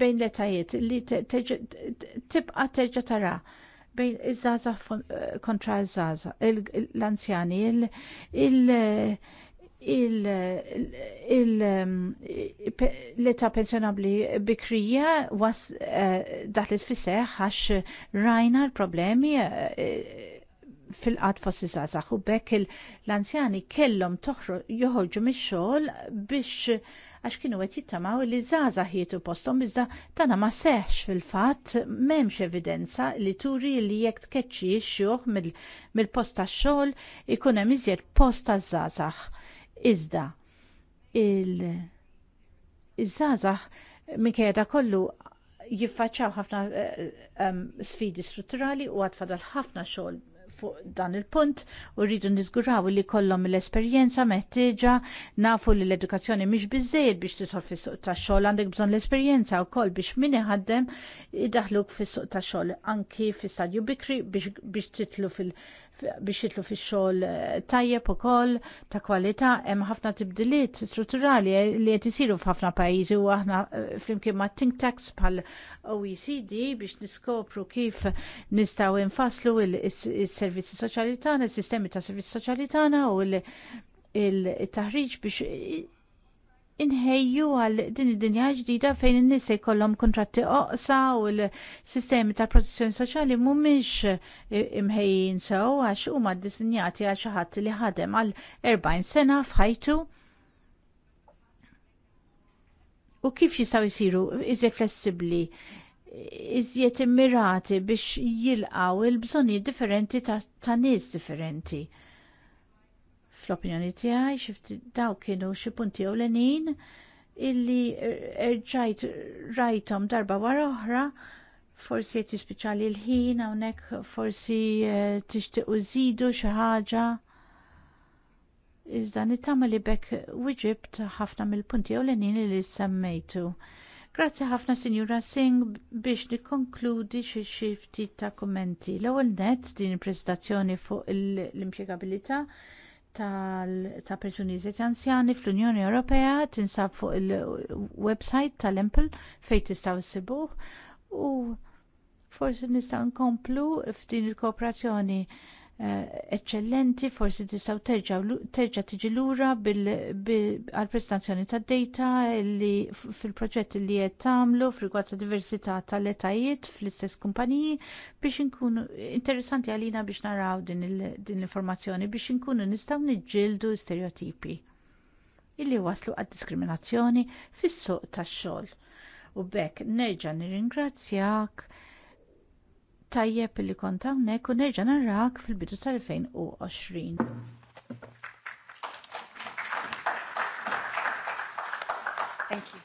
bejn l-etajiet li tibqa teġa tara bejn iż-żaza kontra iż-żaza, l-anzjani, il- Ehm, l-età pensjonabli bikrija was eh, daħlet fisseħ għax rajna l-problemi eh, fil-qat fossi zazax u bekk l-anzjani kellhom joħorġu mix-xogħol biex għax kienu għet jittamaw li zaza jietu postom iżda tana ma seħx fil-fat memx evidenza li turi li jekt tkeċċi xjuħ mill-posta xol ikunem iżjed posta zazax. Iżda il-żazax minkejja kollu jiffaċċaw ħafna eh, eh, sfidi strutturali u għadfadal ħafna xogħol fuq dan il-punt u rridu nizguraw li kollom l-esperjenza meħtieġa nafu li l-edukazzjoni mhix biżejjed biex tidħol fis-suq tax-xogħol għandek bżonn l-esperjenza wkoll biex min iħaddem idaħluk fis-suq tax-xogħol anki fis stadju bikri biex titlu fil- biex jitlu fi xogħol eh, tajjeb ukoll ta' kwalità hemm ħafna tibdiliet strutturali li qed isiru f'ħafna pajjiżi u aħna eh, flimkien ma' think tanks bħal OECD biex niskopru kif nistgħu nfasslu is-servizzi soċjali tagħna, is-sistemi ta' servizzi soċjali tagħna u il-taħriġ biex inħejju għal din id-dinja ġdida fejn in-nies se jkollhom kontratti oqsa u l-sistemi ta' protezzjoni soċjali mhumiex eh, imħejjin sew għax huma ddisinjati għal xi ħadd li ħadem għal 40 sena f'ħajtu. U kif jistgħu jsiru iżjed flessibbli iżjed immirati biex jilqaw il-bżonni differenti ta' nies differenti. Fl-opinjoni tiegħi xifti daw kienu xi punti ewlenin illi rġajt rajtom darba wara oħra forsi qed speċali l-ħin hawnhekk forsi eh, tixtiequ żidu xi ħaġa. Iżda nittama li bekk wieġibt ħafna mill-punti ewlenin li semmejtu. Grazzi ħafna Sinjura Singh biex nikkonkludi xi xi ftit ta' kummenti. L-ewwel nett din il-preżentazzjoni fuq l-impjegabilità il prestazzjoni fuq l impjegabilità il ta' persuni iżjed anzjani fl-Unjoni Ewropea tinsab fuq il-website tal-Empel fejn tistgħu issibuh u forsi nistgħu nkomplu f'din il-kooperazzjoni Eh, eccellenti, forsi tistaw terġa tiġi lura għall prestazzjoni tad data li fil-proġett li qed tagħmlu f'rigward ta' diversità tal-etajiet fl-istess kumpaniji biex inkunu interessanti għalina biex naraw din l-informazzjoni biex inkunu nistgħu niġġieldu stereotipi illi waslu għad-diskriminazzjoni fis-suq tax-xogħol. U bekk nerġa' nirringrazzjak tajjeb li kont hawnhekk u nerġa' narrak fil-bidu tal-2020. Thank you.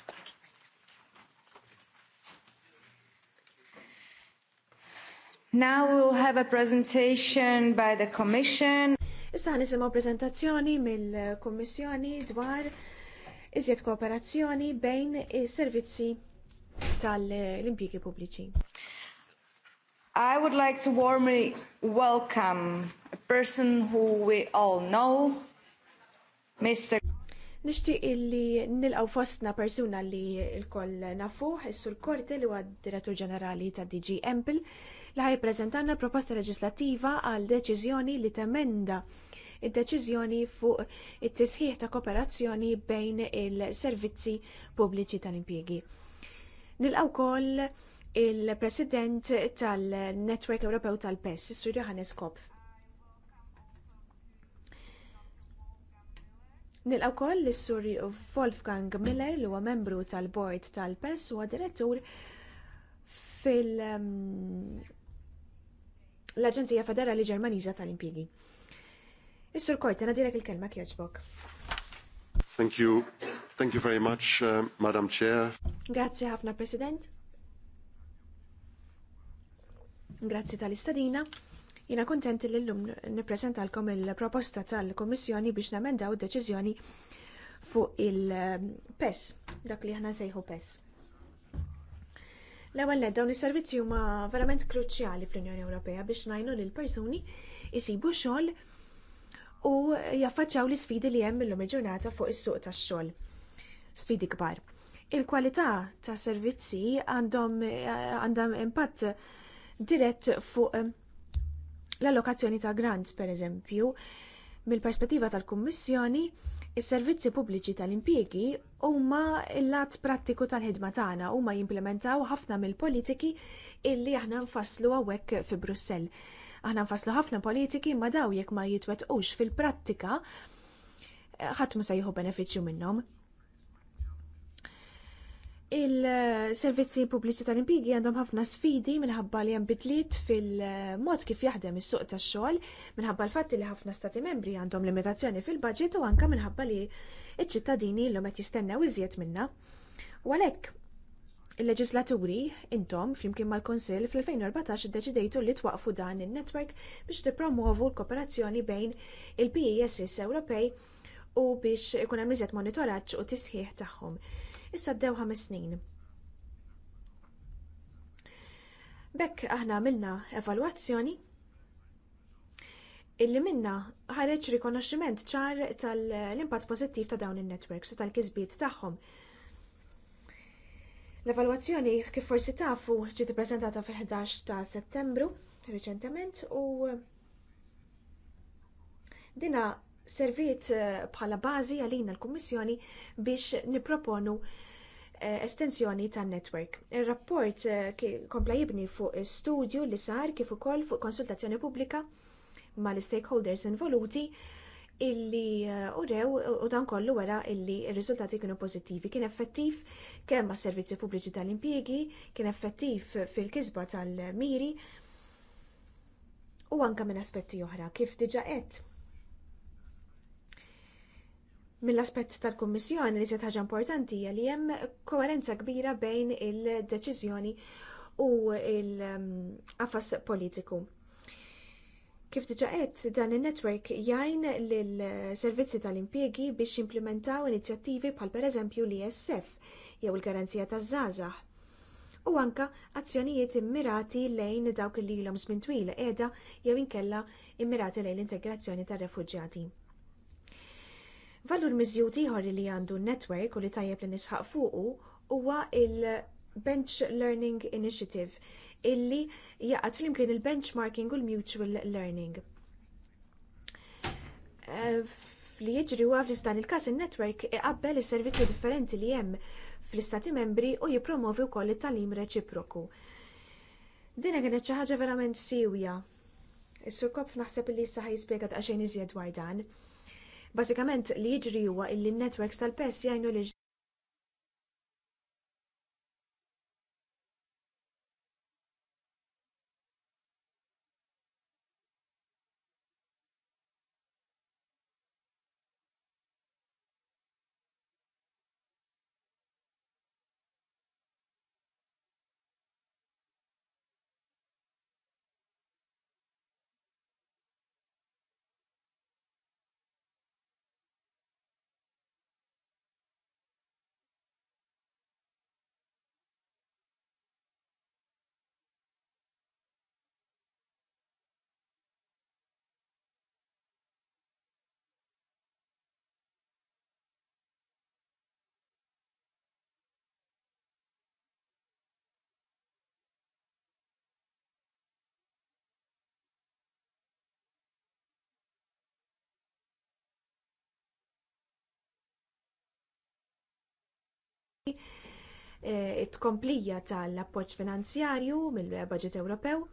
Now we'll have a presentation by the Commission. Issa nisimgħu prezentazzjoni mill-Kummissjoni dwar iżjed kooperazzjoni bejn is-servizzi tal-impjiegi pubbliċi. I would like to warmly welcome a person who we all know, Mr. Nishtiq illi nilqaw fostna persuna li il koll nafu, l Korti li għad direttur ġenerali ta' DG Empel, li ħaj prezentanna proposta leġislativa għal deċiżjoni li temenda id-deċiżjoni fuq it-tisħiħ ta' kooperazzjoni bejn il-servizzi pubbliċi tal impiegi Nilqaw koll il-President tal-Network Ewropew tal-PES, Sir Johannes Kopp. Nilqaw koll l-Sur Wolfgang Miller li huwa membru tal-Bord tal-PES u direttur fil- um, l-Aġenzija Federali Ġermaniża tal impjegi Is-Sur Kort, għana direk il-kelma kjoġbok. Thank you. Thank you very much, uh, Madam Chair. Grazie ħafna, President. Grazzi tal-istadina. Jina kontent li l-lum nipresentalkom il-proposta tal-Komissjoni biex namendaw deċiżjoni fuq il-PES, dak li ħna sejħu PES. L-ewwel nedda dawn is-servizzi huma verament kruċjali fl-Unjoni Ewropea biex ngħinu lil persuni isibu xogħol u jaffaċċaw l-isfidi li hemm illum il-ġurnata fuq is-suq tax-xogħol. Sfidi kbar. Il-kwalità ta' servizzi għandhom impatt dirett fuq ehm, l-allokazzjoni ta' grants, per eżempju. Mill-perspettiva tal-Kummissjoni, is-servizzi pubbliċi tal-impjiegi huma l-lat prattiku tal-ħidma tagħna huma jimplementaw ħafna mill-politiki illi aħna nfasslu hawnhekk fi Brussell. Aħna nfasslu ħafna politiki ma daw jekk ma jitwettqux fil-prattika ħadd ma se jieħu benefiċċju minnhom. Il-servizzi pubbliċi tal-impigi għandhom ħafna sfidi minħabba li hemm bidliet fil-mod kif jaħdem is-suq tax-xogħol, minħabba l-fatt li ħafna stati membri għandhom limitazzjoni fil-budget u anke minħabba li ċ-ċittadini l qed jistennew iżjed minna. U għalhekk il-leġislaturi intom flimkien mal-Konsil fl-2014 iddeċidejtu li twaqfu dan in-netwerk biex tippromuovu l-kooperazzjoni bejn il-PESS Ewropej u biex ikun hemm iżjed monitoraġġ u tisħiħ tagħhom issa ddew ħames snin. Bekk aħna għamilna evalwazzjoni illi minna ħareġ rikonoxximent ċar tal-impatt pożittiv ta' dawn in-networks u tal-kisbiet tagħhom. L-evalwazzjoni kif forsi tafu ġiet ippreżentata fi 11 ta' Settembru riċentement u dina serviet eh, bħala bażi għalina l-Kummissjoni biex niproponu eh, estensjoni tan netwerk Ir-rapport eh, kompla jibni fuq studju li sar kif ukoll fuq konsultazzjoni pubblika mal-stakeholders involuti illi urew u dan kollu wara illi r-riżultati kienu pożittivi. Kien effettiv kemm ma' servizzi pubbliċi tal-impjiegi, kien effettiv fil-kisba tal-miri u anke minn aspetti oħra kif diġa qed Mill-aspett tal-Kummissjoni li se ħaġa importanti hija li hemm koerenza kbira bejn il-deċiżjoni u l-qafas il politiku. Kif diġa qed dan in-netwerk jgħin lil servizzi tal-impjegi biex jimplementaw inizjattivi bħal pereżempju l-ISF jew il-Garanzija taż-żgħażagħ. U anka azzjonijiet immirati lejn dawk li ilhom żmien twil qiegħda jew inkella immirati lejn l-integrazzjoni tar-refuġjati. Valur miżjud ieħor li għandu n-netwerk u li tajjeb li nisħaq fuqu huwa il-Bench Learning Initiative illi jaqgħad flimkien il-benchmarking u l-mutual learning. Eh, li jiġri huwa li f'dan il-każ in-netwerk iqabbel is-servizzi differenti li hemm fl-istati membri u jippromovi wkoll it-tagħlim reċiproku. Dina kienet xi ħaġa verament siwja. Is-sur naħseb li issa ħajspjega xejn iżjed dwar dan. Bażikament li jiġri huwa illi n netwerks tal-pess jgħinu li Eh, it-komplija tal-appoġġ finanzjarju mill-Budget Ewropew,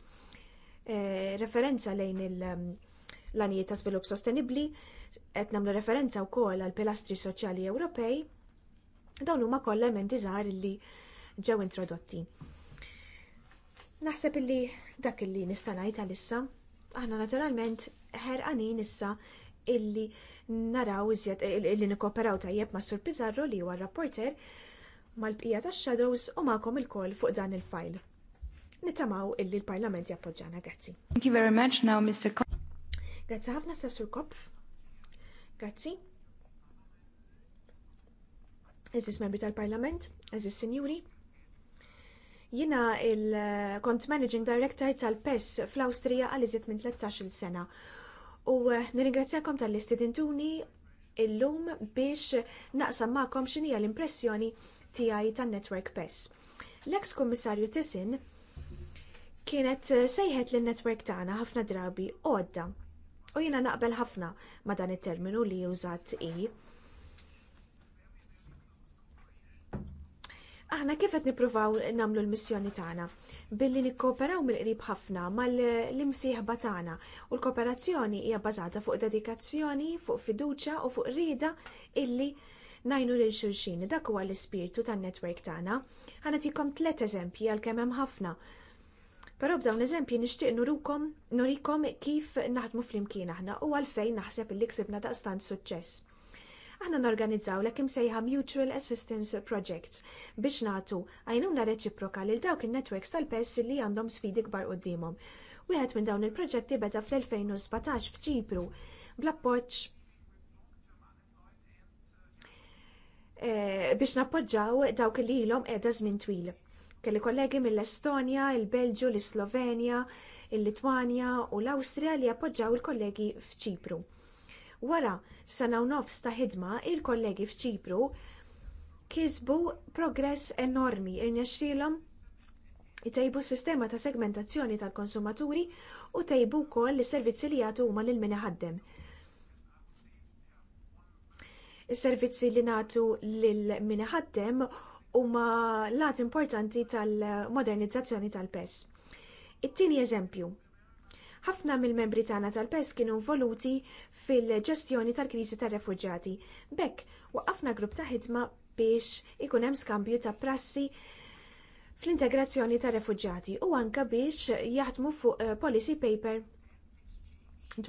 eh, referenza lejn mm, l-anijiet ta' svilup sostenibli, qed nagħmlu referenza wkoll għal pilastri soċjali Ewropej, dawn huma kollha elementi żgħar li ġew introdotti. Naħseb illi dak illi nista' ngħid għalissa, aħna naturalment ħerqanin issa illi naraw iżjed illi nikkooperaw tajjeb ma' Sur Pizarro li huwa rapporter mal-bqija tax shadows u ma'kom il-koll fuq dan il file Nittamaw illi l-Parlament jappoġġana, grazzi. Thank you very much now, Mr. Kopf. Grazzi ħafna, Sassur Kopf. Grazzi. Eżis membri tal-Parlament, eżis sinjuri. Jina il-Kont Managing Director tal-PES fl-Awstrija għal iżiet minn 13 sena. U eh, nirringrazzjakom tal-istidintuni illum biex naqsam ma'kom xinija l-impressjoni tiegħi tan-network Pess. L-eks kummissarju Tisin kienet eh, sejħet lin netwerk tagħna ħafna drabi għodda. U jiena naqbel ħafna ma dan it-terminu li użat i. Aħna kif qed nippruvaw nagħmlu l-missjoni tagħna billi nikkooperaw mill-qrib ħafna mal-imsieħba tagħna u l-kooperazzjoni hija bbażata fuq dedikazzjoni, fuq fiduċja u fuq rida illi najnu lil xulxin, dak huwa l-ispirtu tan-netwerk tagħna. tikom tliet eżempji għalkemm hemm ħafna. Però b'dawn eżempji nixtieq nurukom nurikom kif naħdmu flimkien aħna u għalfejn naħseb illi ksibna daqstant suċċess. Aħna norganizzaw l-ekim sejħa Mutual Assistance Projects biex nagħtu għajnuna reċiproka lil dawk in-netwerks tal-pess li għandhom sfidi kbar qudiemhom. Wieħed minn dawn il-proġetti beda fl-2017 f'Ċipru bl appoċ Eh, biex nappoġġaw dawk li ilhom qiegħda żmien twil. Kelli kollegi mill-Estonja, il-Belġu, l-Slovenja, il-Litwanja u l-Awstrija li appoġġaw il-kollegi f'Ċipru. Wara sena u nofs ta' ħidma, il-kollegi f'Ċipru kisbu progress enormi irnexxielhom jtejbu s-sistema ta' segmentazzjoni tal-konsumaturi u tejbu wkoll is servizzi li jagħtu huma lil min Is-servizzi li nagħtu lil min huma lat importanti tal-modernizzazzjoni tal-PES. It-tieni eżempju. Ħafna mill-membri tagħna tal-PES kienu involuti fil-ġestjoni tal-kriżi tar-refuġjati. Bekk waqafna grupp ta' ħidma biex ikun hemm skambju ta' prassi fl-integrazzjoni tar refuġjati u anke biex jaħdmu fuq eh, policy paper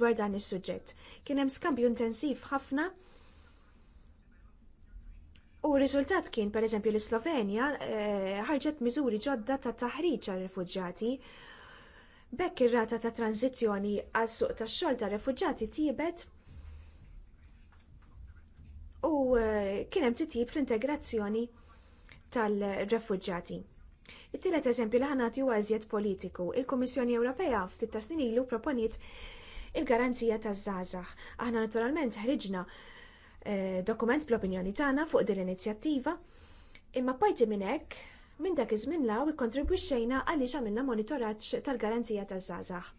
dwar dan is-suġġett. Kien hemm skambju intensiv ħafna U r-riżultat kien, per eżempju, l-Slovenja eh, ħarġet miżuri ġodda ta' taħriġ għal refuġġati. Bekk ir-rata ta' tranzizzjoni għal suq tax-xogħol ta' refuġġati tibet u eh, kien hemm titjib fl-integrazzjoni tal-refuġġati. It-tielet eżempju li ħanat huwa għażjed politiku. Il-Kummissjoni Ewropea ftit ta' snin ilu proponiet il-garanzija taż-żgħażagħ. Aħna naturalment ħriġna Eh, dokument bl-opinjoni tagħna fuq din l-inizjattiva, imma parti minn hekk minn dak iż-żmien law ikkontribwixxejna għaliex għamilna monitoraġġ tal-garanzija taż-żgħażagħ.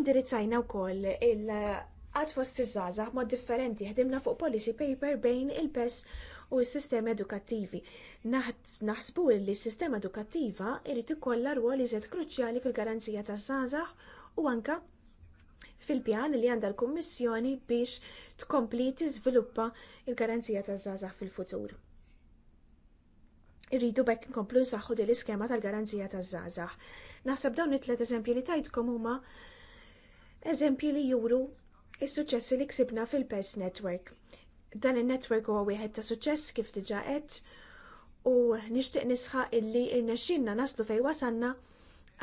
Indirizzajna wkoll il għad fost iż-żgħażagħ mod differenti ħdimna fuq policy paper bejn il-PES u s-sistemi edukattivi. Naħsbu li s-sistema edukattiva jrid ikollha rwol iżed kruċjali fil-garanzija taż-żgħażagħ u anke fil-pjan li għandha l-Kummissjoni biex tkompli tiżviluppa l garanzija taż-żgħażagħ fil-futur. Irridu bekk nkomplu nsaħħu din l-iskema tal-garanzija taż-żgħażagħ. Naħseb dawn it-tliet eżempji li tajtkom huma eżempji li juru is-suċessi li ksibna fil-PES Network. Dan in-network huwa wieħed ta' suċess kif diġa qed u nixtieq nisħaq illi rnexxinna naslu fejn wasanna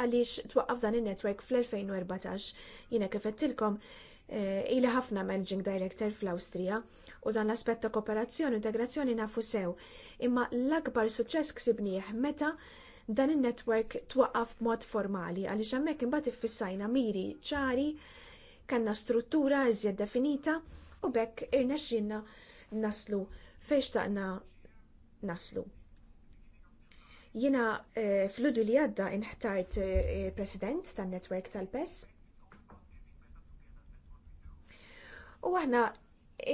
għaliex twaqqaf dan in-netwerk fl-2014 jiena kif qedtilkom eh, ili ħafna managing director fl-Awstrija u dan l-aspett ta' kooperazzjoni u integrazzjoni nafu sew. Imma l-akbar suċċess ksibnieh meta dan in-network twaqqaf b'mod formali għaliex hemmhekk imbagħad iffissajna miri ċari, kanna struttura iżjed definita u bekk irnexxinna naslu fejn xtaqna naslu. Jiena eh, fludu li għadda inħtart eh, eh, president tan netwerk tal-PES. U aħna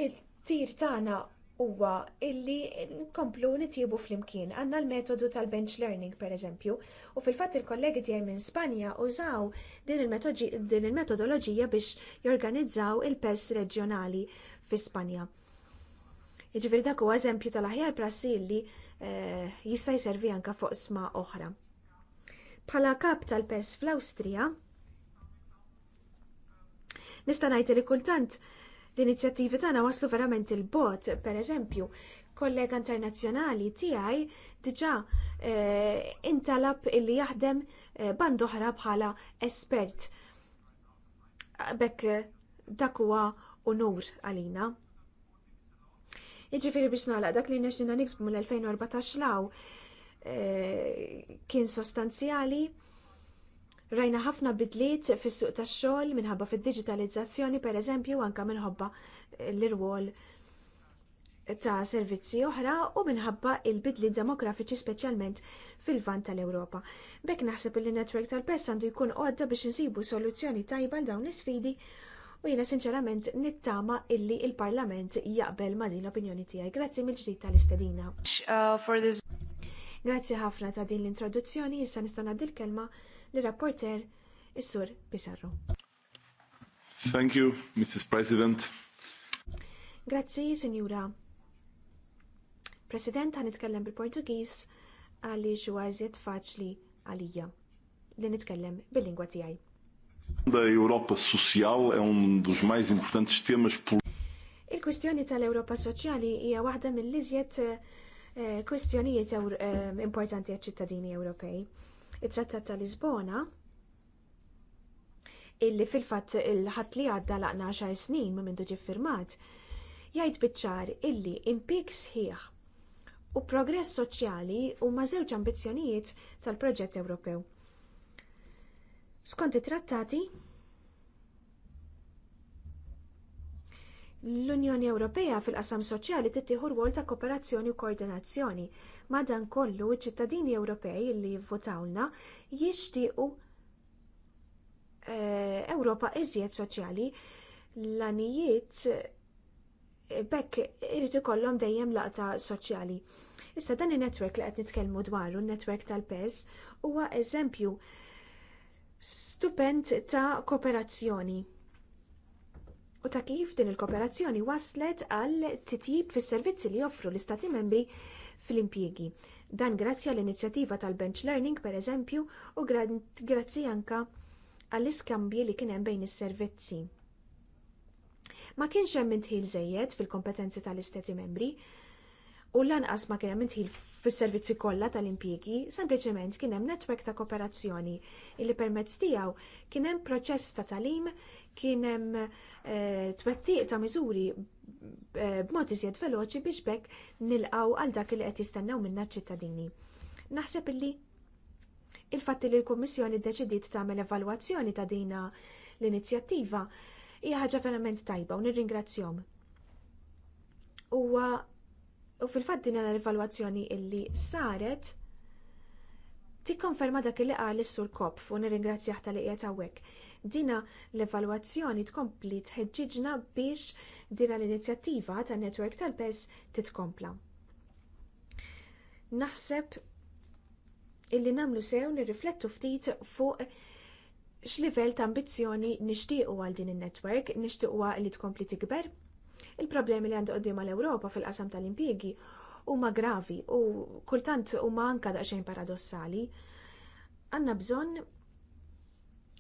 il tir tagħna huwa illi nkomplu nitjibu flimkien. Għandna l-metodu tal-bench learning pereżempju, u fil-fatt il-kollegi tiegħi minn Spanja użaw din il-metodoloġija biex jorganizzaw il-PES reġjonali fi Spanja. Jiġifieri dak huwa eżempju tal-aħjar prassi Eh, jista' jservi anke fuq sma oħra. Bħala kap tal-pes fl-Awstrija, nista' ngħid li kultant l-inizjattivi tagħna waslu verament il-bot, pereżempju, kollega internazzjonali tiegħi diġà eh, intalab illi jaħdem bandu eh, band oħra bħala espert. Bekk dak huwa unur għalina. Jiġifieri biex nagħlaq dak li nexxina niksbu mill-2014 law eh, kien sostanzjali. Rajna ħafna bidliet fis-suq tax-xogħol minħabba fid-diġitalizzazzjoni pereżempju anke minħabba l-irwol ta' servizzi oħra u minħabba il-bidli demografiċi speċjalment fil-vant tal-Ewropa. Bekk naħseb il netwerk tal-pest għandu jkun għodda biex insibu soluzzjoni tajba l dawn l-isfidi u jiena sinċerament nittama illi l parlament jaqbel ma din l-opinjoni tiegħi. Grazzi mill-ġdid tal-istedina. Uh, Grazzi ħafna ta' din l-introduzzjoni, issa nista' dil l-kelma l rapporter is-sur Thank you, Mrs. President. Grazzi, Signora. President, għan nitkellem bil-Portugis għalli għazjet faċli għalija li nitkellem bil-lingwa tijaj. Da Europa Social è un um dos mais importantes temas Il-kwistjoni tal-Europa Soċjali hija waħda mill-iżjed eh, kwistjonijiet eh, importanti għal ċittadini Ewropej. It-Trattat tal-Lisbona illi fil-fatt il-ħadd li għadda laqna 10 snin ma mindu ġiffirmat, jgħid biċċar illi impik sħiħ u progress soċjali huma żewġ ambizzjonijiet tal-proġett Ewropew. Skont it-trattati, l-Unjoni Ewropea fil-qasam soċjali tittieħu rwol ta' kooperazzjoni u koordinazzjoni. Madankollu iċ-ċittadini Ewropej li jivvotawna jixtiequ eh, Ewropa iżjed soċjali l-anijiet eh, bekk irid ikollhom dejjem laqta soċjali. Issa dan in netwerk li qed nitkellmu dwaru, n netwerk tal-PES, huwa eżempju stupend ta' kooperazzjoni. U ta' kif din il-kooperazzjoni waslet għal titjib fis servizzi li joffru l-Istati membri fl-impjiegi. Dan grazzi għall inizjattiva tal-Bench Learning, per eżempju, u grazzi anka għall-iskambji li kien hemm bejn is-servizzi. Ma kienx hemm intħil żejjed fil-kompetenzi tal-Istati membri, u lanqas ma kien hemm intħil fis-servizzi kollha tal-impjiegi, sempliċement kien hemm netwerk ta' kooperazzjoni li permezz tiegħu kien hemm proċess ta' talim, kien hemm eh, twettiq ta' miżuri eh, b'mod iżjed veloċi biex bekk nilqgħu għal dak li qed jistennew minna ċ-ċittadini. Naħseb illi il-fatti li l-Kummissjoni ddeċidiet tagħmel evalwazzjoni ta' dina l-inizjattiva hija ħaġa verament tajba u nirringrazzjahom. Huwa U fil-fatt din l-evalwazzjoni illi saret tikkonferma dak li qal is-sur Kopf u nirringrazzjah tal qiegħed hawnhekk. Dina l-evalwazzjoni tkompli tħeġġiġna biex dina l-inizjattiva tan netwerk tal-PES titkompla. Naħseb illi nagħmlu sew nirriflettu ftit fuq x'livell ta' ambizzjoni nixtiequ għal din in netwerk nixtiequha li tkompli tikber Il-problemi li għandu għoddim l-Ewropa fil-qasam tal impjiegi huma gravi u kultant huma anka daqsxejn paradossali. Għandna bżonn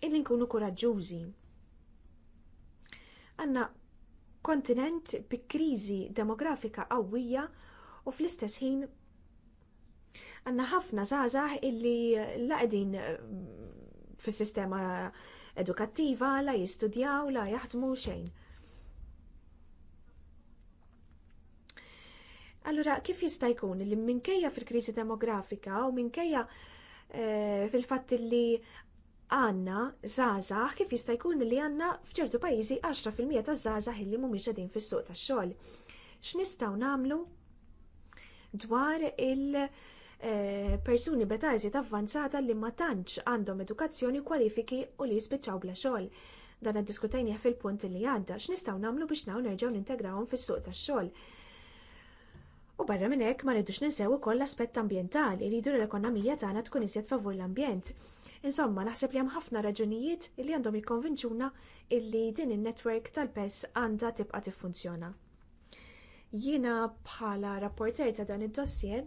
illi nkunu kuraġġużi. Għandna kontinent bi kriżi demografika qawwija u fl-istess ħin għandna ħafna żgħażagħ illi laqdin eh, fis-sistema edukattiva la jistudjaw la jaħdmu xejn. Allura, kif jista' jkun li minkejja fil-kriżi demografika u minkejja eh, fil-fatt li għanna zazax kif jista' jkun li għanna f'ċertu pajjiżi 10% ta' zazax illi mhumiex qegħdin fis-suq tax-xogħol. X'nistgħu nagħmlu dwar il-persuni eh, beta eżiet avvanzata li ma tantx għandhom edukazzjoni kwalifiki u li jispiċċaw bla xogħol. Dan diskutajnieh fil-punt li għadda, x'nistgħu nagħmlu biex nagħu nerġgħu nintegrawhom fis-suq tax-xogħol. U barra minn hekk ma rridux ninsew ukoll l-aspett ambjentali li jridu l-ekonomija tagħna tkun iżjed favur l-ambjent. Insomma, naħseb li hemm ħafna raġunijiet li għandhom jikkonvinċuna illi din in-netwerk tal-PES għandha tibqa' tiffunzjona. Jiena bħala rapporter ta' dan id-dossier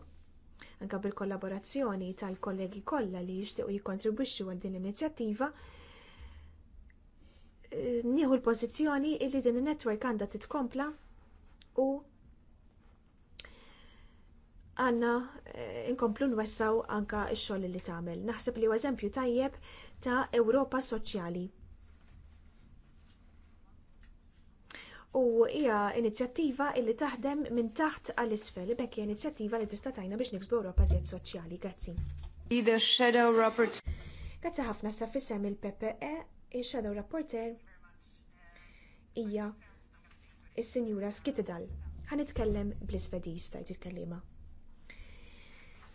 anka bil-kollaborazzjoni tal-kollegi kollha li jixtiequ jikkontribwixxu għal din inizjattiva eh, nieħu l-pożizzjoni li din in-netwerk għandha titkompla u għanna eh, inkomplu nwessaw anka x-xogħol li tagħmel. Naħseb li eżempju tajjeb ta' Ewropa Soċjali. U hija inizjattiva li taħdem minn taħt għall isfel bekk hija inizjattiva li tista' tajna biex niksbu Ewropa żjed soċjali. Grazzi. Either Shadow Rapport. Grazzi ħafna sa fissem il-PPE, il-Shadow Rapporter hija il sinjura Skitidal. Ħanitkellem bl-Isvedis tajt il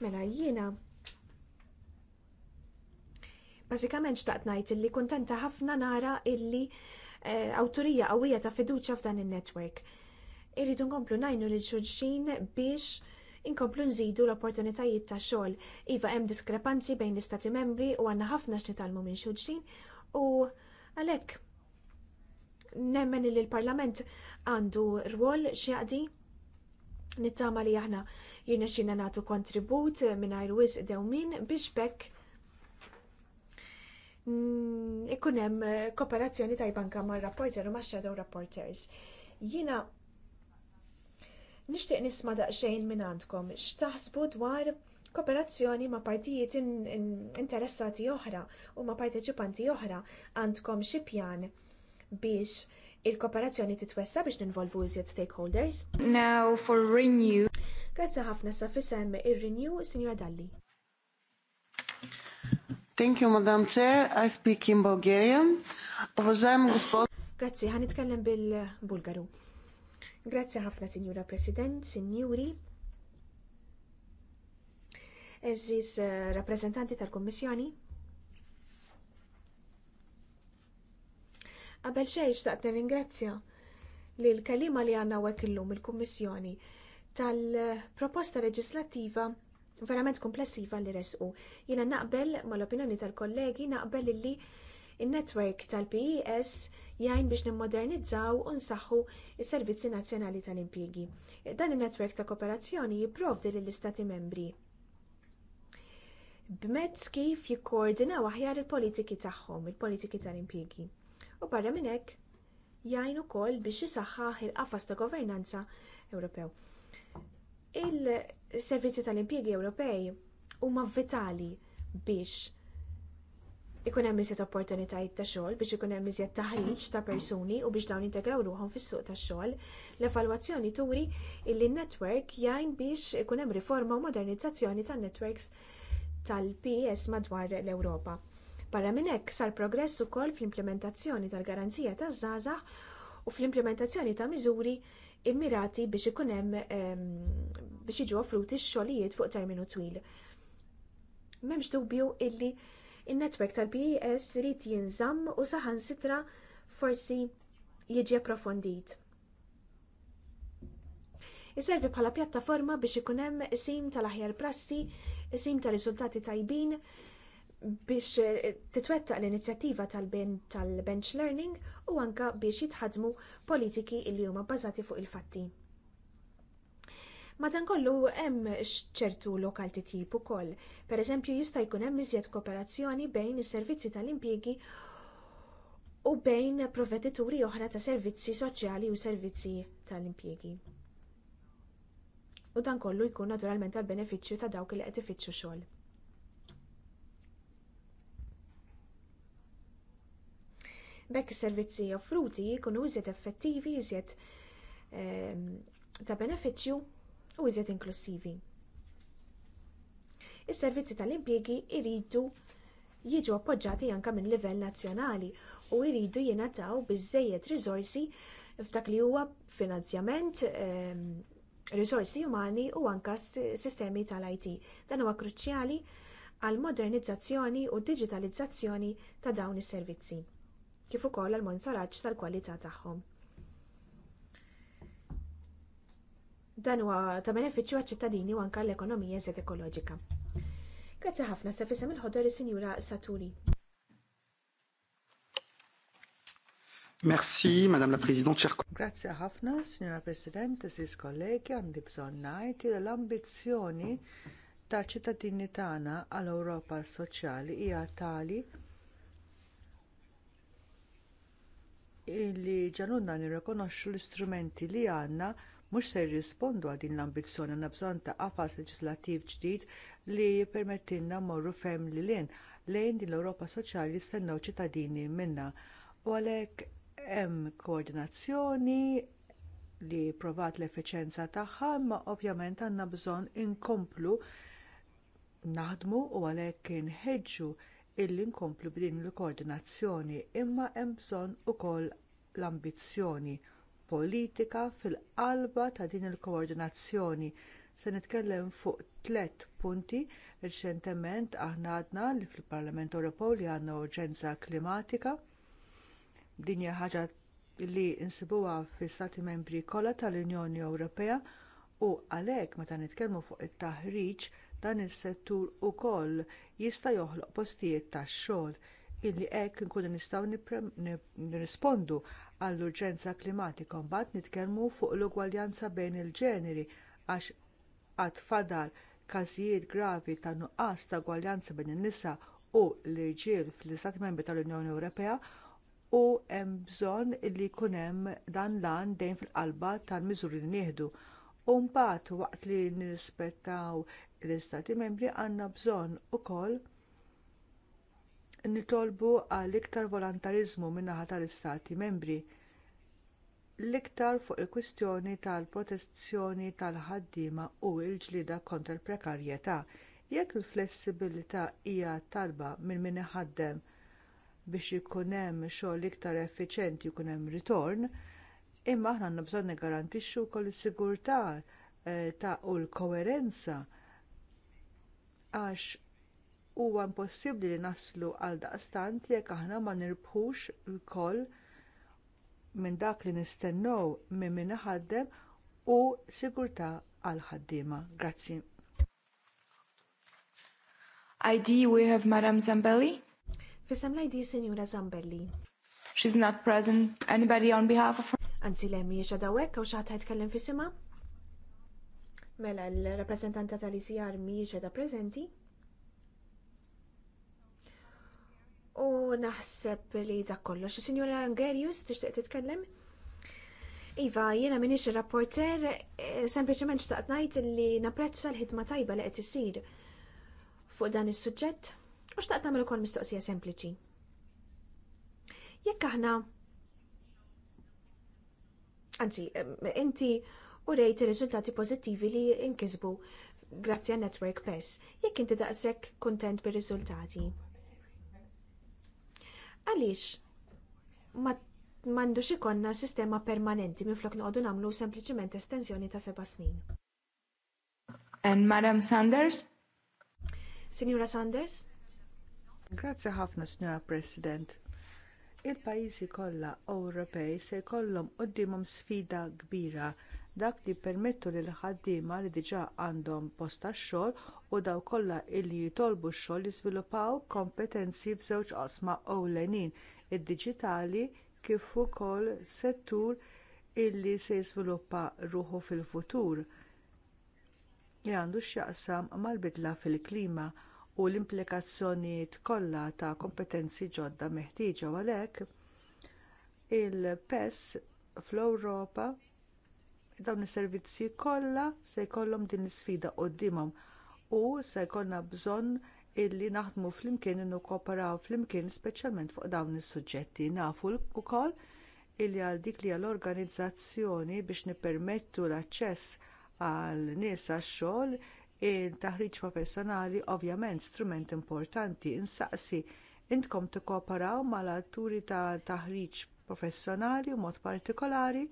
Mela jiena Basikament xtaqt ngħid illi kuntenta ħafna nara illi eh, awtorija qawwija ta' fiduċja f'dan in-netwerk. Irridu nkomplu ngħinu lil xulxin biex inkomplu nżidu l-opportunitajiet ta' xogħol. Iva hemm diskrepanzi bejn l-istati membri u għandna ħafna x'nitalmu minn xulxin u għalhekk nemmen li l-Parlament għandu rwol xi jaqdi nittama li aħna jina xina natu kontribut mingħajr wisq dewmin biex bekk mm, ikun hemm eh, kooperazzjoni tajba anke mar-rapporter u max-shadow rapporters. Jiena nixtieq nisma' daqsxejn minn għandkom x'taħsbu dwar kooperazzjoni ma' partijiet interessati oħra u ma' parteċipanti oħra għandkom xi pjan biex il-kooperazzjoni titwessa biex ninvolvu iżjed stakeholders. Now for renew. Grazzi ħafna sa fissem ir-renew Signora Dalli. Thank you, Madam Chair. I speak in Bulgarian. Уважаем господ... Grazzi, għan itkallem bil-Bulgaru. Grazzi ħafna, Signora President, Signori. Eżis eh, rappresentanti tal-Kommissjoni, Qabel xejn xtaqt nirringrazzja li l-kalima li għandna il illum il-Kummissjoni tal-proposta leġislattiva verament komplessiva li resqu. Jiena naqbel mal-opinjoni tal-kollegi naqbel illi il netwerk tal-PES jgħin biex nimmodernizzaw u nsaħħu s-servizzi nazzjonali tal-impjigi. Dan in-netwerk ta' kooperazzjoni jipprovdi lill-istati membri b'mezz kif jikkoordinaw aħjar il-politiki tagħhom, il-politiki tal-impjigi. U barra minn hekk jgħin ukoll biex jisaħħaħ il-qafas ta' governanza Ewropew. Il-servizzi tal-impjiegi Ewropej huma vitali biex ikun hemm iżjed opportunitajiet ta' xogħol biex ikun hemm iżjed taħriġ ta' persuni u biex dawn integraw ruħhom fis-suq tax-xogħol, l-evalwazzjoni turi illi n-netwerk jgħin biex ikun hemm riforma u modernizzazzjoni tan-netwerks tal-PS madwar l-Ewropa. Barra minn hekk sar progress ukoll fl-implementazzjoni tal-garanzija taż-żgħażagħ u fl-implementazzjoni ta' miżuri immirati biex ikun hemm ehm, biex jiġu offruti x-xogħlijiet fuq terminu twil. M'hemmx dubju illi in-netwerk tal-BES irid jinżamm u saħansitra forsi jiġi approfondit. Iservi bħala pjattaforma biex ikun hemm isim tal-aħjar prassi, isim ta' riżultati tajbin, biex eh, titwettaq l-inizjattiva tal-bench learning u anke biex jitħadmu politiki li huma bbażati fuq il-fatti. Madankollu hemm ċertu lokalti tip ukoll. Pereżempju jista' jkun hemm iżjed kooperazzjoni bejn is-servizzi tal-impjiegi u bejn provvedituri oħra ta' servizzi soċjali u servizzi tal-impjiegi. U dan kollu jkun naturalment għall benefiċċju ta' dawk li qed ifittxu xogħol. Bekk is-servizzi offruti jkunu iżjed effettivi, iżjed ehm, ta' benefiċċju u iżjed inklusivi. Is-servizzi tal-impjegi jridu jiġu appoġġjati anke minn livell nazzjonali u jridu jingħataw biżżejjed riżorsi f'dak li huwa finanzjament, ehm, risorsi umani u anke sistemi tal-IT. Dan huwa kruċjali għall modernizzazzjoni u d-diġitalizzazzjoni ta' dawn is-servizzi kif ukoll għall monitoraġġ tal-kwalità tagħhom. Dan huwa ta' benefiċċju għaċ-ċittadini u anke l-ekonomija eżed ekoloġika. Grazzi ħafna sa fisem il-ħodor is-Sinjura Saturi. Merci, Madame la Présidente, cher Grazie ħafna, Signora President, sis kollegi, għandi bżonn ngħid li l-ambizzjoni ta' ċittadini tagħna għall-Ewropa Soċjali hija tali illi ġanunna nirrekonoxxu l-istrumenti li għandna mhux se jirrispondu għal din l-ambizzjoni għandna bżonn ta' qafas leġislattiv ġdid li jippermettilna mmorru fem li lejn din l-Ewropa Soċjali jistennew ċittadini minnha. U għalhekk hemm koordinazzjoni li provat l effiċjenza tagħha, imma ovvjament għandna bżonn inkomplu naħdmu u għalhekk inħeġġu illi nkomplu b'din il-koordinazzjoni imma hemm bżonn ukoll l-ambizzjoni politika fil-qalba ta' din il-koordinazzjoni. Se nitkellem fuq tliet punti riċentement aħna għadna li fil-Parlament Ewropew li għandna urġenza klimatika. Din hija ħaġa li insibuha fl stati membri kollha tal-Unjoni Ewropea u għalhekk meta nitkellmu fuq it-taħriġ dan is-settur ukoll jista' joħloq postijiet tax-xogħol illi hekk inkunu nistgħu nirrispondu għall-urġenza klimatika mbagħad nitkellmu fuq l-ugwaljanza bejn il-ġeneri għax qatt fadal każijiet gravi ta' nuqqas ta' ugwaljanza bejn in-nisa u l-irġiel fl-Istati Membri tal-Unjoni Ewropea u hemm bżonn li jkun hemm dan lan dejn fil-qalba tal-miżuri li nieħdu. U mbagħad waqt li nirrispettaw l-Istati membri għandna bżonn ukoll nitolbu għal iktar volontarizmu min-naħa tal-Istati membri l-iktar fuq il-kwistjoni tal-protezzjoni tal-ħaddiema u l-ġlieda kontra l-prekarjetà. Jekk il-flessibilità hija talba minn min iħaddem biex ikun hemm xogħol iktar effiċjenti jkun hemm ritorn, imma aħna għandna bżonn niggarantixxu wkoll is-sigurtà eh, ta' u l-koerenza għax huwa impossibbli li naslu għal daqstant jekk aħna ma nirbħux l minn dak li nistennew minn min ħaddem u sigurtà għal ħaddiema. Grazzi. ID we have Madam Zambelli. Fisem l-ID Signora Zambelli. She's not present. Anybody on behalf of her? Anzi, lemmi, xadawek, għaw xaħat ħajtkellem fissima? Mela l-rappreżentanta tal-ICR mhijiex da preżenti. U naħseb li dak kollox. Signora Angerius, tixtieq titkellem? Iva, jiena minix il rapporter eh, sempliċement xtaqt ngħid li napprezza l-ħidma tajba li qed isir fuq dan is-suġġett u xtaqt nagħmel ukoll mistoqsija sempliċi. Jekk aħna Anzi, inti u rejt ir-riżultati pożittivi li inkisbu grazzi għan network PES, jekk inti daqshekk kuntent bir-riżultati. Għaliex m'għandux ikollna sistema permanenti minflok noqogħdu nagħmlu sempliċiment estensjoni ta' seba' snin. And Madam Sanders? Signora Sanders? Grazzi ħafna, Signora President il pajjiżi kollha Ewropej se jkollhom qudiemhom sfida kbira dak li permettu lil ħaddiema li diġà għandhom post tax-xogħol u dawk kollha illi jitolbu x-xogħol jiżviluppaw kompetenzi f'żewġ qosma ewlenin id-diġitali kif ukoll settur illi se jiżviluppa ruħu fil-futur li għandu x'jaqsam mal-bidla fil-klima u l-implikazzjonijiet kollha ta' kompetenzi ġodda meħtieġa għalhekk il-PES fl-Ewropa dawn is-servizzi kollha se jkollhom din l-isfida qudiemhom u se jkollna bżonn illi naħdmu flimkien u kooperaw flimkien speċjalment fuq dawn is-suġġetti. Nafu wkoll illi għal dik li għall organizzazzjoni biex nippermettu l-aċċess għal nies għax-xogħol il-taħriġ professjonali ovvjament strument importanti insaqsi intkom tikkooperaw mal-atturi ta' taħriġ professjonali u mod partikolari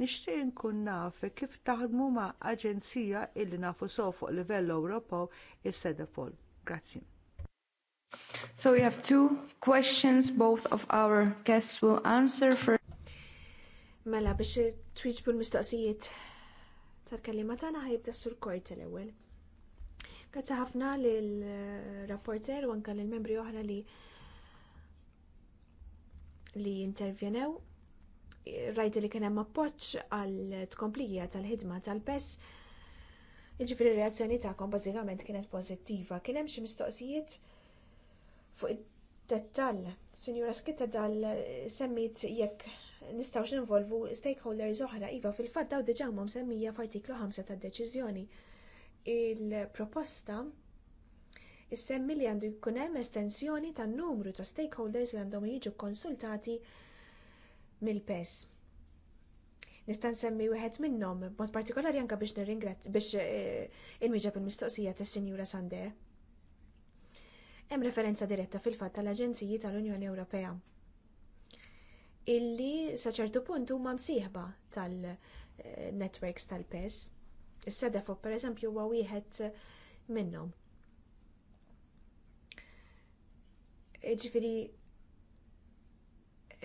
Nixtieq nkun naf kif taħdmu ma' aġenzija illi nafu fuq livell Ewropew is-Sedefol. Grazzi. So we have two questions both of our guests will answer for Mela biex twiġbu l-mistoqsijiet tal-kellima tagħna ħajibda sur kort l-ewwel. Grazzi ħafna lil rapporter u anke lill-membri oħra li li intervjenew rajt li kien hemm appoġġ għal tkomplija tal-ħidma tal-pes. Jiġifieri reazzjoni tagħkom bażikament kienet pożittiva. Kien hemm xi mistoqsijiet fuq id-dettall. Sinjura Skitta dal semmit jekk nistgħux ninvolvu stakeholders oħra iva fil-fatt daw diġà huma msemmija f'artiklu 5 tad-deċiżjoni. Il-proposta semmi li għandu jkun hemm estensjoni tan-numru ta' stakeholders li għandhom jiġu konsultati mill-pes. Nista' nsemmi wieħed minnhom b'mod partikolari anke biex nirringrazz biex eh, inwieġeb il-mistoqsija tas-Sinjura Sande. Hemm referenza diretta fil-fatt tal-Aġenziji tal-Unjoni Ewropea illi sa ċertu punt huma msieħba tal-networks tal-PES. Is-sedefo pereżempju huwa wieħed minnhom. Ġifieri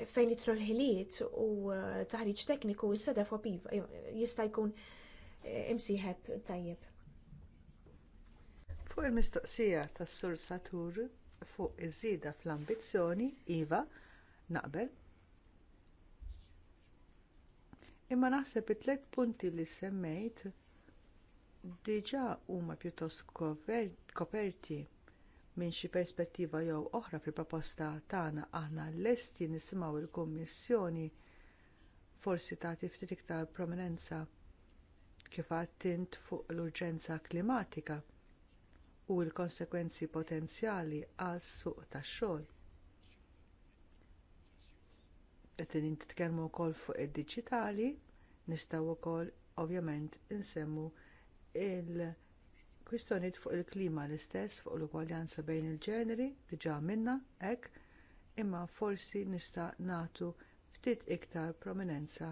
fejn jitru l-ħiliet u uh, taħriġ tekniku s-sedef opiv eh, jista' jkun eh, imsieħeb tajjeb. Fuq il-mistoqsija tas sur Satur fuq iż-żieda fl-ambizzjoni iva naqbel. Imma naħseb it-tliet punti li semmejt diġà huma pjuttost koperti minn xi perspettiva jew oħra fil-proposta tagħna aħna lesti nisimgħu il-Kummissjoni forsi tagħti ftit iktar prominenza kif għattint fuq l-urġenza klimatika u l-konsekwenzi potenzjali għas suq tax-xogħol. Qed nitkellmu wkoll fuq id-diġitali, nistgħu wkoll ovvjament insemmu il- Kwistjonijiet fuq il-klima l-istess fuq l-ugwaljanza bejn il-ġeneri, diġa' minna, hekk, imma forsi nista' nagħtu ftit iktar prominenza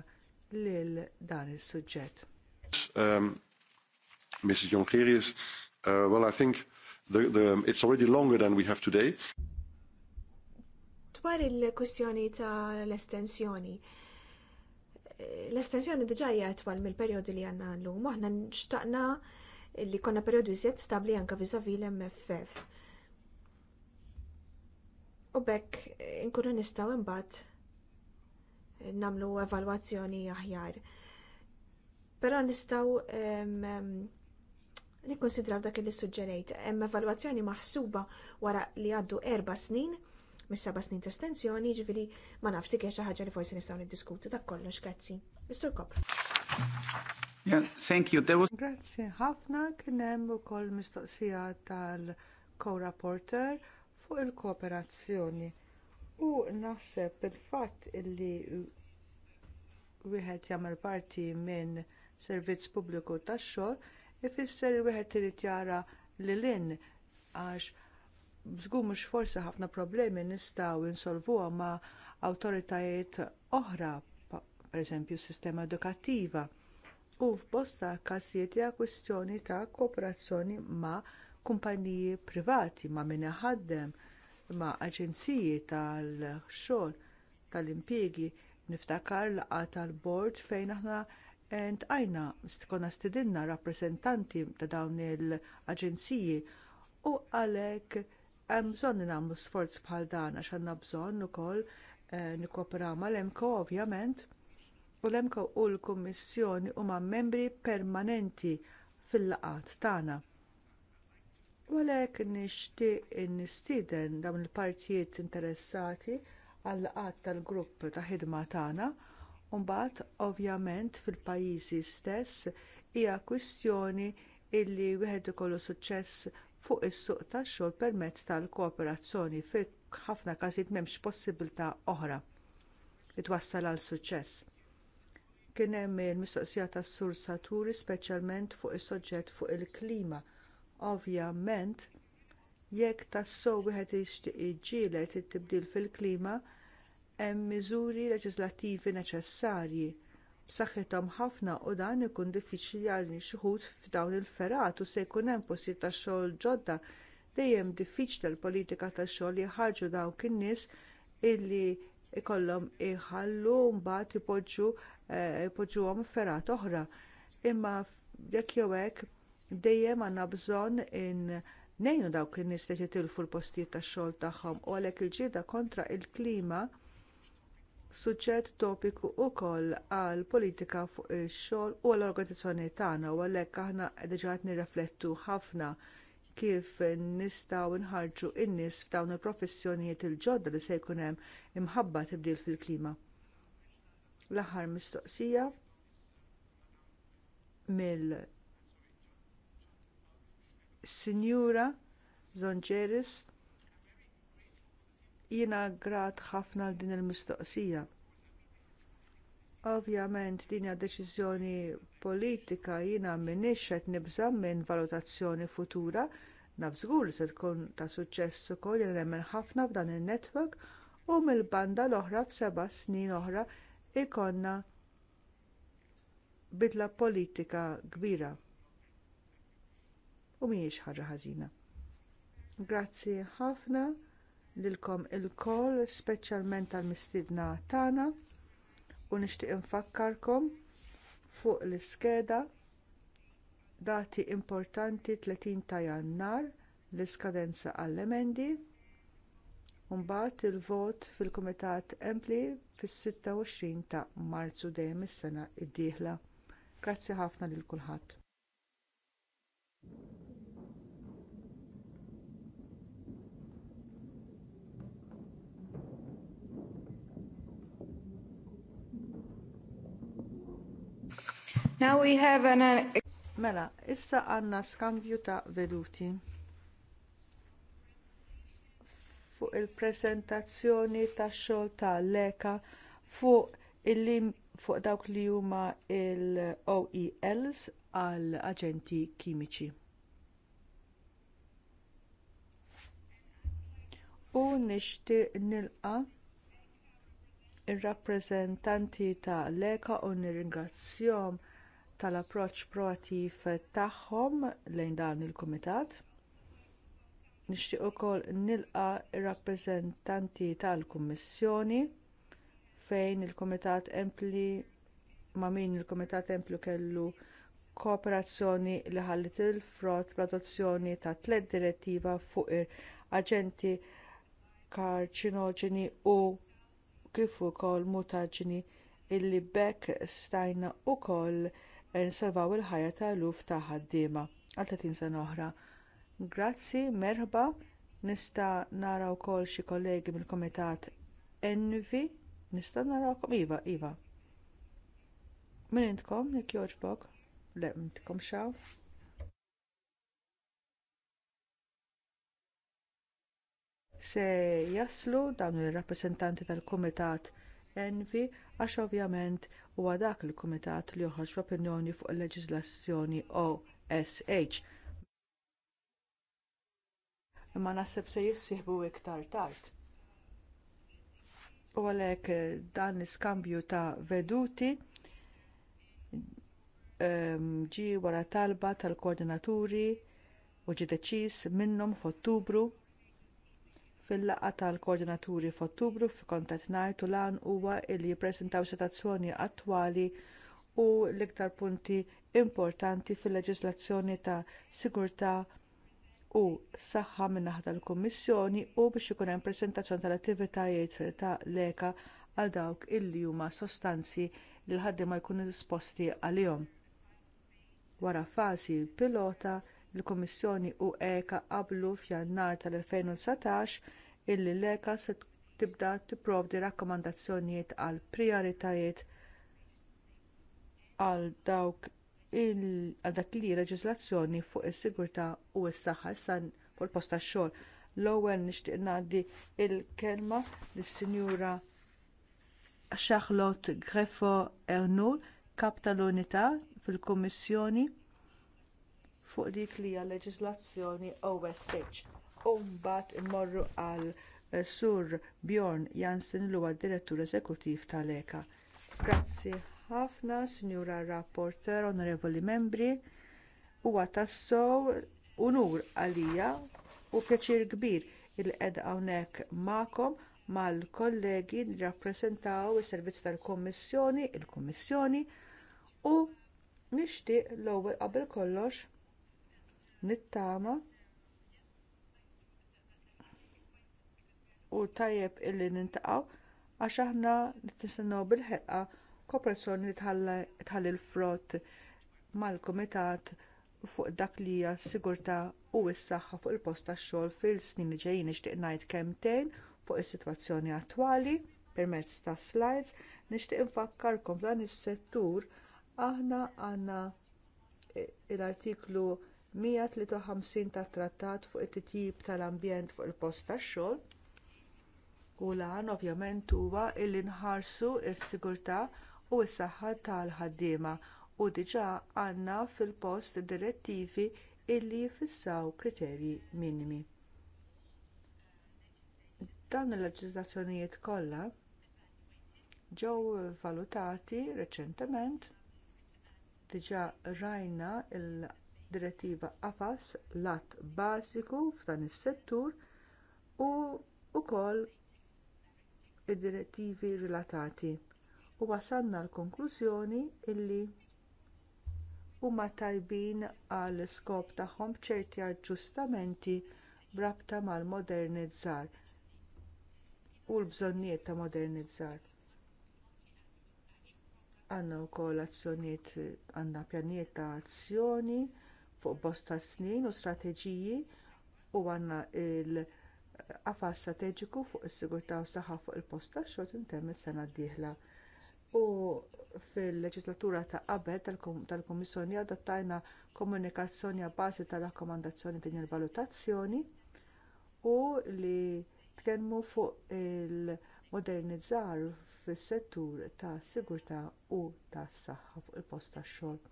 lil dan is-suġġett. Um, Mrs. Jonkerius, uh, well, I think the, the, it's already longer than we have today. Dwar il-kwistjoni ta' l-estensjoni. L-estensjoni diġa hija twal mill-perjodi li għandna llum, aħna xtaqna li konna periodu iżjed stabli anka vizavi l-MFF. U bekk inkunu eh, nistaw imbagħad eh, namlu evalwazzjoni aħjar. Però nistaw nikkonsidraw dak li suġġerejt. Hemm evalwazzjoni maħsuba wara li għaddu erba' snin mis-seba' snin ta' estensjoni, ġifiri ma nafx dik xi ħaġa li forsi nistgħu niddiskutu dak kollox, grazzi. Is-sur Yeah, thank you. There was... Grazie ħafna kien hemm ukoll mistoqsija tal-co-rapporter fuq il-kooperazzjoni. U naħseb il-fatt illi wieħed jagħmel parti minn servizz pubbliku tax-xogħol ifisser wieħed irid jara lil għax żgur mhux forsi ħafna problemi nistgħu insolvuha ma' awtoritajiet oħra, pereżempju s sistema edukattiva u f'bosta każijiet hija kwistjoni ta' kooperazzjoni ma' kumpaniji privati ma' min ħaddem ma' aġenziji tal-xogħol tal-impjiegi niftakar laqgħa tal-bord fejn aħna ntqajna konna stidinna rappreżentanti ta' dawn il-aġenziji u għalhekk hemm bżonn nagħmlu sforz bħal dan għax għandna bżonn ukoll eh, nikkooperaw mal-emko ovvjament u l-emka u l-Kummissjoni huma membri permanenti fil-laqat tagħna. U għalhekk nixtieq nistieden dawn il-partijiet interessati għall laqat tal-grupp ta' ħidma tagħna u mbagħad ovvjament fil-pajjiżi stess hija kwistjoni illi wieħed ikollu suċċess fuq is-suq tax-xogħol permezz tal-kooperazzjoni fil ħafna każijiet m'hemmx possibilità oħra li twassal għal suċċess. Kien hemm il-mistoqsija tas Sur Saturi speċjalment fuq is-soġġett fuq il-klima. Ovvjament, jekk tassew wieħed jixtieq iġġieled it-tibdil fil-klima, hemm miżuri leġislattivi neċessarji. B'saħħithom ħafna u dan ikun diffiċli għal xi wħud f'dawn il-ferat u se jkun hemm postijiet tax xogħol ġodda dejjem diffiċli l-politika tax xogħol li ħarġu dawk in-nies illi ikollhom iħallu mbagħad ipoġġu eh, ipoġġuhom ferat oħra. Imma jekk jew hekk dejjem għandna bżonn in nejnu dawk in nies li jitilfu l-postijiet tax-xogħol tagħhom u għalhekk il-ġieda kontra l klima suġġett topiku wkoll għall politika fuq ix-xogħol u għall organizzazzjoni tagħna u għalhekk aħna diġà qed nirreflettu ħafna kif nistgħu nħarġu n-nies f'dawn il-professjonijiet il-ġodda li se jkun hemm imħabba tibdil fil-klima. L-aħħar mistoqsija mill Sinjura Zonġeris jiena grat ħafna għal din il-mistoqsija Ovvjament din hija deċiżjoni politika jiena minix qed nibża minn valutazzjoni futura, naf żgur li se tkun ta' suċċess ukoll li nemmen ħafna f'dan in-netwerk u mill-banda l-oħra f'seba' snin oħra ikonna bidla politika kbira. U mhijiex ħaġa ħażina. Grazzi ħafna lilkom ilkoll, speċjalment tal mistiedna tagħna u nixtieq infakkarkom fuq l-iskeda dati importanti 30 ta' jannar l-iskadenza għall-emendi u mbagħad il-vot fil-Kumitat Empli fis-26 ta' Marzu dejjem is-sena d dieħla Grazzi ħafna lil kulħadd. Now we have an... Uh, mela, issa għandna skambju ta' veduti fuq il-presentazzjoni tax xogħol ta' leka fuq il-lim fuq dawk li huma l oels għal aġenti kimiċi. U nixtieq nilqa ir-rappreżentanti ta' Leka u nirringrazzjahom tal approċċ proattiv tagħhom lejn dan il-kumitat. Nixtieq ukoll nilqa r-rappreżentanti tal-Kummissjoni fejn il-Kumitat Empli ma' min il-Kumitat Emplu kellu kooperazzjoni li ħallit il-frott produzzjoni adozzjoni ta' tliet direttiva fuq ir-aġenti karċinoġeni u kif ukoll mutaġeni illi bekk stajna wkoll nsalvaw il-ħajja ta' luf ta' ħaddiema għal 30 sena oħra. Grazzi, merħba, nista nara wkoll xi kollegi mill kumitat Envi, nista nara wkoll Iva, Iva. Min intkom, jekk jogħġbok? le, intkom xaw. Se jaslu dawn ir rappresentanti tal kumitat Envi għax ovvjament huwa dak il-kumitat li joħroġ opinjoni fuq il-leġiżlazzjoni OSH. Imma naħseb se jissieħbu iktar tard. U għalhekk eh, dan l-iskambju ta' veduti ehm, ġie wara talba tal-koordinaturi u ġie deċiż minnhom f'Ottubru fil laqgħa tal-koordinaturi f'Ottubru f'kontat ngħid u lan huwa li jippreżentaw sitwazzjoni attwali u l-iktar punti importanti fil leġiżlazzjoni ta' sigurtà u saħħa min-naħa tal-Kummissjoni u biex ikun hemm preżentazzjoni tal-attivitajiet ta' leka għal dawk illi huma sostanzi li l-ħaddiema jkunu disposti għalihom. Wara fażi pilota Il-Kummissjoni u EKA qablu f'Jannar tal-2019 illi l-EKA se tibda tipprovdi rakkomandazzjonijiet għal prioritajiet għal dawk għal dak li leġiżlazzjoni fuq is-sigurtà u s-saħħa issa fuq il-post tax-xogħol. L-ewwel nixtieq ngħaddi l kelma lis-Sinjura Charlotte Greffo Ernul, kap tal-Unità fil-Kummissjoni fuq dik li hija leġiżlazzjoni OSH. U mbagħad immorru għal eh, Sur Bjorn Jansen li huwa direttur eżekuttiv tal-EKA. Grazzi ħafna, Sinjura Rapporter, Onorevoli Membri, huwa tassow unur għalija u pjaċir kbir il-qed hawnhekk magħkom mal-kollegi li rappresentaw is-servizz tal-Kommissjoni, il-Kummissjoni u nixtieq l-ewwel qabel kollox nittama u tajjeb illi nintaqgħu għax aħna nistennew bil-ħeqqa kooperazzjoni li tħalli l-frott mal-kumitat fuq dak li hija sigurtà u s-saħħa fuq il-post tax-xogħol fil-snin li ġejjin nixtieq ngħid kemmtejn fuq is-sitwazzjoni attwali permezz ta' slides nixtieq infakkarkom f'dan is-settur aħna għandna l-artiklu 153 tat trattat fuq it-titjib tal-ambjent fuq il-post tax-xogħol u lan ovvjament huwa li nħarsu s-sigurtà u s-saħħa tal-ħaddiema u diġà għandna fil-post direttivi illi jfissaw kriterji minimi. Dan il-leġiżlazzjonijiet kollha ġew valutati reċentement diġà rajna l direttiva AFAS lat bażiku f'dan is-settur u wkoll id-direttivi relatati u wasalna l-konklużjoni illi huma tajbin għall iskop tagħhom b'ċerti aġġustamenti b'rabta mal-modernizzar u l-bżonnijiet ta' modernizzar. ta' azzjoni fuq bosta snin u strateġiji u għandna l qafas strateġiku fuq is-sigurtà u saħħa fuq il-post tax-xogħol is sena d-dieħla. U fil-leġislatura ta' qabel tal-Kummissjoni adottajna komunikazzjoni bażi ta' rakkomandazzjoni din il-valutazzjoni u li tkellmu fuq il-modernizzar fis-settur tas sigurtà u tas saħħa fuq il-post tax-xogħol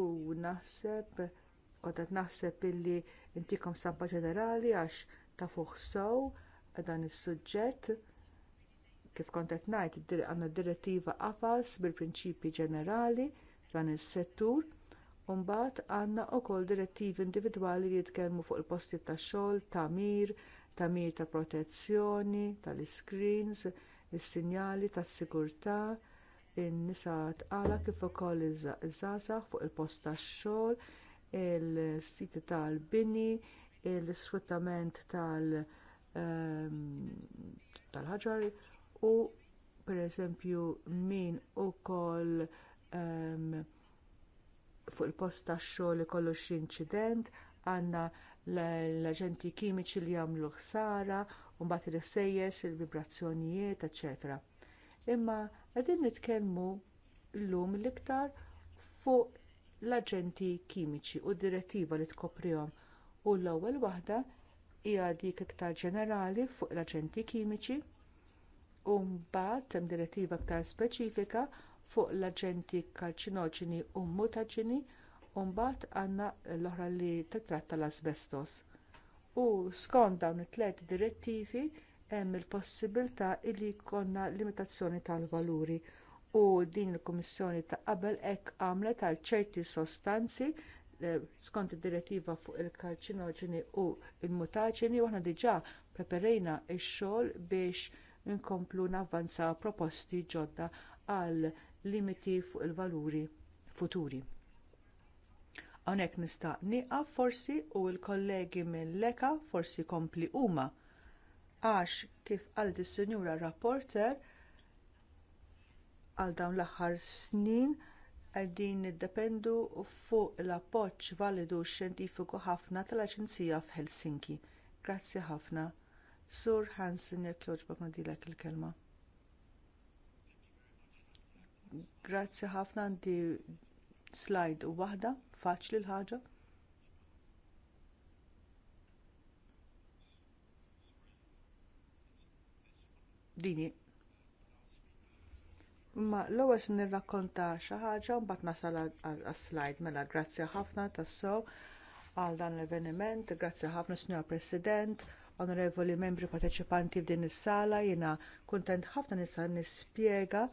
u naħseb kontet naħseb illi intikom stampa ġenerali għax ta' fuq ħsew dan is-suġġett kif kont qed ngħid għandna direttiva qafas bil-prinċipji ġenerali dan is-settur u mbagħad għandna wkoll direttivi individwali li jitkellmu fuq il-postijiet tax-xogħol, ta' mir ta' protezzjoni, tal-iscreens, is-sinjali tas-sigurtà, in-nisa tqala kif ukoll iż-żgħażagħ fuq il-post tax-xogħol, il-siti tal-bini, l-isfruttament ehm, tal-ħaġar u pereżempju min ukoll ehm, fuq il-post tax-xogħol ikollu xi inċident, għandna l-aġenti kimiċi li jagħmlu ħsara, u mbagħad irsejjes il-vibrazzjonijiet, eċetera. Imma Qegħdin nitkellmu llum l-iktar fuq l-aġenti kimiċi u d direttiva li tkoprihom u l-ewwel waħda hija dik iktar ġenerali fuq l-aġenti kimiċi u mbagħad hemm direttiva aktar speċifika fuq l-aġenti karċinoġeni u mutaġeni u mbagħad għandna l-oħra li titratta l-asbestos. U skont dawn it-tliet direttivi hemm il-possibilità li jkollna limitazzjoni tal-valuri u din il-Kummissjoni ta' qabel hekk għamlet għal ċerti sostanzi eh, skont id-direttiva fuq il-karċinoġeni u l mutaġeni u aħna diġà preparejna x-xogħol biex inkomplu navvanzaw proposti ġodda għal limiti fuq il-valuri futuri. Hawnhekk nista' nieqaf forsi u l-kollegi mill-leka forsi kompli huma għax kif għal sinjura rapporter għal dawn l-aħħar snin qegħdin niddependu fuq l-appoġġ validu xjentifiku ħafna tal-Aġenzija f'Helsinki. Grazzi ħafna. Sur Hansen jekk jogħġbok nadilek il-kelma. Grazzi ħafna għandi slide waħda faċli l-ħaġa. dini. Ma l-ewwel se nirrakkonta xi ħaġa mbagħad nasal għas-slide mela grazzi ħafna tas-sew għal dan l-avveniment, grazzi ħafna Sinjor President, onorevoli membri parteċipanti f'din is-sala, jiena kuntent ħafna nista' nispjega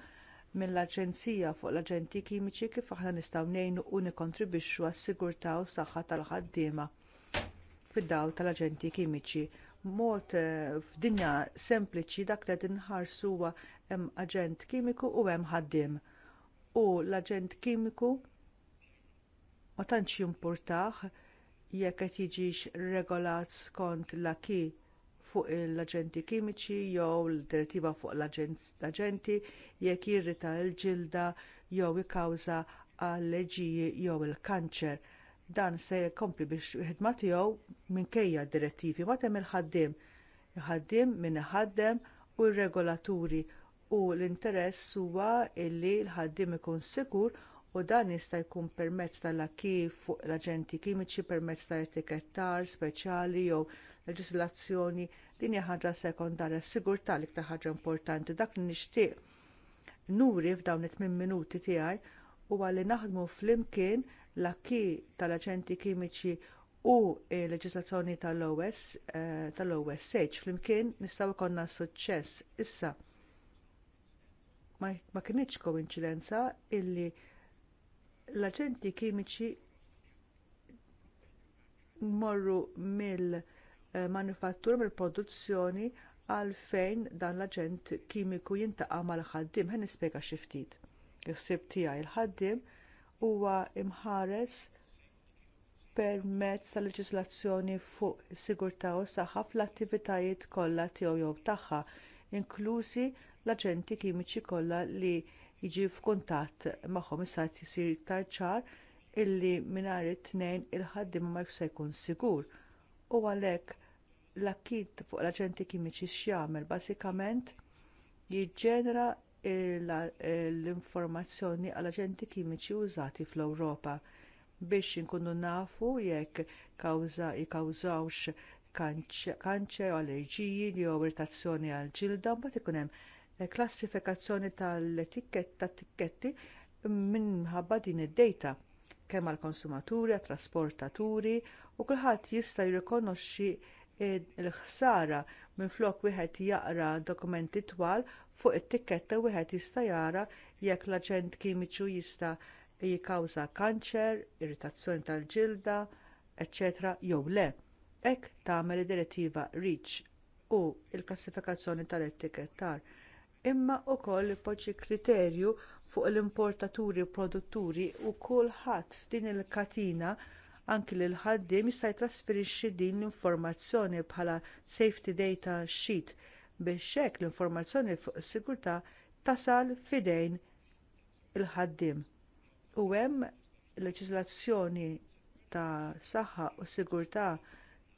mill aġenzija fuq l-Aġenti Kimiċi kif aħna nistgħu ngħinu u nikkontribwixxu għas-sigurtà u s-saħħa tal-ħaddiema fid-dawl tal-Aġenti Kimiċi mod eh, f'dinja sempliċi dak li dinħars huwa hemm aġent kimiku u hemm ħaddiem. U l-aġent kimiku ma tantx jimpurtah jekk qed jiġix regolat skont l-aki fuq l-aġenti kimiċi jew l-direttiva fuq l-aġenti jekk jirrita l-ġilda jew ikkawża allerġiji jew il-kanċer dan se jkompli biex ħidma tiegħu minkejja d direttivi ma temm il-ħaddiem. Il-ħaddiem minn ħaddem u r-regolaturi u l-interess huwa li l-ħaddiem ikun sikur u dan jista' jkun permezz tal-akki fuq l-aġenti kimiċi permezz ta' etikettar speċjali jew leġislazzjoni din hija ħaġa sekondarja sigurtà li ktar ħaġa importanti dak li nixtieq nuri f'dawn it-tmien minuti tiegħi huwa li naħdmu flimkien l-akki tal-aġenti kimiċi u l-leġislazzjoni tal-OS eh, tal-OSH flimkien nistgħu jkollna suċċess. Issa ma kinitx koinċidenza illi l-aġenti kimiċi morru mill-manufattura eh, mill-produzzjoni għalfejn dan l-aġent kimiku jintaqa' mal-ħaddiem ħa nispjega xi ftit. il il huwa imħares permezz tal leġiżlazzjoni fuq is-sigurtà u s-saħħa fl-attivitajiet kollha tiegħu jew tagħha, inklużi l-aġenti kimiċi kollha li jiġi f'kuntatt magħhom issa jsir iktar ċar illi mingħajr it-tnejn il ħaddiema ma se jkun sigur. U għalhekk l akkit fuq l-aġenti kimiċi x'jagħmel bażikament jiġġenera l-informazzjoni għal aġenti kimiċi użati fl-Ewropa biex inkunu nafu jekk jikkawżawx kanċer u allerġiji jew irritazzjoni għall ġilda mbagħad ikun hemm eh, klassifikazzjoni tal tikketti minħabba din id-dejta kemm għall konsumaturi għat trasportaturi u kulħadd jista' jirrikonoxxi il-ħsara minflok wieħed jaqra dokumenti twal fuq it-tikketta wieħed jista' jara jekk l-aġent kimiċu jista' jikkawża kanċer, irritazzjoni tal-ġilda, etc. jew le. Hekk tagħmel id-direttiva REACH u l klassifikazzjoni tal-etikettar. Imma wkoll ipoġġi kriterju fuq l-importaturi u produtturi u kulħadd f'din il-katina anki li l-ħaddiem jista' jitrasferixxi din l-informazzjoni bħala safety data sheet biex hekk l-informazzjoni fuq is-sigurtà tasal fidejn il-ħaddiem. U hemm leġiżlazzjoni ta' saħħa u sigurtà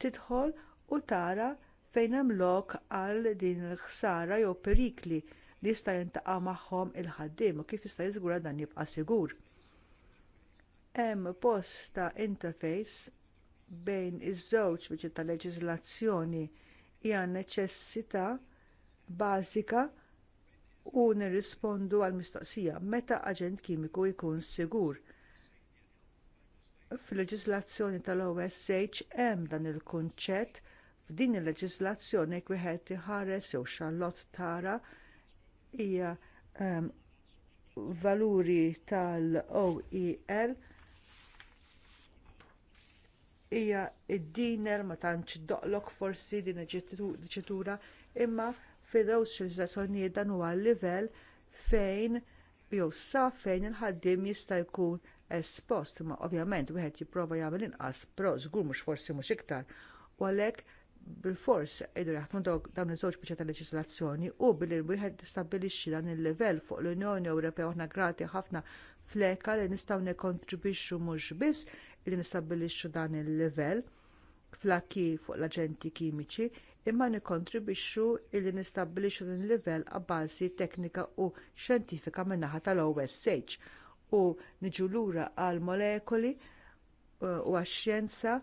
tidħol u tara fejn hemm lok għal din il-ħsara jew perikli li jista' jintaqa' magħhom il-ħaddiem u kif jista' jiżgura dan jibqa' sigur hemm ta' interface bejn iż-żewġ biċi ta' leġiżlazzjoni hija neċessità bażika u nirrispondu għall mistoqsija meta aġent kimiku jkun sigur. Fil-leġiżlazzjoni tal-OSH hemm dan il-kunċett f'din il-leġiżlazzjoni wieħed iħares jew Charlotte tara hija um, valuri tal-OEL hija id-diner ma tantx doqlok forsi din ċitura imma fil-dawx xil dan huwa livell fejn jew sa fejn il-ħaddim jista' jkun espost, ma ovvjament wieħed jipprova jagħmel inqas, però żgur mhux forsi mhux iktar. U għalhekk bilfors idu jaħdmu dawn iż-żewġ biċċa ta' leġislazzjoni u billi wieħed stabbilixxi dan il-livell fuq l-Unjoni Ewropea aħna grati ħafna fleka li nistgħu nikkontribwixxu mhux biss li nistabbilixxu dan il-livell fl-akki fuq l-aġenti kimiċi imma nikkontribwixxu li nistabbilixxu din il-livell għabbażi teknika u xjentifika min-naħa tal-OSH u niġu lura għal molekuli uh, u għax-xjenza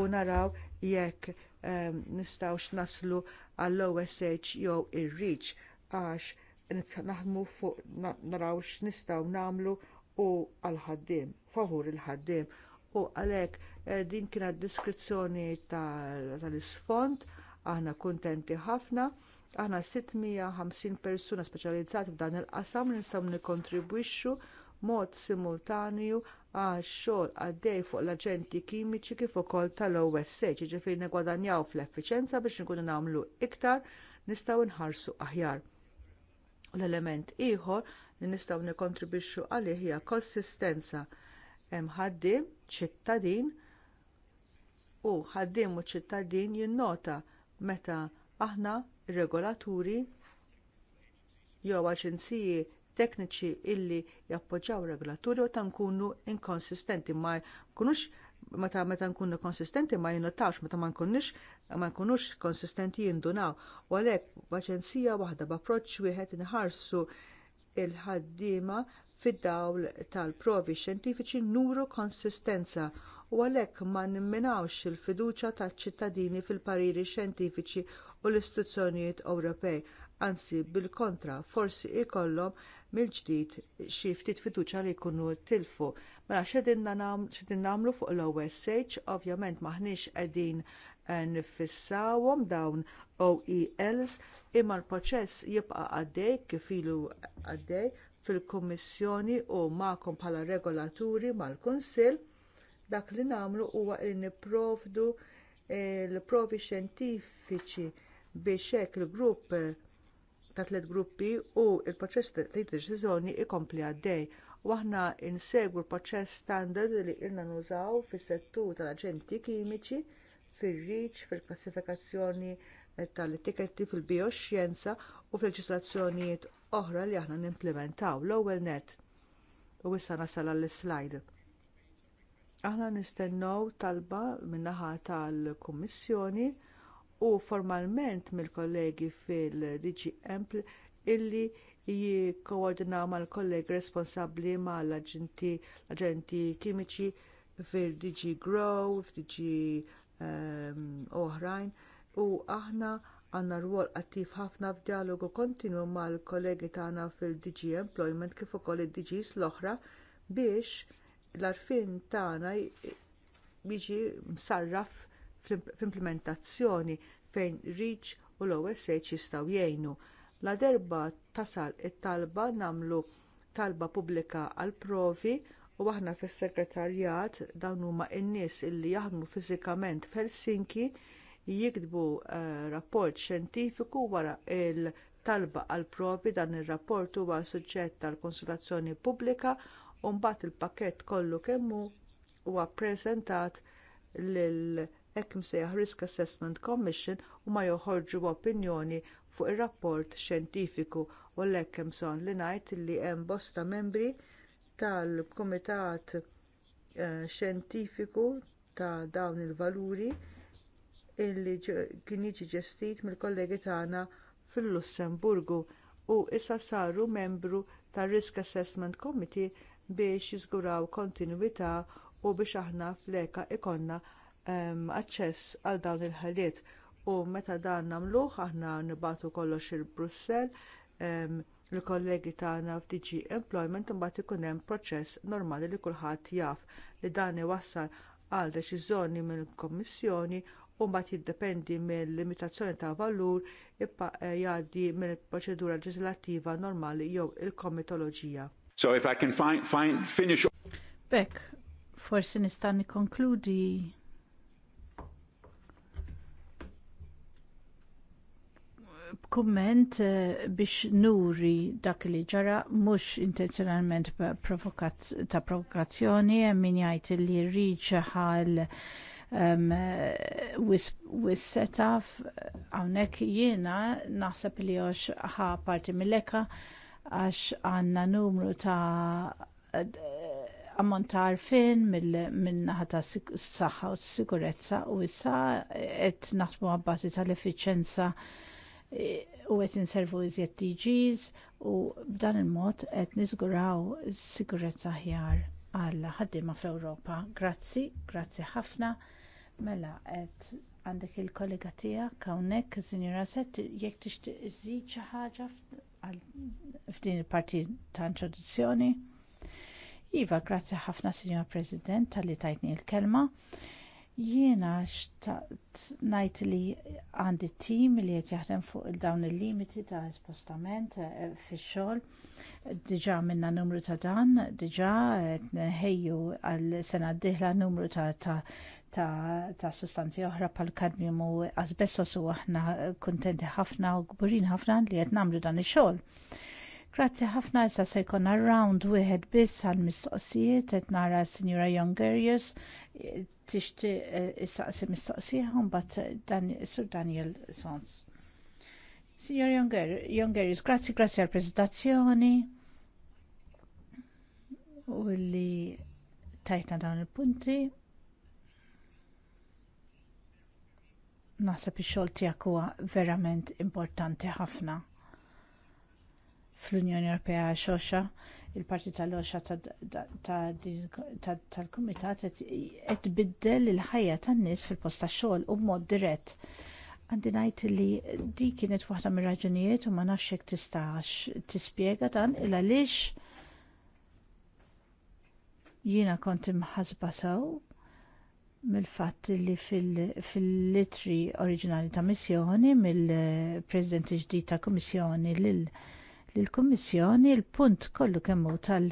u naraw jekk um, naslu għall-OSH jew ir-reach għax naħdmu fuq naraw x'nistgħu nagħmlu u għall ħaddim favur il-ħaddiem u għalhekk eh, din kienet diskrizzjoni tal isfond aħna kuntenti ħafna, aħna 650 persuna speċjalizzati f'dan il-qasam li nistgħu nikkontribwixxu mod simultanju għax xogħol għaddej fuq l-aġenti kimiċi kif ukoll tal-OSA, ġifieri negwadanjaw fl-effiċenza biex nkunu nagħmlu iktar nistgħu nħarsu aħjar. L-element ieħor li nistgħu nikkontribwixxu għalih hija konsistenza hemm ħaddiem ċittadin u ħaddiem u ċittadin jinnota meta aħna regolaturi jew aġenziji tekniċi illi jappoġġjaw regolaturi u ta' nkunu inkonsistenti ma nkunux meta meta nkunu konsistenti ma jinnotawx meta ma nkunux ma nkunux konsistenti jindunaw u għalhekk b'aġenzija waħda b'approċċ wieħed inħarsu l ħaddiema fid-dawl tal-provi xjentifiċi nuru konsistenza u għalhekk ma nimminawx il fiduċja taċ-ċittadini fil-pariri xjentifiċi u l-istituzzjonijiet Ewropej, anzi bil-kontra forsi jkollhom mill-ġdid xi ftit fiduċja li jkunu tilfu. Mela xedin nagħmlu fuq l-OSH, ovvjament maħniex qegħdin eh, nfissawhom dawn OELs imma l-proċess jibqa' għaddej kif ilu għaddej fil-Kummissjoni u magħkom bħala regolaturi mal-Kunsill dak li nagħmlu huwa li nipprovdu eh, l-provi xjentifiċi biex hekk il-grupp eh, ta' tliet gruppi u l proċess ta' deċiżjoni ikompli għaddej. U aħna insegwu l-proċess standard li ilna nużaw fis-settur tal-aġenti kimiċi fir-riċ, fil-klassifikazzjoni fil tal-etiketti fil-bioxjenza u fil-leġislazzjonijiet oħra li aħna nimplementaw l-ewwel net. U issa nasal għall-slide. Aħna nistennew talba min-naħa tal-Kummissjoni u formalment mill-kollegi fil-DG Empl illi jikkoordinaw mal-kollegi responsabbli mal-aġenti kimiċi fil-DG Grow, fil-DG ehm, oħrajn u aħna għandna rwol attiv ħafna f'dialogu kontinu mal-kollegi tagħna fil-DG Employment kif ukoll id-DGs l-oħra biex l għarfien tagħna jiġi msarraf fl-implementazzjoni fejn Reach u l-OSH jistgħu jgħinu. La derba tasal it-talba nagħmlu talba pubblika għal provi u aħna fis-segretarjat dawn huma n-nies illi jaħdmu fiżikament f'Helsinki jiktbu eh, rapport xjentifiku wara l talba għal provi dan ir rapport huwa suġġett tal konsultazzjoni pubblika u mbagħad il-pakkett kollu kemm hu huwa ppreżentat lil hekk imsejjaħ Risk Assessment Commission u ma joħorġu opinjoni fuq ir-rapport xjentifiku u għalhekk hemm bżonn li ngħid li hemm bosta membri tal-Kumitat eh, Xjentifiku ta' dawn il-valuri illi kien jiġi ġestit mill-kollegi tagħna fil-Lussemburgu u issa saru membru tar Risk Assessment Committee biex jiżguraw kontinwità u biex aħna fleka ikonna ehm, aċċess għal dawn il-ħaliet u meta dan nagħmluh aħna nibatu kollox il-Brussell ehm, l-kollegi tagħna f'DG Employment imbagħad ikun hemm proċess normali li kulħadd jaf li dan iwassal għal deċiżjoni mill-Kommissjoni u mbagħad jiddependi mill-limitazzjoni ta' valur eh, jgħaddi mill-proċedura leġislattiva normali jew il-komitoloġija. So if I can find, find finish Bek, forsi nista' nikkonkludi b'kumment eh, biex nuri dak li ġara mhux intenzjonalment ta' provokazzjoni hemm min jgħid li rriġ ħal wis setaf hawnhekk jiena naħseb li għax ħa parti mill-eka għax għandna numru ta' ammontar fin minn naħa ta' s saxħa u s-sikurezza u issa qed naħdmu għabbażi tal-effiċenza eh, u qed inservu iżjed DGs u b'dan il-mod qed s sigurezza ħjar għal ħaddiema fl-Ewropa. Grazzi, grazzi ħafna. Mela, qed għandek il-kollega tiegħek hawnhekk, Sinjura Sett, jekk tixtieq iżid xi ħaġa f'din il-parti ta' introduzzjoni. Iva, grazzi ħafna Sinjura President tal-li tajtni l-kelma. Jiena xtaqt najt li għandi tim li qed jaħdem fuq dawn il-limiti ta' spostament eh, fix-xogħol. Diġà minna numru ta' dan, diġà qed eh, ħejju għal sena d dihla numru ta' ta' ta', ta sustanzi oħra pal kadmium u asbessos su aħna kontenti ħafna u gburin ħafna li qed nagħmlu dan ix-xogħol. Grazzi ħafna issa se jkollna round wieħed biss għall mistoqsijiet qed nara s-Sinjura tixti eh, issaqsi mistoqsija u Sir Sur Daniel Sons. Signor Jongerius, grazzi grazzi għal prezentazzjoni u li tajtna dawn il-punti naħseb ix-xogħol tiegħek huwa verament importanti ħafna fl-Unjoni Ewropea xoxa il-parti tal-oxa tal-Kumitat qed tbiddel il-ħajja tan-nies fil-post tax-xogħol u b'mod dirett. Għandi ngħid li di kienet waħda mir-raġunijiet u ma nafx jekk tistax tispjega dan il għaliex jiena kont imħasba sew mill-fatt li fil-litri oriġinali ta' missjoni mill-President ġdid ta' Kummissjoni lill kummissjoni il-punt kollu kemm hu tal-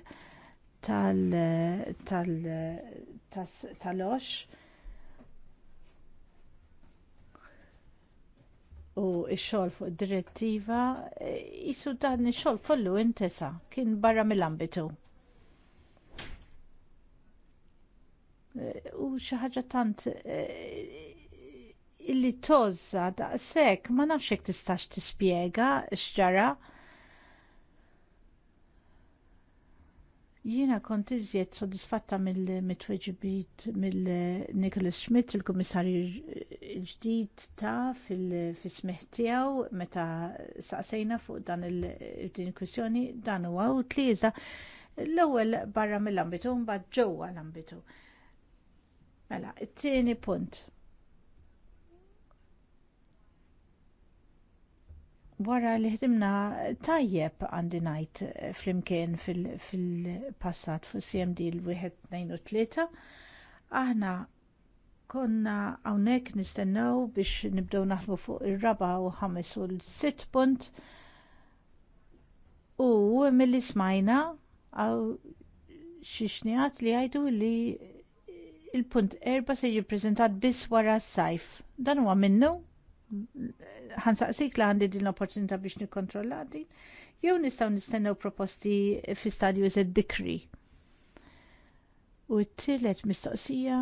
tal- tal- tal-ox u x-xogħol fuq id direttiva jisu e, dan ix-xogħol kollu intesa' kien barra mill-ambitu Eh, u xi ħaġa tant eh, illi tozza daqshekk ma nafx hekk tistax tispjega x'ġara. Jiena kont iżjed sodisfatta mill-mitweġibit mill-Nicholas Schmidt, il-Kummissarju l-ġdid ta' fil-smih tiegħu meta saqsejna fuq dan il-din kwistjoni dan huwa utliża l-ewwel barra mill-ambitu mbagħad ġewwa l-ambitu. l ambitu Mela, it-tieni punt. wara li ħdimna tajjeb għandi ngħid eh, flimkien fil-passat fil fuq CMD l-1-2-3, aħna konna hawnhekk nistennew biex nibdew naħdmu fuq ir-raba u ħames u l-sitt punt u milli smajna għaw xixnijat li għajdu li il-punt erba se jippreżentat biss wara s-sajf. Dan huwa minnu? saqsik la għandi din l-opportunità biex nikkontrolla din. Jew nistgħu nistennew proposti fi stadju eżed bikri. U t tillet mistoqsija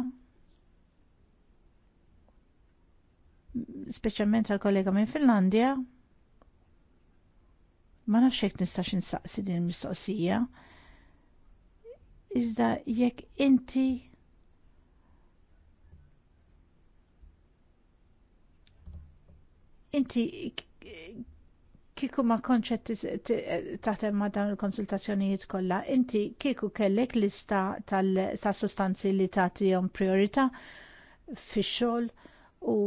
speċjalment għal kollega minn Finlandja, ma nafx hekk nistax nistaqsi din mistoqsija Iżda jekk inti Inti kiku ma konċet taħtem ma dan il-konsultazzjonijiet kollha, inti kiku kellek lista tal-sostanzi li tagħtihom priorita fix-xogħol u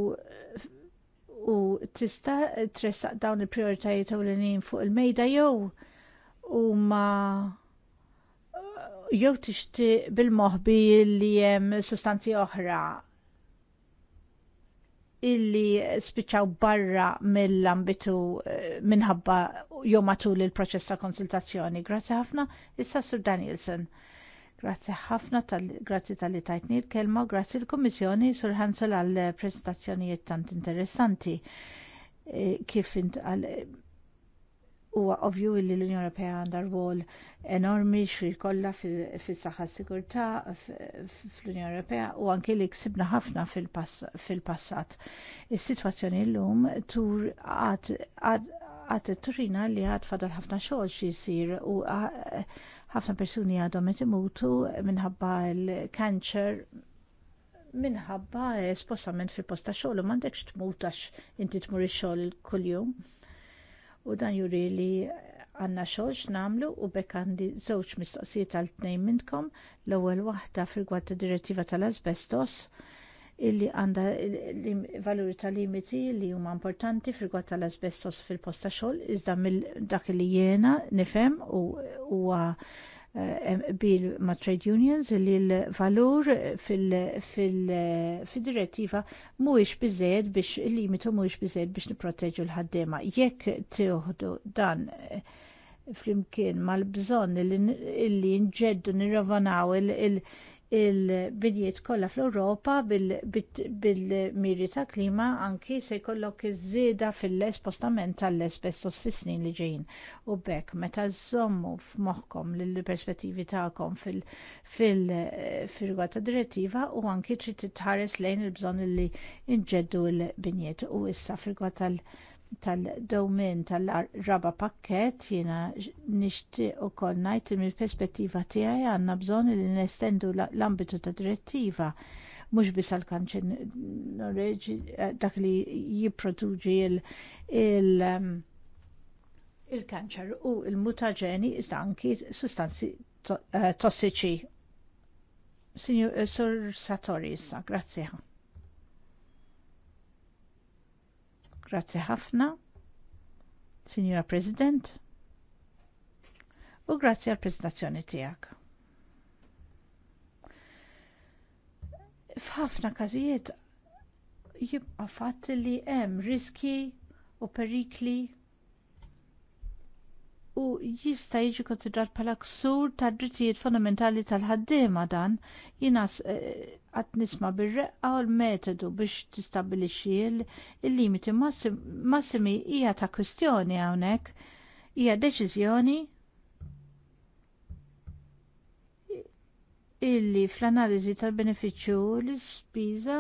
u tista tressa dawn il-prioritajiet l-nin fuq il-mejda jew ma jew tixti bil mohbi li hemm sostanzi oħra illi spiċċaw barra mill-ambitu eh, minħabba jew matul il-proċess ta' konsultazzjoni. Grazzi ħafna, issa Sur Danielson. Grazzi ħafna grazzi tal-li tajtni l-kelma, grazzi l komissjoni Sur Hansel għal prezentazzjoni tant interessanti. Eh, kif int huwa ovvju li l-Unjoni Ewropea għandha rwol enormi xi jkollha fis-saħħa sigurtà fl-Unjoni Ewropea u anke li ksibna ħafna fil-passat. Is-sitwazzjoni llum tur għad turina li għad fadal ħafna xogħol xi jsir u ħafna persuni għadhom qed imutu minħabba l-kanċer minħabba eh, spostament fil posta xogħol u m'għandekx tmutax inti tmur ix-xogħol kuljum u dan juri li għanna xogħol namlu u bekk għandi żewġ mistoqsijiet għal tnejn minnkom l-ewwel waħda fil-gwatt direttiva tal-asbestos illi għandha valuri tal-limiti li huma importanti fil-gwatt tal-asbestos fil-posta xogħol iżda mill dak li jiena nifhem u huwa Eh, bil ma' trade unions li l-valur fil-direttiva mhuwiex biżejjed biex il-limitu mhuwiex biżżejjed biex nipproteġu l-ħaddiema. Jekk tieħdu dan eh, flimkien mal-bżonn li nġeddu nirravanaw il- il-binjiet kollha fl-Ewropa bil-miri ta' klima anki se jkollok iż-żieda fil-espostament tal-asbestos fis-snin li ġejjin. U bekk meta żommu f'moħħkom lill-perspettivi tagħkom fil-rigward ta' direttiva u anki trid titħares lejn il-bżonn li inġeddu l-binjiet u issa firgwa rigward tal- tal domen tal-raba pakkett jiena nixtieq ukoll ngħid mill-perspettiva tiegħi għandna bżonn li nestendu l-ambitu tad direttiva mhux biss għal kanċen eh, dak li jipproduġi ehm, il-kanċer u l mutaġeni iżda anki sustanzi eh, tossiċi. Signor eh, Sur Satori issa, grazzi Grazzi ħafna, Signora President, u grazie għal prezentazzjoni tiegħek. F'ħafna każijiet jibqa' fatt li hemm riski u perikli u jista' jiġi konsidrat bħala ksur ta' drittijiet fondamentali tal-ħaddiema dan jinas għad eh, nisma' bir-reqqa u l-metodu biex tistabbilixxi il-limiti massimi hija ta' kwistjoni hawnhekk hija deċiżjoni illi fl-analiżi tal-benefiċċju l-ispiża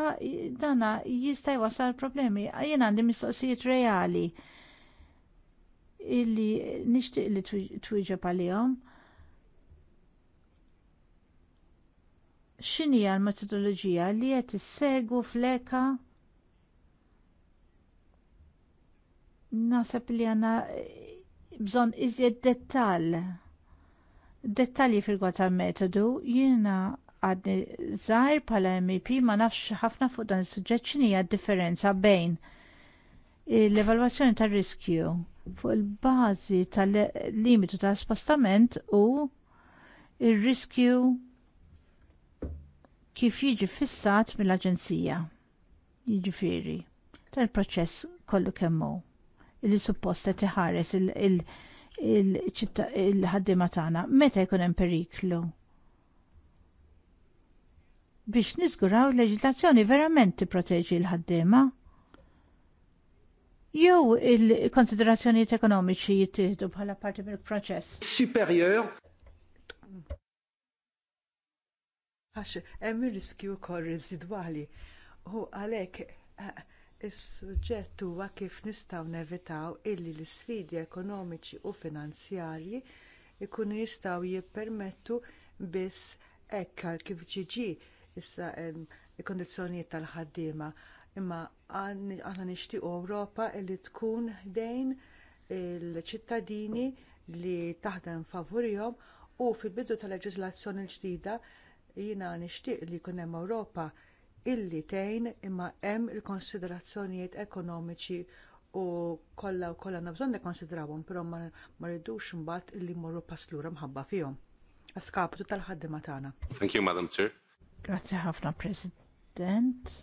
dana jista' jwassal problemi. Jien għandi mistoqsijiet reali illi nixtieq li twiġa għalihom. X'inhi l-metodoloġija li qed segu fleka Nasab li għandna eh, bżonn izjed dettal, Dettalji fil-gwata metodu jiena għadni zaħir pala MEP ma nafx ħafna fuq dan is-suġġett għad differenza bejn l-evalwazzjoni tar-riskju fuq il-bażi tal-limitu ta' spostament u r riskju kif jiġi fissat mill-Aġenzija. Jiġifieri tal-proċess kollu kemm hu. Li supposta tiħares il-ħaddima tagħna meta jkun hemm periklu biex niżguraw l leġiżlazzjoni verament tipproteġi l-ħaddiema jew il-konsiderazzjonijiet ekonomiċi jittieħdu bħala parti mill-proċess. superjör. Għax, hemm riskju wkoll residwali. U għalhekk eh, Is-suġġett huwa kif nistgħu nevitaw illi l isfidi ekonomiċi u finanzjarji jkunu jistgħu jippermettu biss hekk kif ġiġi issa il-kondizzjonijiet tal-ħaddiema imma aħna nixtiequ Ewropa li tkun dejn il-ċittadini li taħdem favurihom u fil-bidu tal leġislazzjoni l-ġdida jiena nixtieq li jkun hemm Ewropa illi tejn imma hemm il-konsiderazzjonijiet ekonomiċi u kollha u kollha bżonn nikkonsidrawhom però ma rridux mbagħad illi jmorru paslura mħabba fihom. Askapitu tal-ħaddima tagħna. Thank you, Madam Chair. Grazzi ħafna, President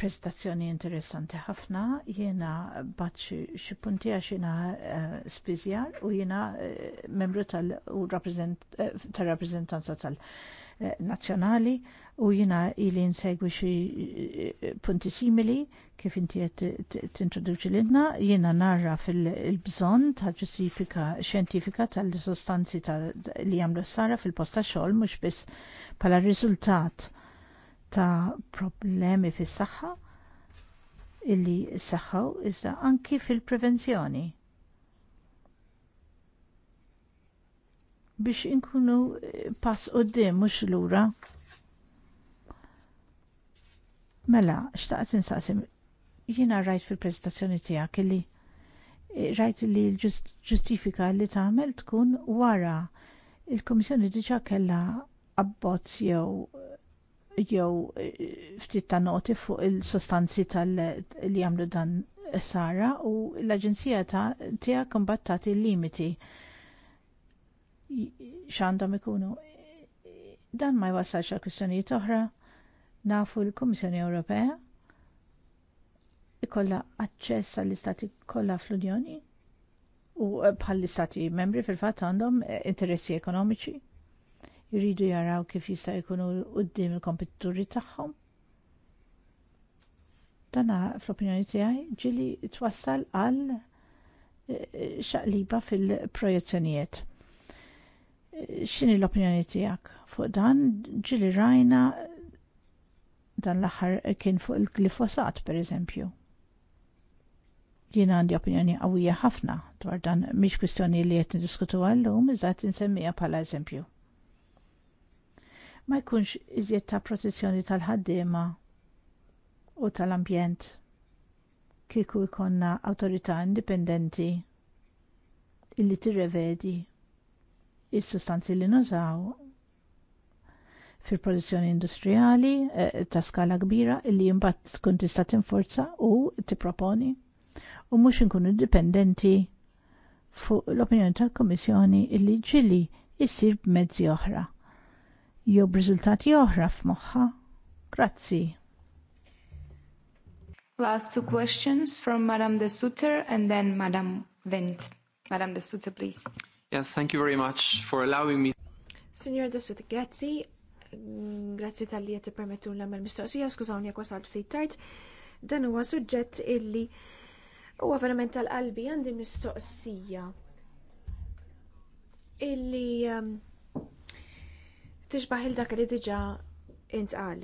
prestazzjoni interessanti ħafna, jiena baċ xi punti għax jiena uh, eh, spizjar u jiena uh, membru tal-rappresentanza tal eh, nazzjonali u jiena ili nsegwi xi punti simili kif inti qed tintroduċi lilna, jiena narra fil-bżonn ta' ġustifika xjentifika tal-sostanzi li jagħmlu s-sara fil-posta xogħol mhux biss bħala riżultat ta' problemi fis-saħħa illi saħħaw iżda anki fil-prevenzjoni. Biex inkunu eh, pass quddiem mhux lura. Mela, xtaqt insaqsim, jiena rajt fil-prezentazzjoni tiegħek illi eh, rajt li l-ġustifika li tagħmel tkun wara il-Kummissjoni diġà kellha abbozz jew jew eh, ftit ta' noti fuq il-sostanzi tal-li jagħmlu dan sara u l-Aġenzija ta' tiegħek kombattati l-limiti x'għandhom ikunu. Dan ma jwassalx għal kwistjonijiet oħra nafu l-Kummissjoni Ewropea ikolla aċċess għall-istati kollha fl-Unjoni u eh, bħall-istati membri fil-fatt għandhom eh, interessi ekonomiċi jridu jaraw kif jista' jkunu quddiem il-kompetituri tagħhom. Dana fl-opinjoni tiegħi ġili twassal għal eh, xaqliba fil-projezzjonijiet. Eh, x'inhi l-opinjoni tiegħek fuq dan ġili rajna dan l-aħħar kien fuq il-glifosat pereżempju jien għandi opinjoni qawwija ħafna dwar dan mhix kwistjoni li qed niddiskutu għallum iżda qed insemmiha bħala eżempju ma jkunx iżjed ta' protezzjoni tal-ħaddiema u tal-ambjent kieku jkollna awtorità indipendenti illi tirrevedi il sustanzi li nużaw fil-produzzjoni industrijali eh, ta' skala kbira illi jimbat tkun tista' tinforza u tipproponi u mhux inkunu dipendenti fuq l-opinjoni tal kummissjoni illi ġili jsir b'mezzi oħra jew b'riżultati oħra f'moħħa. Grazzi. Last two questions from Madame de Sutter and then Madame Vint. Madame de Sutter, please. Yes, thank you very much for allowing me. Signora de Sutter, grazzi. Grazzi tal-li jette permettu l mistoqsija, skużawni jek sal ftit tard. Dan huwa suġġett illi huwa verament tal-qalbi għandi mistoqsija illi um, tixbaħ il dak li diġa intqal.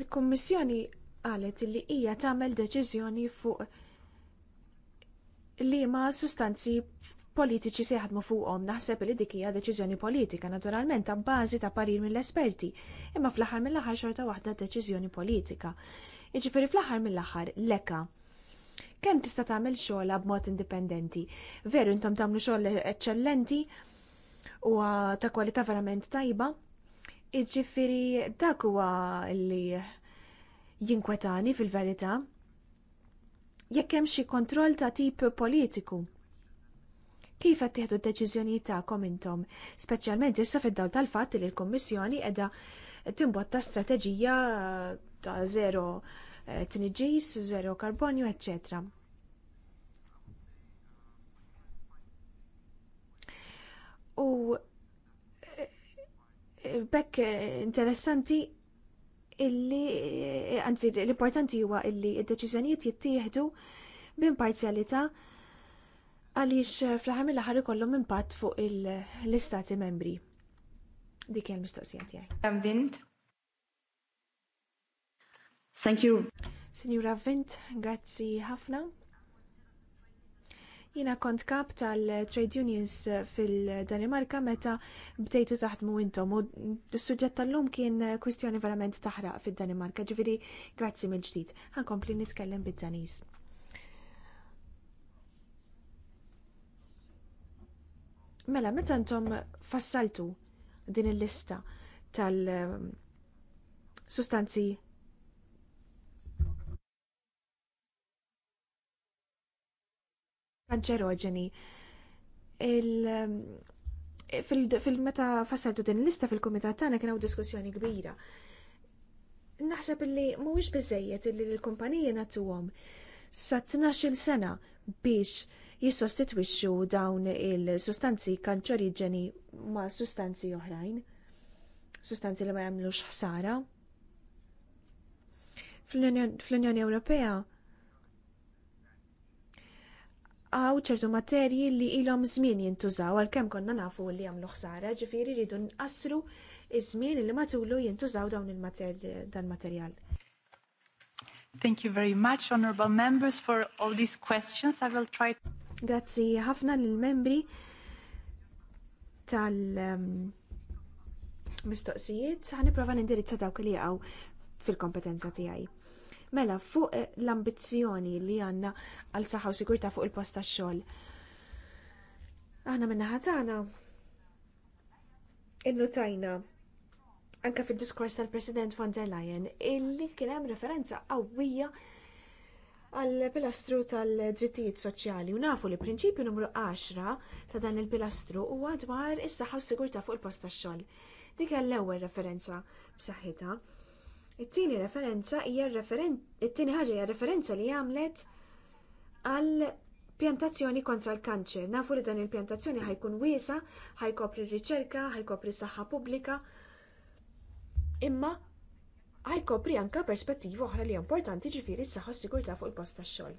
Il-Kommissjoni qalet li hija tagħmel deċiżjoni fuq li ma sustanzi politiċi se jaħdmu fuqhom naħseb li dik hija deċiżjoni politika naturalment ta' bażi ta' parir mill-esperti, imma fl-aħħar mill-aħħar xorta waħda deċiżjoni politika. Jiġifieri fl-aħħar mill-aħħar lekka kemm tista' tagħmel xogħla b'mod indipendenti. Veru intom tagħmlu xogħol eċċellenti u ta' kwalità verament tajba. Iġifieri dak huwa li jinkwetani fil-verità. Jekk hemm xi kontroll ta' tip politiku kif qed tieħdu d-deċiżjonijiet tagħkom intom, speċjalment issa fid-dawl tal-fatt li l-Kummissjoni qiegħda timbotta strateġija ta' zero tniġis, zero karbonju, etc. U eh, bekk eh, interessanti illi, eh, anzi, l-importanti huwa illi id-deċiżjonijiet jittieħdu minn parzjalità għaliex fl-ħar mill-aħħar ikollhom impatt fuq l-istati membri. Dik hija l-mistoqsija tiegħi. Thank you. Signora Vint, grazzi ħafna. Jina kont kap tal-Trade Unions fil-Danimarka meta bdejtu taħdmu intom u l-sujġett tal-lum kien kwistjoni verament taħraq fil-Danimarka, ġviri grazzi mill-ġdid. Ħankompli nitkellem bid danis Mela, meta intom fassaltu din il-lista tal-sustanzi um, kanċeroġeni. Ehm, Fil-meta fassaltu din lista fil-komitat tagħna kien hawn diskussjoni kbira. Naħseb illi mhuwiex biżejjed li l-kumpaniji nagħtuhom sa 12-il sena biex jissostitwixxu dawn il-sustanzi kanċeriġeni ma' sustanzi oħrajn, sustanzi li ma jagħmlux ħsara. Fl-Unjoni Ewropea għaw ċertu materji li ilhom żmien jintużaw għalkemm konna nafu li għamlu ħsara, ġifieri rridu nqassru iż-żmien li matulu jintużaw dawn il-materjal. Thank you very much, honorable members, for all these questions. I will try. Grazzi ħafna lil membri tal-mistoqsijiet. Um, Ħaniprofa nindirizza dawk li għaw fil-kompetenza tiegħi. Mela, fuq eh, l-ambizzjoni li għanna għal saħħa u sigurta fuq il-post ta' xogħol Aħna minna ħatana Innutajna. anka fid-diskors tal-President von der Leyen illi kien hemm referenza qawwija għall pilastru tal-drittijiet soċjali u nafu li prinċipju numru 10 ta' dan il-pilastru huwa dwar is-saħħa u s-sigurtà fuq il-post tax-xogħol. Dik l-ewwel referenza b'saħħitha. It-tieni referenza hija it-tieni ħaġa hija referenza li għamlet għal pjantazzjoni kontra l-kanċer. Nafu li dan il-pjantazzjoni ħajkun wiesa, ħajkopri r-riċerka, ħajkopri s-saħħa pubblika, imma ħajkopri anka perspettiva oħra li importanti ġifiri s-saħħa s fuq il-post tax-xogħol.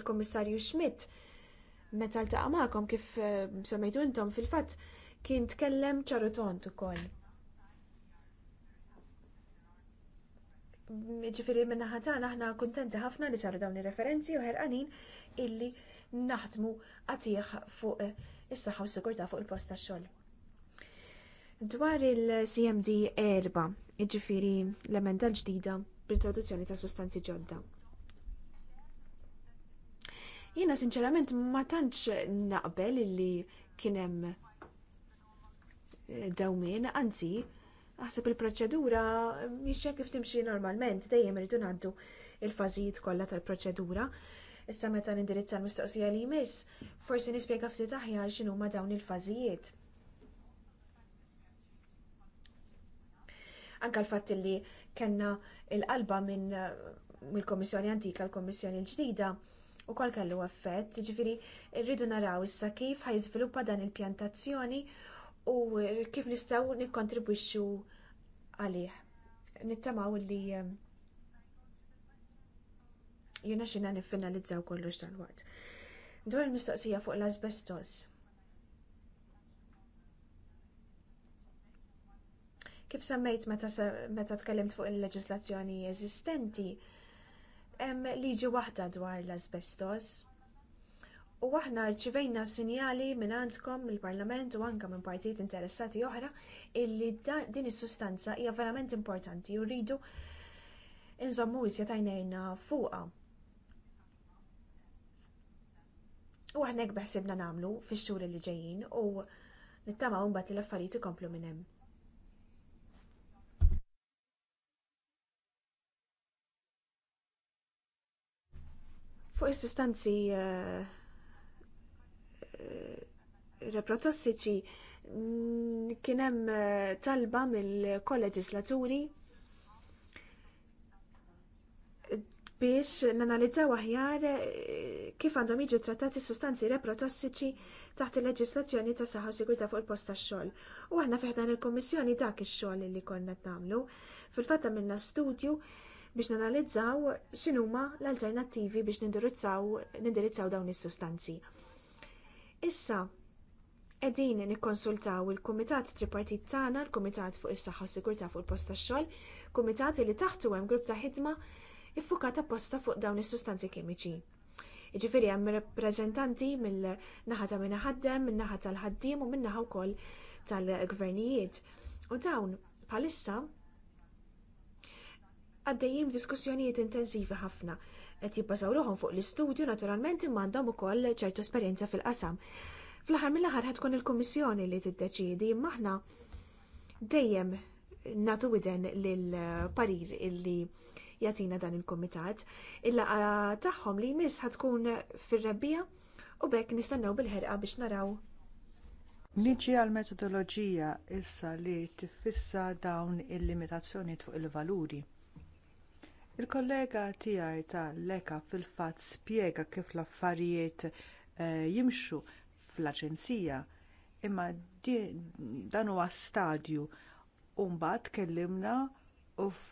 Il-Kummissarju Schmidt meta ltaqa' magħkom kif eh, semmejtu intom fil-fatt kien tkellem ċarutont ukoll ġifiri minna ħatan aħna kontenti ħafna li saru dawn ir-referenzi u ħerqanin illi naħdmu għatijħ fuq eh, is s-sigurtà fuq il posta tax-xogħol. Dwar il-CMD erba, ġifiri l-emenda l-ġdida bl-introduzzjoni ta' sostanzi ġodda. Jiena sinċerament ma tantx naqbel illi kienem eh, dawmin, anzi, Aħseb il-proċedura mhix kif timxi normalment, dejjem irridu ngħaddu il-fażijiet kollha tal-proċedura. Issa meta nindirizza l-mistoqsija li jmiss, forsi nispjega ftit aħjar x'inhu ma dawn il-fażijiet. Anka l-fatt li kellna il-qalba minn mill komissjoni Antika l komissjoni l-ġdida u kol kellu effett, ġifiri rridu naraw issa kif ħajżviluppa dan il-pjantazzjoni u kif nistgħu nikkontribwixxu għalih. Nittamaw li ehm, jena xina nifinalizzaw kollox tal-waqt. Dwar il-mistoqsija fuq l-asbestos. Kif semmejt meta tkellimt fuq il-leġislazzjoni eżistenti, hemm liġi waħda dwar l-asbestos U aħna rċivejna sinjali minn għandkom il-Parlament u anke minn partijiet interessati oħra illi din is-sustanza hija verament importanti u rridu inżommu iżjed għajnejna fuqha. U aħna hekk beħsibna nagħmlu fix-xhur li ġejjin u nittama' mbagħad l-affarijiet ikomplu minn hemm. Fuq is-sustanzi uh, reprotossiċi kien hemm eh, talba mill-kolleġislaturi biex nanalizzaw aħjar eh, kif għandhom jiġu trattati sustanzi reprotossiċi taħt il-leġislazzjoni ta' saħħa sigurta fuq il-post tax-xogħol. U aħna fiħdan il-Kommissjoni dak ix-xogħol li konna nagħmlu. Fil-fatt għamilna studju biex nanalizzaw x'inhuma l-alternattivi biex nindirizzaw dawn is-sustanzi. Issa, qegħdin nikkonsultaw il-Kumitat Tripartit tagħna, l-Kumitat fuq is-Saħħa u Sigurtà fuq il-Post tax-xogħol, kumitati li taħtu hemm grupp ta' ħidma iffukata apposta fuq dawn is-sustanzi kimiċi. Jiġifieri hemm rappreżentanti mill-naħa ta' min ħaddem, min-naħa tal-ħaddiem u min-naħa wkoll tal-gvernijiet. U dawn bħalissa għaddejjin diskussjonijiet intensivi ħafna qed jibbażaw ruħhom fuq l-istudju naturalment imma għandhom ukoll ċertu esperjenza fil-qasam. Fl-aħħar mill-aħħar ħad tkun il-Kummissjoni li tiddeċiedi imma aħna dejjem natu widen lill-parir illi jatina dan il-komitat. il laqgħa tagħhom li jmiss tkun fir-rebbija u bekk nistennew bil-ħerqa biex naraw. Niġi għal metodoloġija issa li tifissa dawn il-limitazzjoni fuq il-valuri. Il-kollega tiegħi tal-leka fil-fatt spjega kif l-affarijiet eh, jimxu fl-aġenzija imma dan huwa stadju u mbagħad tkellimna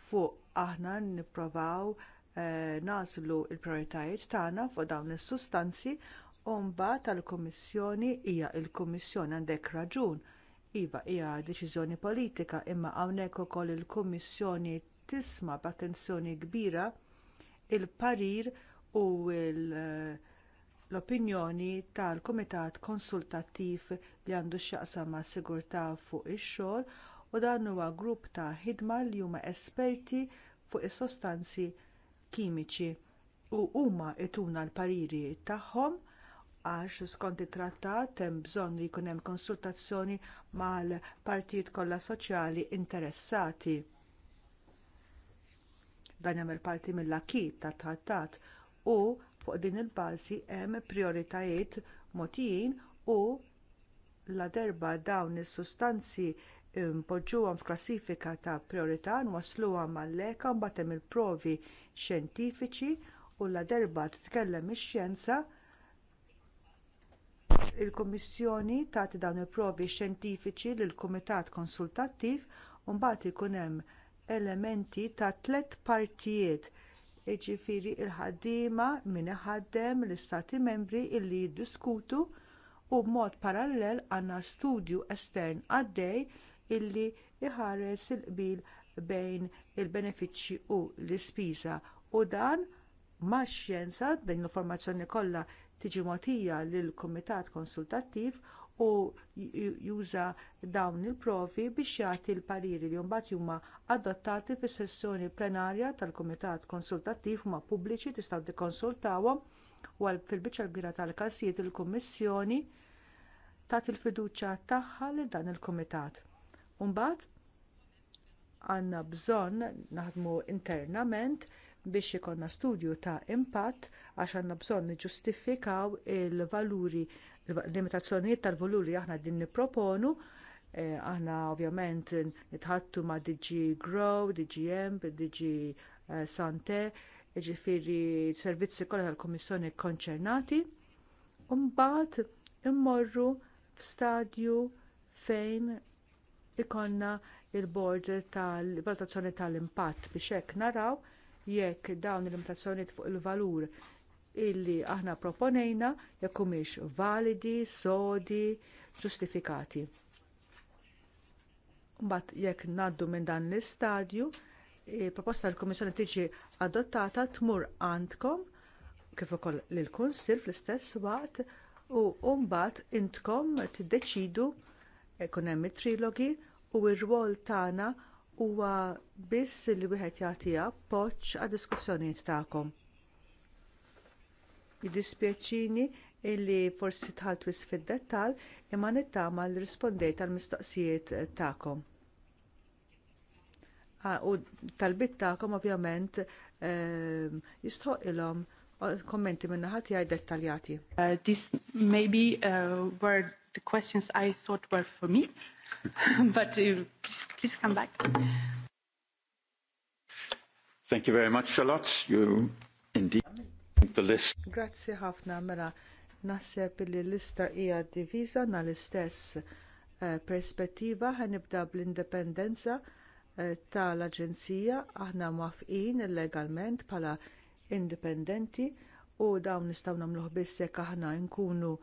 fuq aħna nipprovaw e, eh, l prijoritajiet tagħna fuq dawn is-sustanzi u mbagħad tal-Kummissjoni hija l kummissjoni għandek raġun. Iva hija deċiżjoni politika imma hawnhekk ukoll il-Kummissjoni tisma b'attenzjoni kbira il-parir u l-opinjoni tal-Kumitat Konsultattiv li għandu x'jaqsam mas sigurtà fuq ix-xogħol u dan huwa grupp ta' ħidma li huma esperti fuq is-sostanzi kimiċi u huma ituna l-pariri tagħhom għax skont it-trattat hemm bżonn li jkun hemm konsultazzjoni mal-partijiet kollha soċjali interessati dan jagħmel parti mill-akit ta' trattat u fuq din il-bażi hemm prioritajiet mogħtijin u la derba dawn is-sustanzi mpoġġuhom f'klassifika ta' priorità nwassluhom għall-eka mbagħad hemm il-provi xjentifiċi u la derba titkellem ix-xjenza il-Kummissjoni tagħti dawn il-provi xjentifiċi lill kumitat Konsultattiv u mbagħad ikun hemm elementi ta' tliet partijiet jiġifieri l ħaddiema min iħaddem l-istati membri illi jiddiskutu u b'mod parallel għandna studju estern għaddej illi iħares il-qbil bejn il-benefiċċji u l-ispiża u dan max xjenza din l-informazzjoni kollha tiġi mogħtija lill kumitat Konsultattiv u juża dawn il-provi biex jagħti l-pariri li mbagħad huma adottati fis-sessjoni plenarja tal-Kumitat Konsultattiv huma pubbliċi tistgħu tikkonsultawhom u fil-biċċa kbira tal-każijiet il-Kummissjoni tagħti l-fiduċja tagħha lil dan il-Kumitat. Mbagħad għandna bżonn naħdmu internament biex ikonna studju ta' impatt għax għandna bżonn niġġustifikaw il-valuri limitazzjonijiet tal volum li aħna din nipproponu, eh, aħna ovvjament nitħattu ma' DG Grow, DG Emp, DG eh, Sante, ġifiri servizzi kollha tal komissjoni konċernati, u mbagħad immorru f'stadju fejn ikonna il-bord tal-valutazzjoni tal-impatt biex hekk naraw jekk dawn il-limitazzjonijiet fuq il-valur illi aħna proponejna jekk validi, sodi, ġustifikati. Mbagħad jekk ngħaddu minn dan l-istadju, il-proposta e, tal-Kummissjoni tiġi adottata tmur għandkom kif ukoll lill-Kunsill fl-istess waqt u mbagħad intkom tiddeċidu jkun e, hemm it-trilogi u r-rwol tagħna huwa biss li wieħed jagħti appoġġ għad diskussjonijiet tagħkom. Jiddispjaċini illi forsi tħalt wis fid-dettal imma nittama l rispondejt għall mistoqsijiet tagħkom. U tal-bit tagħkom ovvjament ehm, jistħoq ilhom kommenti minna ħadd dettaljati. Uh, this maybe uh, were the questions I thought were for me, [laughs] but uh, please, please come back. Thank you very much, Charlotte. You indeed the list. Grazzi ħafna mela naħseb li l-lista hija diviża nal istess eh, perspettiva nibda bl-indipendenza eh, tal-Aġenzija aħna mwafqin legalment bħala indipendenti u dawn nistgħu nagħmluh biss jekk aħna nkunu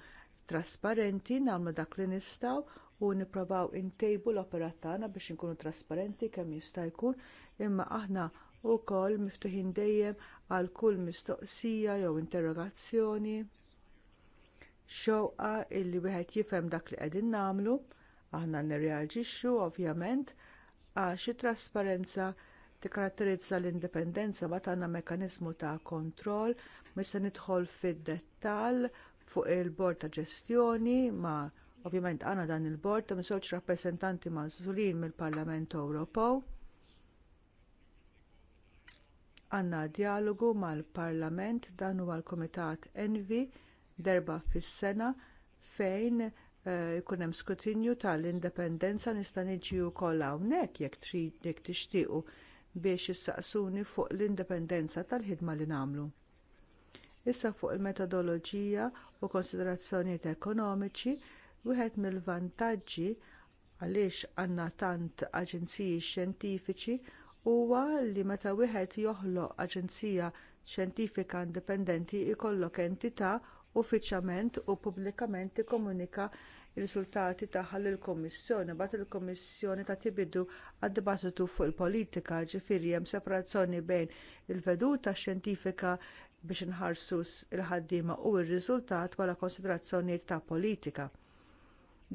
trasparenti, nagħmlu dak li nistgħu u nipprovaw intejbu l-operat tagħna biex inkunu trasparenti kemm jista' jkun imma aħna u wkoll miftuħin dejjem għal kull mistoqsija jew interrogazzjoni. Xewqa illi wieħed jifhem dak li qegħdin nagħmlu, aħna nirreaġixxu ovvjament għax it-trasparenza tikkaratterizza l-indipendenza ma tagħna mekkaniżmu ta' kontroll se nidħol fid-dettall fuq il-bord ta' ġestjoni ma ovvjament għandna dan il-bord ta' misolċ rappreżentanti mażulin mill-Parlament Ewropew għandna dijalogu mal-Parlament dan huwa l-Kumitat Envi darba fis-sena fejn jkun eh, hemm skrutinju tal-indipendenza nista' niġi wkoll hawnhekk jekk jekk tixtiequ biex issaqsuni fuq l-indipendenza tal-ħidma li nagħmlu. Issa fuq il-metodoloġija u konsiderazzjonijiet ekonomiċi wieħed mill-vantaġġi għaliex għandna tant aġenziji xjentifiċi huwa li meta wieħed joħloq aġenzija xjentifika indipendenti jkollok entità uffiċjalment u pubblikament ikkomunika r-riżultati tagħha lill kummissjoni bagħad il-Kummissjoni ta' tibidu għad-dibattitu fuq il-politika ġifieri hemm separazzjoni bejn il-veduta xjentifika biex inħarsu il-ħaddiema u r-riżultat wara konsiderazzjonijiet ta' politika.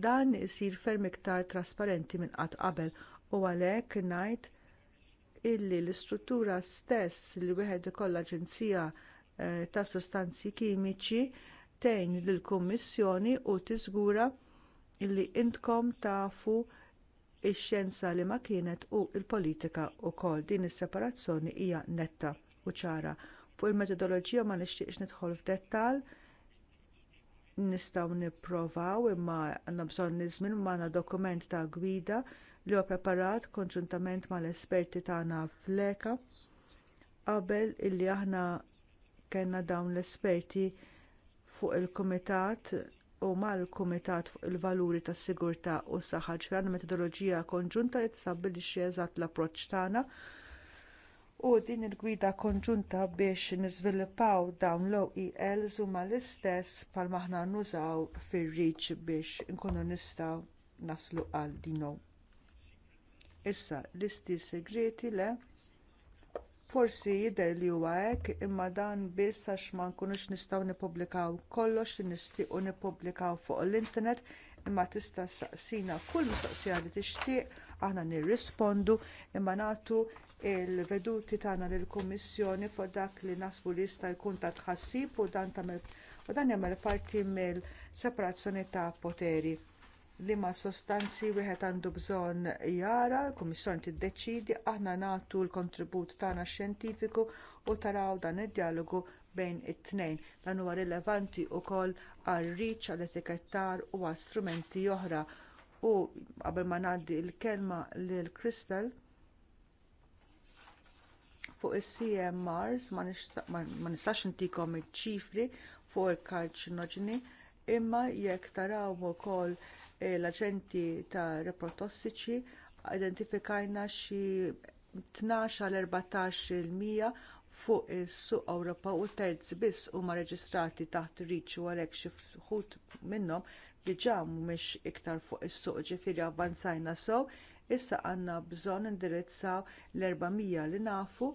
Dan isir ferm iktar trasparenti minn qatt qabel u għalhekk ngħid illi l-istruttura stess li wieħed ikollha aġenzija eh, ta' sostanzi kimiċi tgħin lill-Kummissjoni u tiżgura li intkom tafu x-xjenza li ma kienet u l politika wkoll din is-separazzjoni hija netta u ċara. Fuq il-metodoloġija ma nixtieqx nidħol f'dettall nistgħu nipprovaw imma għandna bżonn niżmin m'għandna dokument ta' gwida li huwa ppreparat konġuntament mal-esperti tagħna fl-EKA qabel illi aħna kellna dawn l-esperti fuq il-kumitat u mal-kumitat fuq il-valuri tas-sigurtà u s-saħħa ġran metodoloġija konġunta li tisabbilixxi eżatt l-approċċ tagħna u din il-gwida konġunta biex niżviluppaw dawn l-OELs huma l-istess bħalma aħna nużaw fir-riċ biex inkunu nistgħu naslu għal dinhom. Issa, listi segreti le, forsi jidher li huwa hekk imma dan biss għax ma nkunux nistgħu nippubblikaw kollox li nixtiequ nippubblikaw fuq l-internet imma tista' saqsina kull mistoqsija li tixtieq aħna nirrispondu imma nagħtu l veduti tagħna lill kummissjoni fuq dak li nasbu li jista' jkun ta' tħassib u dan jagħmel parti mill-separazzjoni ta' poteri li ma sostanzi wieħed għandu bżonn jara, l-Kummissjoni tiddeċidi, aħna nagħtu l-kontribut tagħna xjentifiku u taraw dan id-dialogu bejn it-tnejn. Dan huwa rilevanti wkoll għar-riċ għall-etikettar u għal strumenti oħra. U qabel ma ngħaddi l-kelma lil Crystal fuq is-CMRs ma nistax intikom iċ-ċifri fuq il-karċinoġeni imma jekk taraw ukoll l-aġenti ta' reprotossiċi identifikajna xi 12 għal 14 fuq is-suq Ewropa u terz biss huma reġistrati taħt riċ u għalhekk xi wħud minnhom diġà mhumiex iktar fuq is-suq ġifieri avvanzajna sew, issa għandna bżonn indirizzaw l-400 li nafu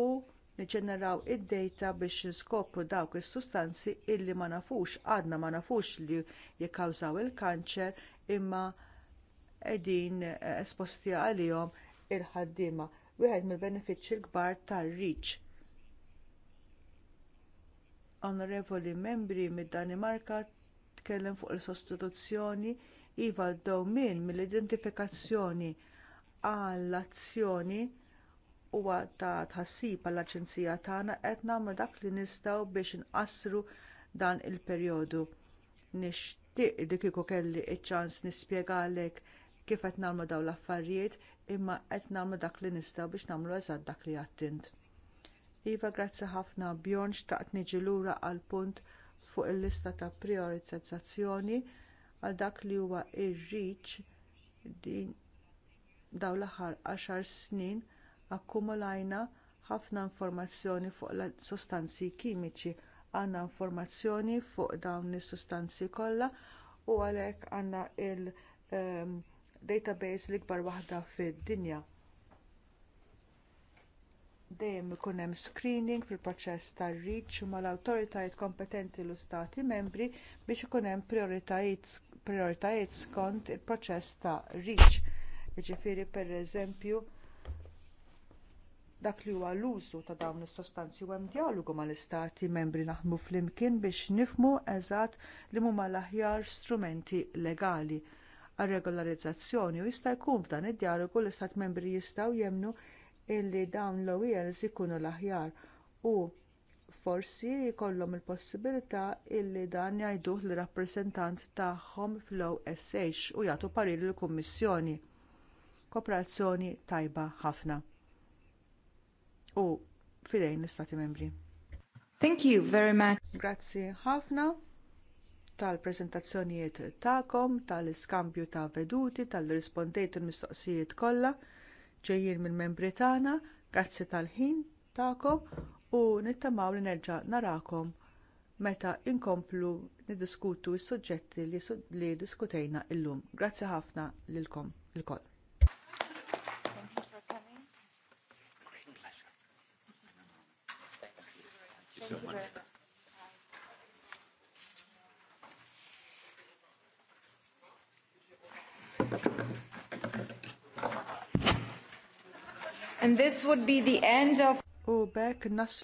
u niġġeneraw id-data biex skopru dawk is-sustanzi illi ma nafux għadna ma nafux li jikkawżaw il-kanċer imma qegħdin eh, esposti għalihom il-ħaddiema. Wieħed mill-benefiċċji l-kbar tar-riċ. Onorevoli membri mid-Danimarka tkellem fuq il-sostituzzjoni iva d mill-identifikazzjoni għall-azzjoni huwa ta' tħassib għall aġenzija tagħna qed nagħmlu dak li nistgħu biex inqassru dan il-perjodu. Nixtieq dik kieku kelli ċ-ċans nispjegalek kif qed nagħmlu dawn l-affarijiet imma qed nagħmlu dak li nistgħu biex nagħmlu eżatt dak li għattint. Iva, grazzi ħafna Bjorn xtaqt niġi lura għal punt fuq il-lista ta' prioritizzazzjoni għal dak li huwa ir-riċ din dawn l-aħħar għaxar snin akkumulajna ħafna informazzjoni fuq sostanzi kimiċi, għandna informazzjoni fuq dawn is-sustanzi kollha u għalhekk għandna il-database ehm, l-ikbar waħda fid-dinja dejjem ikun hemm screening fil-proċess tar-riċ mal-awtoritajiet kompetenti l-istati membri biex ikun hemm prioritajiet skont il-proċess ta' riċ. Jiġifieri pereżempju dak li huwa l-użu ta' dawn is-sostanzi u hemm dijalogu mal-istati membri naħdmu flimkien biex nifhmu eżatt li huma l-aħjar strumenti legali għar regolarizzazzjoni u jista' jkun f'dan id-dijalogu l-istat membri jistgħu jemnu illi dawn l-OELs ikunu l-aħjar u forsi jkollhom il-possibilità illi dan jgħiduh lir rappreżentant tagħhom fl-OSH u jagħtu pariri lill kummissjoni Kooperazzjoni tajba ħafna u fidejn l-Istati membri. Thank you very much. Grazzi ħafna tal-prezentazzjonijiet tagħkom, tal-iskambju ta' veduti, tal-rispondejt il-mistoqsijiet kollha ġejjin mill-membri tagħna, grazzi tal-ħin tagħkom u nittamaw li nerġa' narakom meta inkomplu niddiskutu s-suġġetti li, li diskutejna llum. Grazzi ħafna lilkom il this would be the end of U bekk naslu